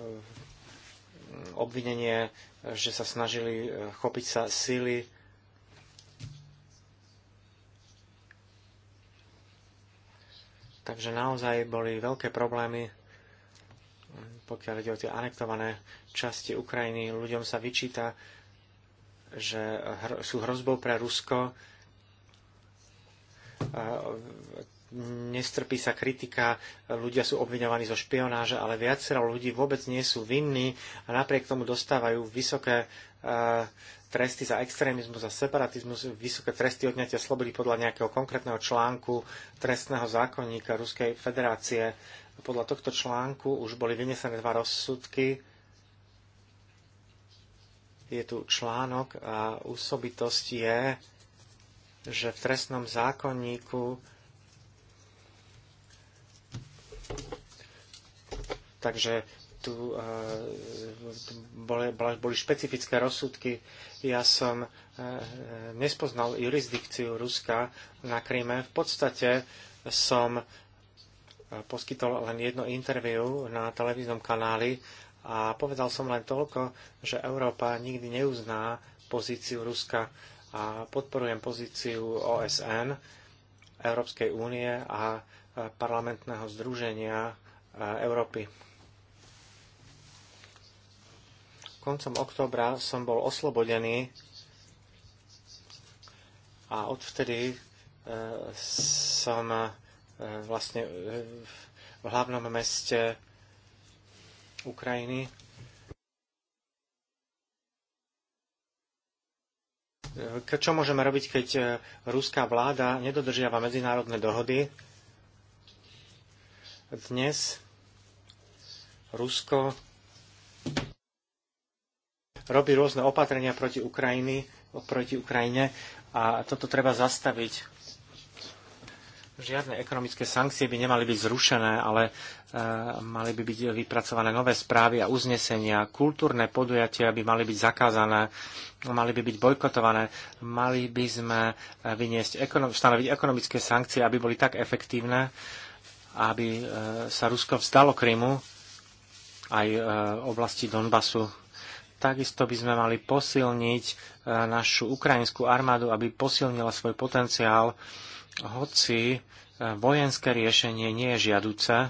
obvinenie, že sa snažili chopiť sa síly. Takže naozaj boli veľké problémy pokiaľ ide o tie anektované časti Ukrajiny, ľuďom sa vyčíta, že hr- sú hrozbou pre Rusko. Nestrpí sa kritika, ľudia sú obviňovaní zo špionáže, ale viacero ľudí vôbec nie sú vinní a napriek tomu dostávajú vysoké tresty za extrémizmus, za separatizmus, vysoké tresty odňatia slobody podľa nejakého konkrétneho článku trestného zákonníka Ruskej federácie. Podľa tohto článku už boli vynesené dva rozsudky. Je tu článok a úsobitosť je, že v trestnom zákonníku takže tu boli, boli špecifické rozsudky. Ja som nespoznal jurisdikciu Ruska na Kríme. V podstate som Eh, poskytol len jedno interviu na televíznom kanáli a povedal som len toľko, že Európa nikdy neuzná pozíciu Ruska a podporujem pozíciu OSN, Európskej únie a eh, parlamentného združenia eh, Európy. Koncom októbra som bol oslobodený a odvtedy som Eh, vlastne eh, v hlavnom meste Ukrajiny. Čo môžeme robiť, keď eh, ruská vláda nedodržiava medzinárodné dohody? Dnes Rusko robí rôzne opatrenia proti, Ukrajiny, proti Ukrajine a toto treba zastaviť Žiadne ekonomické sankcie by nemali byť zrušené, ale e, mali by byť vypracované nové správy a uznesenia. Kultúrne podujatia by mali byť zakázané, mali by byť bojkotované, mali by sme e, vyniesť ekonom- stanoviť ekonomické sankcie, aby boli tak efektívne, aby e, sa Rusko vzdalo Krymu aj e, oblasti Donbasu. Takisto by sme mali posilniť e, našu ukrajinskú armádu, aby posilnila svoj potenciál e, hoci e, vojenské riešenie nie je žiaduce,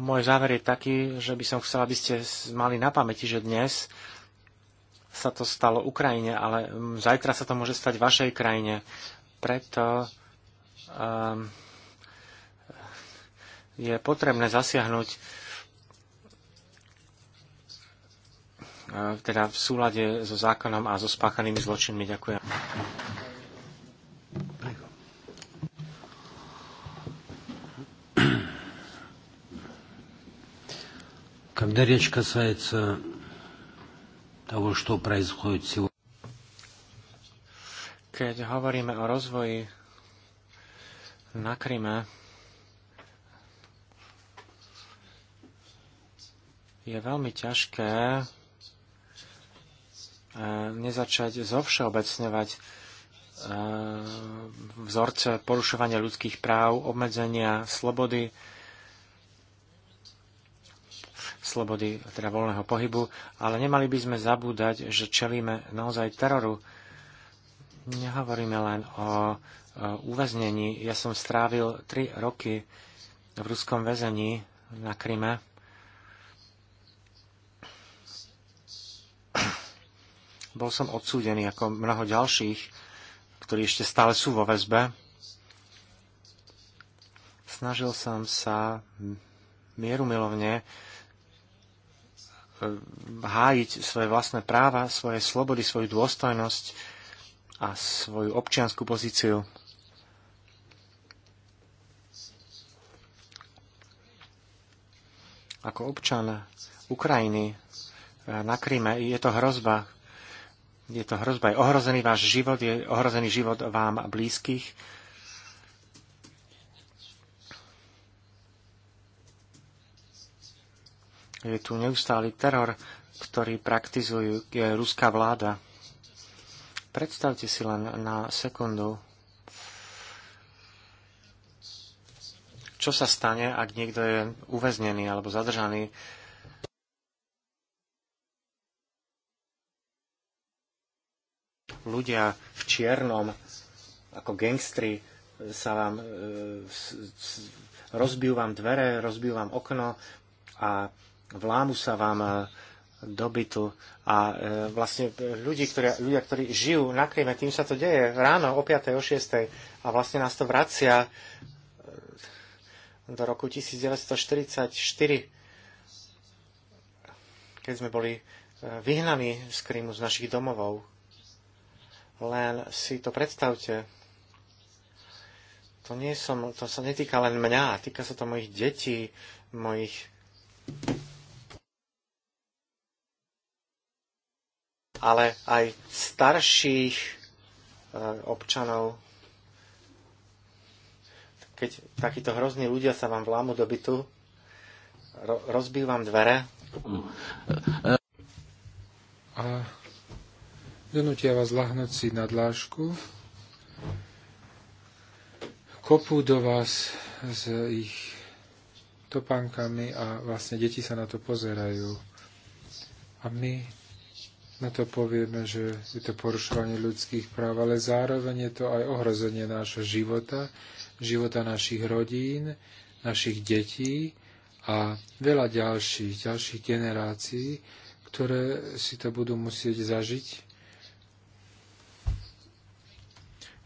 môj záver je taký, že by som chcel, aby ste mali na pamäti, že dnes sa to stalo Ukrajine, ale zajtra sa to môže stať vašej krajine. Preto um, je potrebné zasiahnuť E, teda v súlade so zákonom a so spáchanými zločinmi. Ďakujem. Когда речь касается того, что происходит сегодня, Когда hovoríme o rozvoji na Kryme, je veľmi ťažké E, nezačať zovšeobecňovať e, vzorce porušovania ľudských práv, obmedzenia slobody, slobody teda voľného pohybu, ale nemali by sme zabúdať, že čelíme naozaj teroru. Nehovoríme len o e, uväznení. Ja som strávil tri roky v ruskom väzení na Kryme Bol som odsúdený ako mnoho ďalších, ktorí ešte stále sú vo väzbe. Snažil som sa mierumilovne e, hájiť svoje vlastné práva, svoje slobody, svoju dôstojnosť a svoju občianskú pozíciu. Ako občan Ukrajiny e, na Kryme je to hrozba, je to hrozba, je ohrozený váš život, je ohrozený život vám a blízkych. Je tu neustály teror, ktorý praktizujú je ruská vláda. Predstavte si len na sekundu, čo sa stane, ak niekto je uväznený alebo zadržaný ľudia v čiernom, ako gangstri, e, sa vám e, rozbijú vám dvere, rozbijú vám okno a vlámu sa vám e, do bytu a vlastne ľudí, ktorí, ľudia, ktorí žijú na kríme, tým sa to deje ráno o 5. o 6. a vlastne nás to vracia do roku 1944, keď sme boli vyhnaní z Krymu, z našich domovov. Len si to predstavte. To, nie som, to sa netýka len mňa, týka sa to mojich detí, mojich ale aj starších eh, občanov. Keď takíto hrozní ľudia sa vám vlámu do bytu, rozbijú vám dvere. uh donútia vás lahnúť si na dlášku, kopú do vás s ich topánkami a vlastne deti sa na to pozerajú. A my na to povieme, že je to porušovanie ľudských práv, ale zároveň je to aj ohrozenie nášho života, života našich rodín, našich detí a veľa ďalších, ďalších generácií, ktoré si to budú musieť zažiť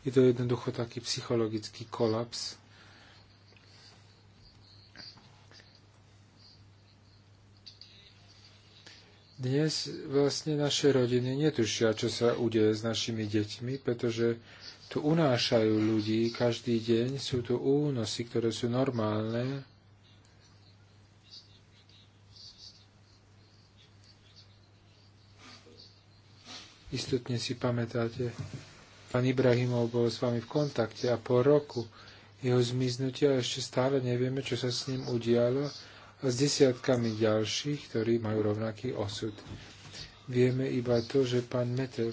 Je to jednoducho taký psychologický kolaps. Dnes vlastne naše rodiny netušia, čo sa udeje s našimi deťmi, pretože tu unášajú ľudí každý deň, sú tu únosy, ktoré sú normálne. Istotne si pamätáte Pán Ibrahimov bol s vami v kontakte a po roku jeho zmiznutia ešte stále nevieme, čo sa s ním udialo a s desiatkami ďalších, ktorí majú rovnaký osud. Vieme iba to, že pán Metel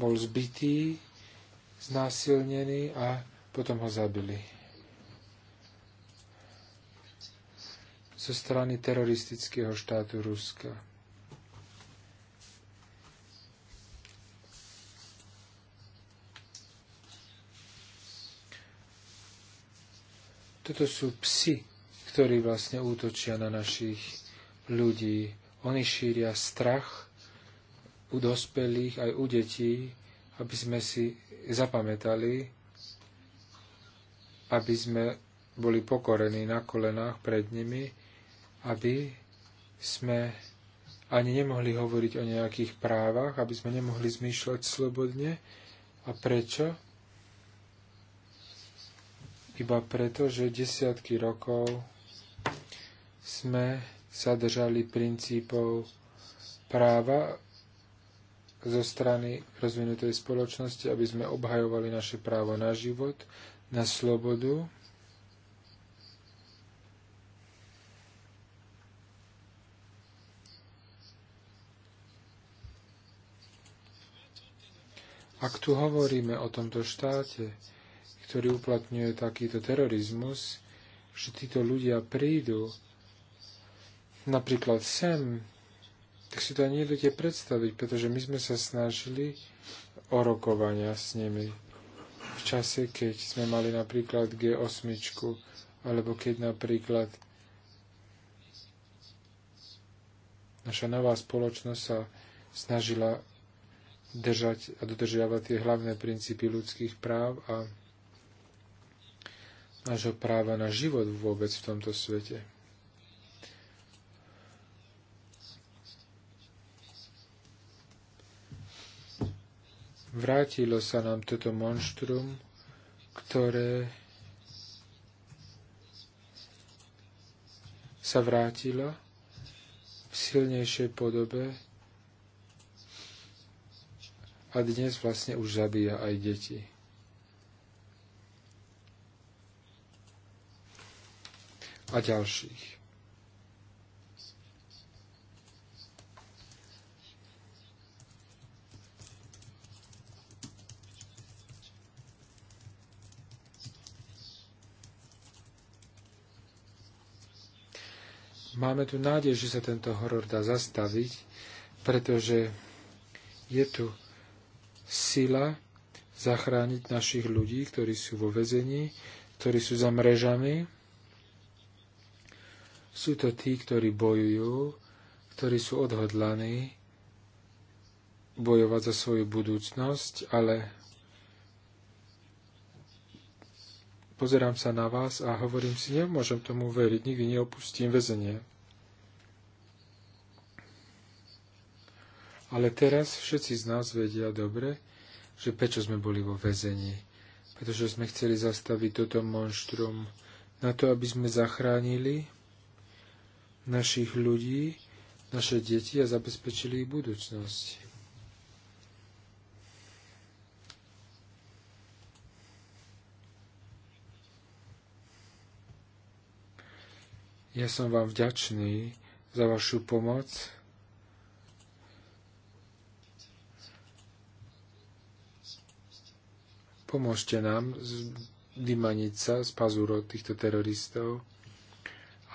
bol zbytý, znásilnený a potom ho zabili. Zo strany teroristického štátu Ruska. Toto sú psi, ktorí vlastne útočia na našich ľudí. Oni šíria strach u dospelých aj u detí, aby sme si zapamätali, aby sme boli pokorení na kolenách pred nimi, aby sme ani nemohli hovoriť o nejakých právach, aby sme nemohli zmýšľať slobodne. A prečo? iba preto, že desiatky rokov sme sa držali princípov práva zo strany rozvinutej spoločnosti, aby sme obhajovali naše právo na život, na slobodu, Ak tu hovoríme o tomto štáte, ktorý uplatňuje takýto terorizmus, že títo ľudia prídu napríklad sem, tak si to ani neviete predstaviť, pretože my sme sa snažili o rokovania s nimi. V čase, keď sme mali napríklad G8, alebo keď napríklad naša nová spoločnosť sa snažila držať a dodržiavať tie hlavné princípy ľudských práv a nášho práva na život vôbec v tomto svete. Vrátilo sa nám toto monštrum, ktoré sa vrátilo v silnejšej podobe a dnes vlastne už zabíja aj deti. a ďalších. Máme tu nádej, že sa tento horor dá zastaviť, pretože je tu sila zachrániť našich ľudí, ktorí sú vo vezení, ktorí sú za mrežami, sú to tí, ktorí bojujú, ktorí sú odhodlaní bojovať za svoju budúcnosť, ale pozerám sa na vás a hovorím si, nemôžem tomu veriť, nikdy neopustím väzenie. Ale teraz všetci z nás vedia dobre, že prečo sme boli vo väzení. Pretože sme chceli zastaviť toto monštrum na to, aby sme zachránili našich ľudí, naše deti a zabezpečili ich budúcnosť. Ja som vám vďačný za vašu pomoc. Pomôžte nám vymaniť sa z pazúrov týchto teroristov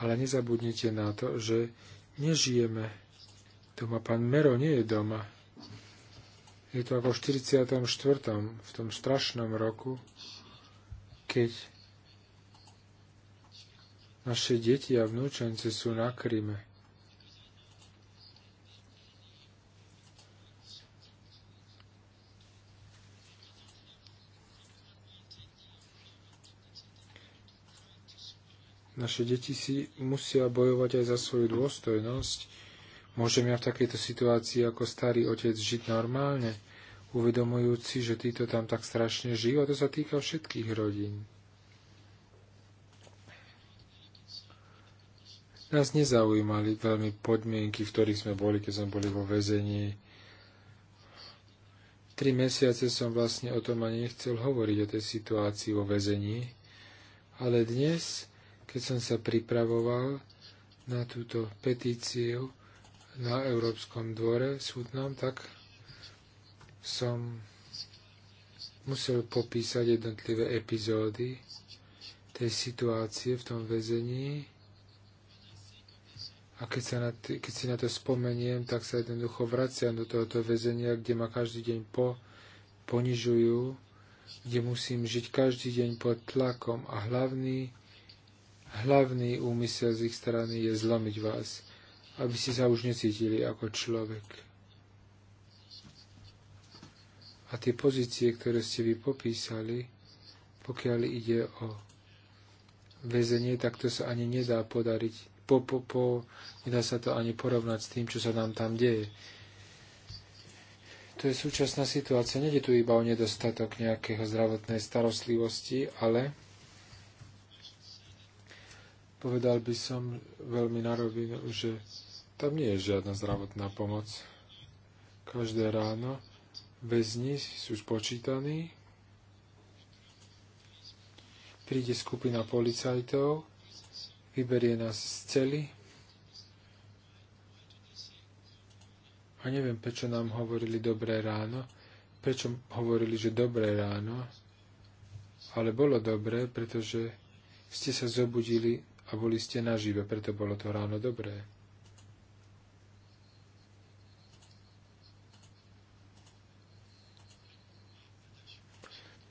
ale nezabudnite na to, že nežijeme doma. Pán Mero nie je doma. Je to ako v 44. v tom strašnom roku, keď naše deti a vnúčence sú na Kryme. Naše deti si musia bojovať aj za svoju dôstojnosť. Môžem ja v takejto situácii ako starý otec žiť normálne, uvedomujúci, že títo tam tak strašne žijú, a to sa týka všetkých rodín. Nás nezaujímali veľmi podmienky, v ktorých sme boli, keď sme boli vo väzení. Tri mesiace som vlastne o tom ani nechcel hovoriť, o tej situácii vo väzení. Ale dnes keď som sa pripravoval na túto petíciu na Európskom dvore súdnom, tak som musel popísať jednotlivé epizódy tej situácie v tom väzení. A keď, sa na t- keď si na to spomeniem, tak sa jednoducho vraciam do tohoto väzenia, kde ma každý deň po- ponižujú, kde musím žiť každý deň pod tlakom. A hlavný Hlavný úmysel z ich strany je zlomiť vás, aby ste sa už necítili ako človek. A tie pozície, ktoré ste vy popísali, pokiaľ ide o väzenie, tak to sa ani nedá podariť. Po, po, po, nedá sa to ani porovnať s tým, čo sa nám tam deje. To je súčasná situácia. Nede tu iba o nedostatok nejakého zdravotnej starostlivosti, ale Povedal by som veľmi na že tam nie je žiadna zdravotná pomoc. Každé ráno väzni sú spočítaní, príde skupina policajtov, vyberie nás z cely a neviem, prečo nám hovorili dobré ráno, prečo hovorili, že dobré ráno, ale bolo dobré, pretože ste sa zobudili a boli ste nažive, preto bolo to ráno dobré.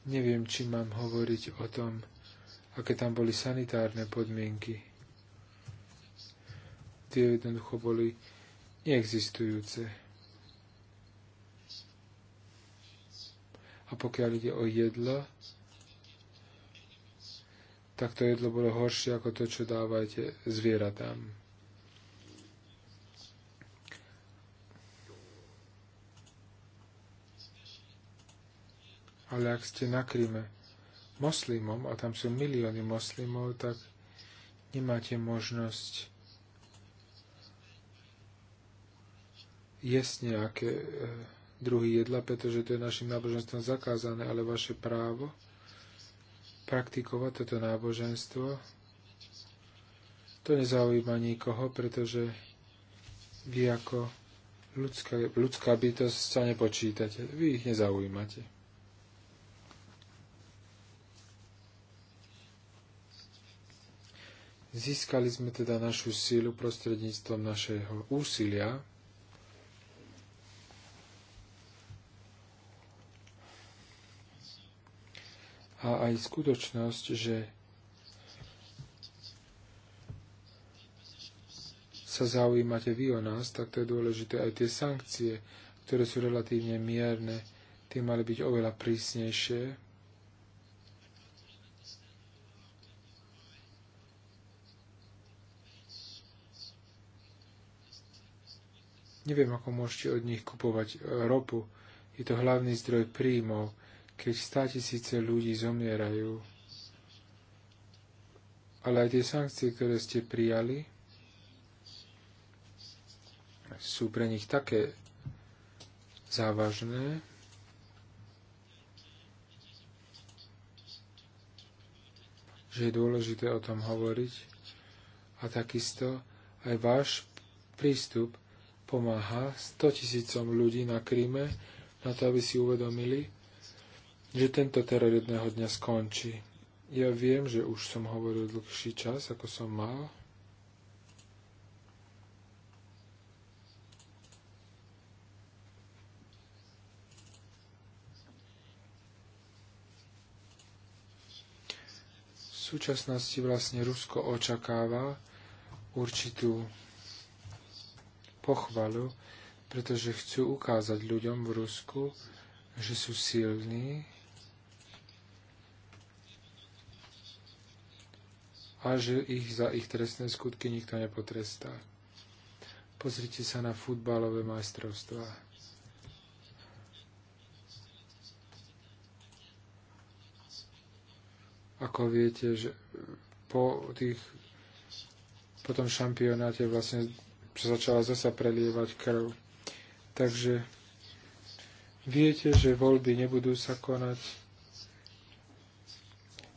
Neviem, či mám hovoriť o tom, aké tam boli sanitárne podmienky. Tie jednoducho boli neexistujúce. A pokiaľ ide o jedlo, tak to jedlo bolo horšie ako to, čo dávate zvieratám. Ale ak ste na Kryme moslimom, a tam sú milióny moslimov, tak nemáte možnosť jesť nejaké eh, druhy jedla, pretože to je našim náboženstvom zakázané, ale vaše právo praktikovať toto náboženstvo. To nezaujíma nikoho, pretože vy ako ľudská, ľudská bytosť sa nepočítate. Vy ich nezaujímate. Získali sme teda našu sílu prostredníctvom našeho úsilia, a aj skutočnosť, že sa zaujímate vy o nás, tak to je dôležité. Aj tie sankcie, ktoré sú relatívne mierne, tie mali byť oveľa prísnejšie. Neviem, ako môžete od nich kupovať ropu. Je to hlavný zdroj príjmov keď stá tisíce ľudí zomierajú. Ale aj tie sankcie, ktoré ste prijali, sú pre nich také závažné, že je dôležité o tom hovoriť a takisto aj váš prístup pomáha 100 tisícom ľudí na Kríme na to, aby si uvedomili, že tento teror jedného dňa skončí. Ja viem, že už som hovoril dlhší čas, ako som mal. V súčasnosti vlastne Rusko očakáva určitú pochvalu, pretože chcú ukázať ľuďom v Rusku, že sú silní, a že ich za ich trestné skutky nikto nepotrestá. Pozrite sa na futbalové majstrovstvá. Ako viete, že po, tých, po tom šampionáte vlastne začala zasa prelievať krv. Takže viete, že voľby nebudú sa konať.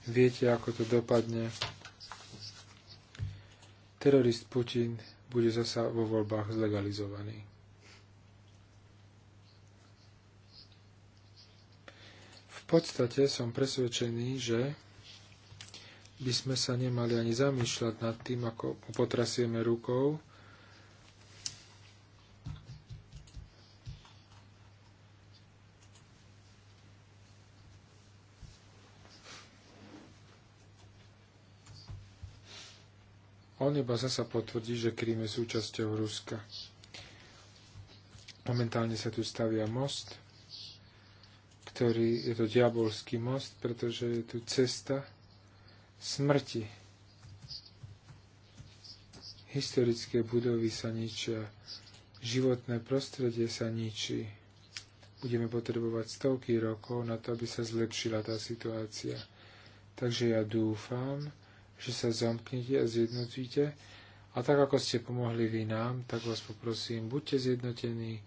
Viete, ako to dopadne terorist Putin bude zasa vo voľbách zlegalizovaný. V podstate som presvedčený, že by sme sa nemali ani zamýšľať nad tým, ako potrasieme rukou iba zasa potvrdí, že Krím je súčasťou Ruska. Momentálne sa tu stavia most, ktorý je to diabolský most, pretože je tu cesta smrti. Historické budovy sa ničia, životné prostredie sa ničí. Budeme potrebovať stovky rokov na to, aby sa zlepšila tá situácia. Takže ja dúfam, že sa zamknete a zjednotíte. A tak, ako ste pomohli vy nám, tak vás poprosím, buďte zjednotení.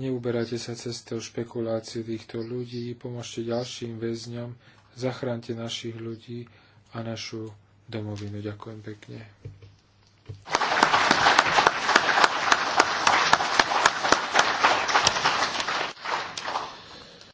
Neuberajte sa cestou špekulácie týchto ľudí, pomôžte ďalším väzňom, zachránte našich ľudí a našu domovinu. Ďakujem pekne.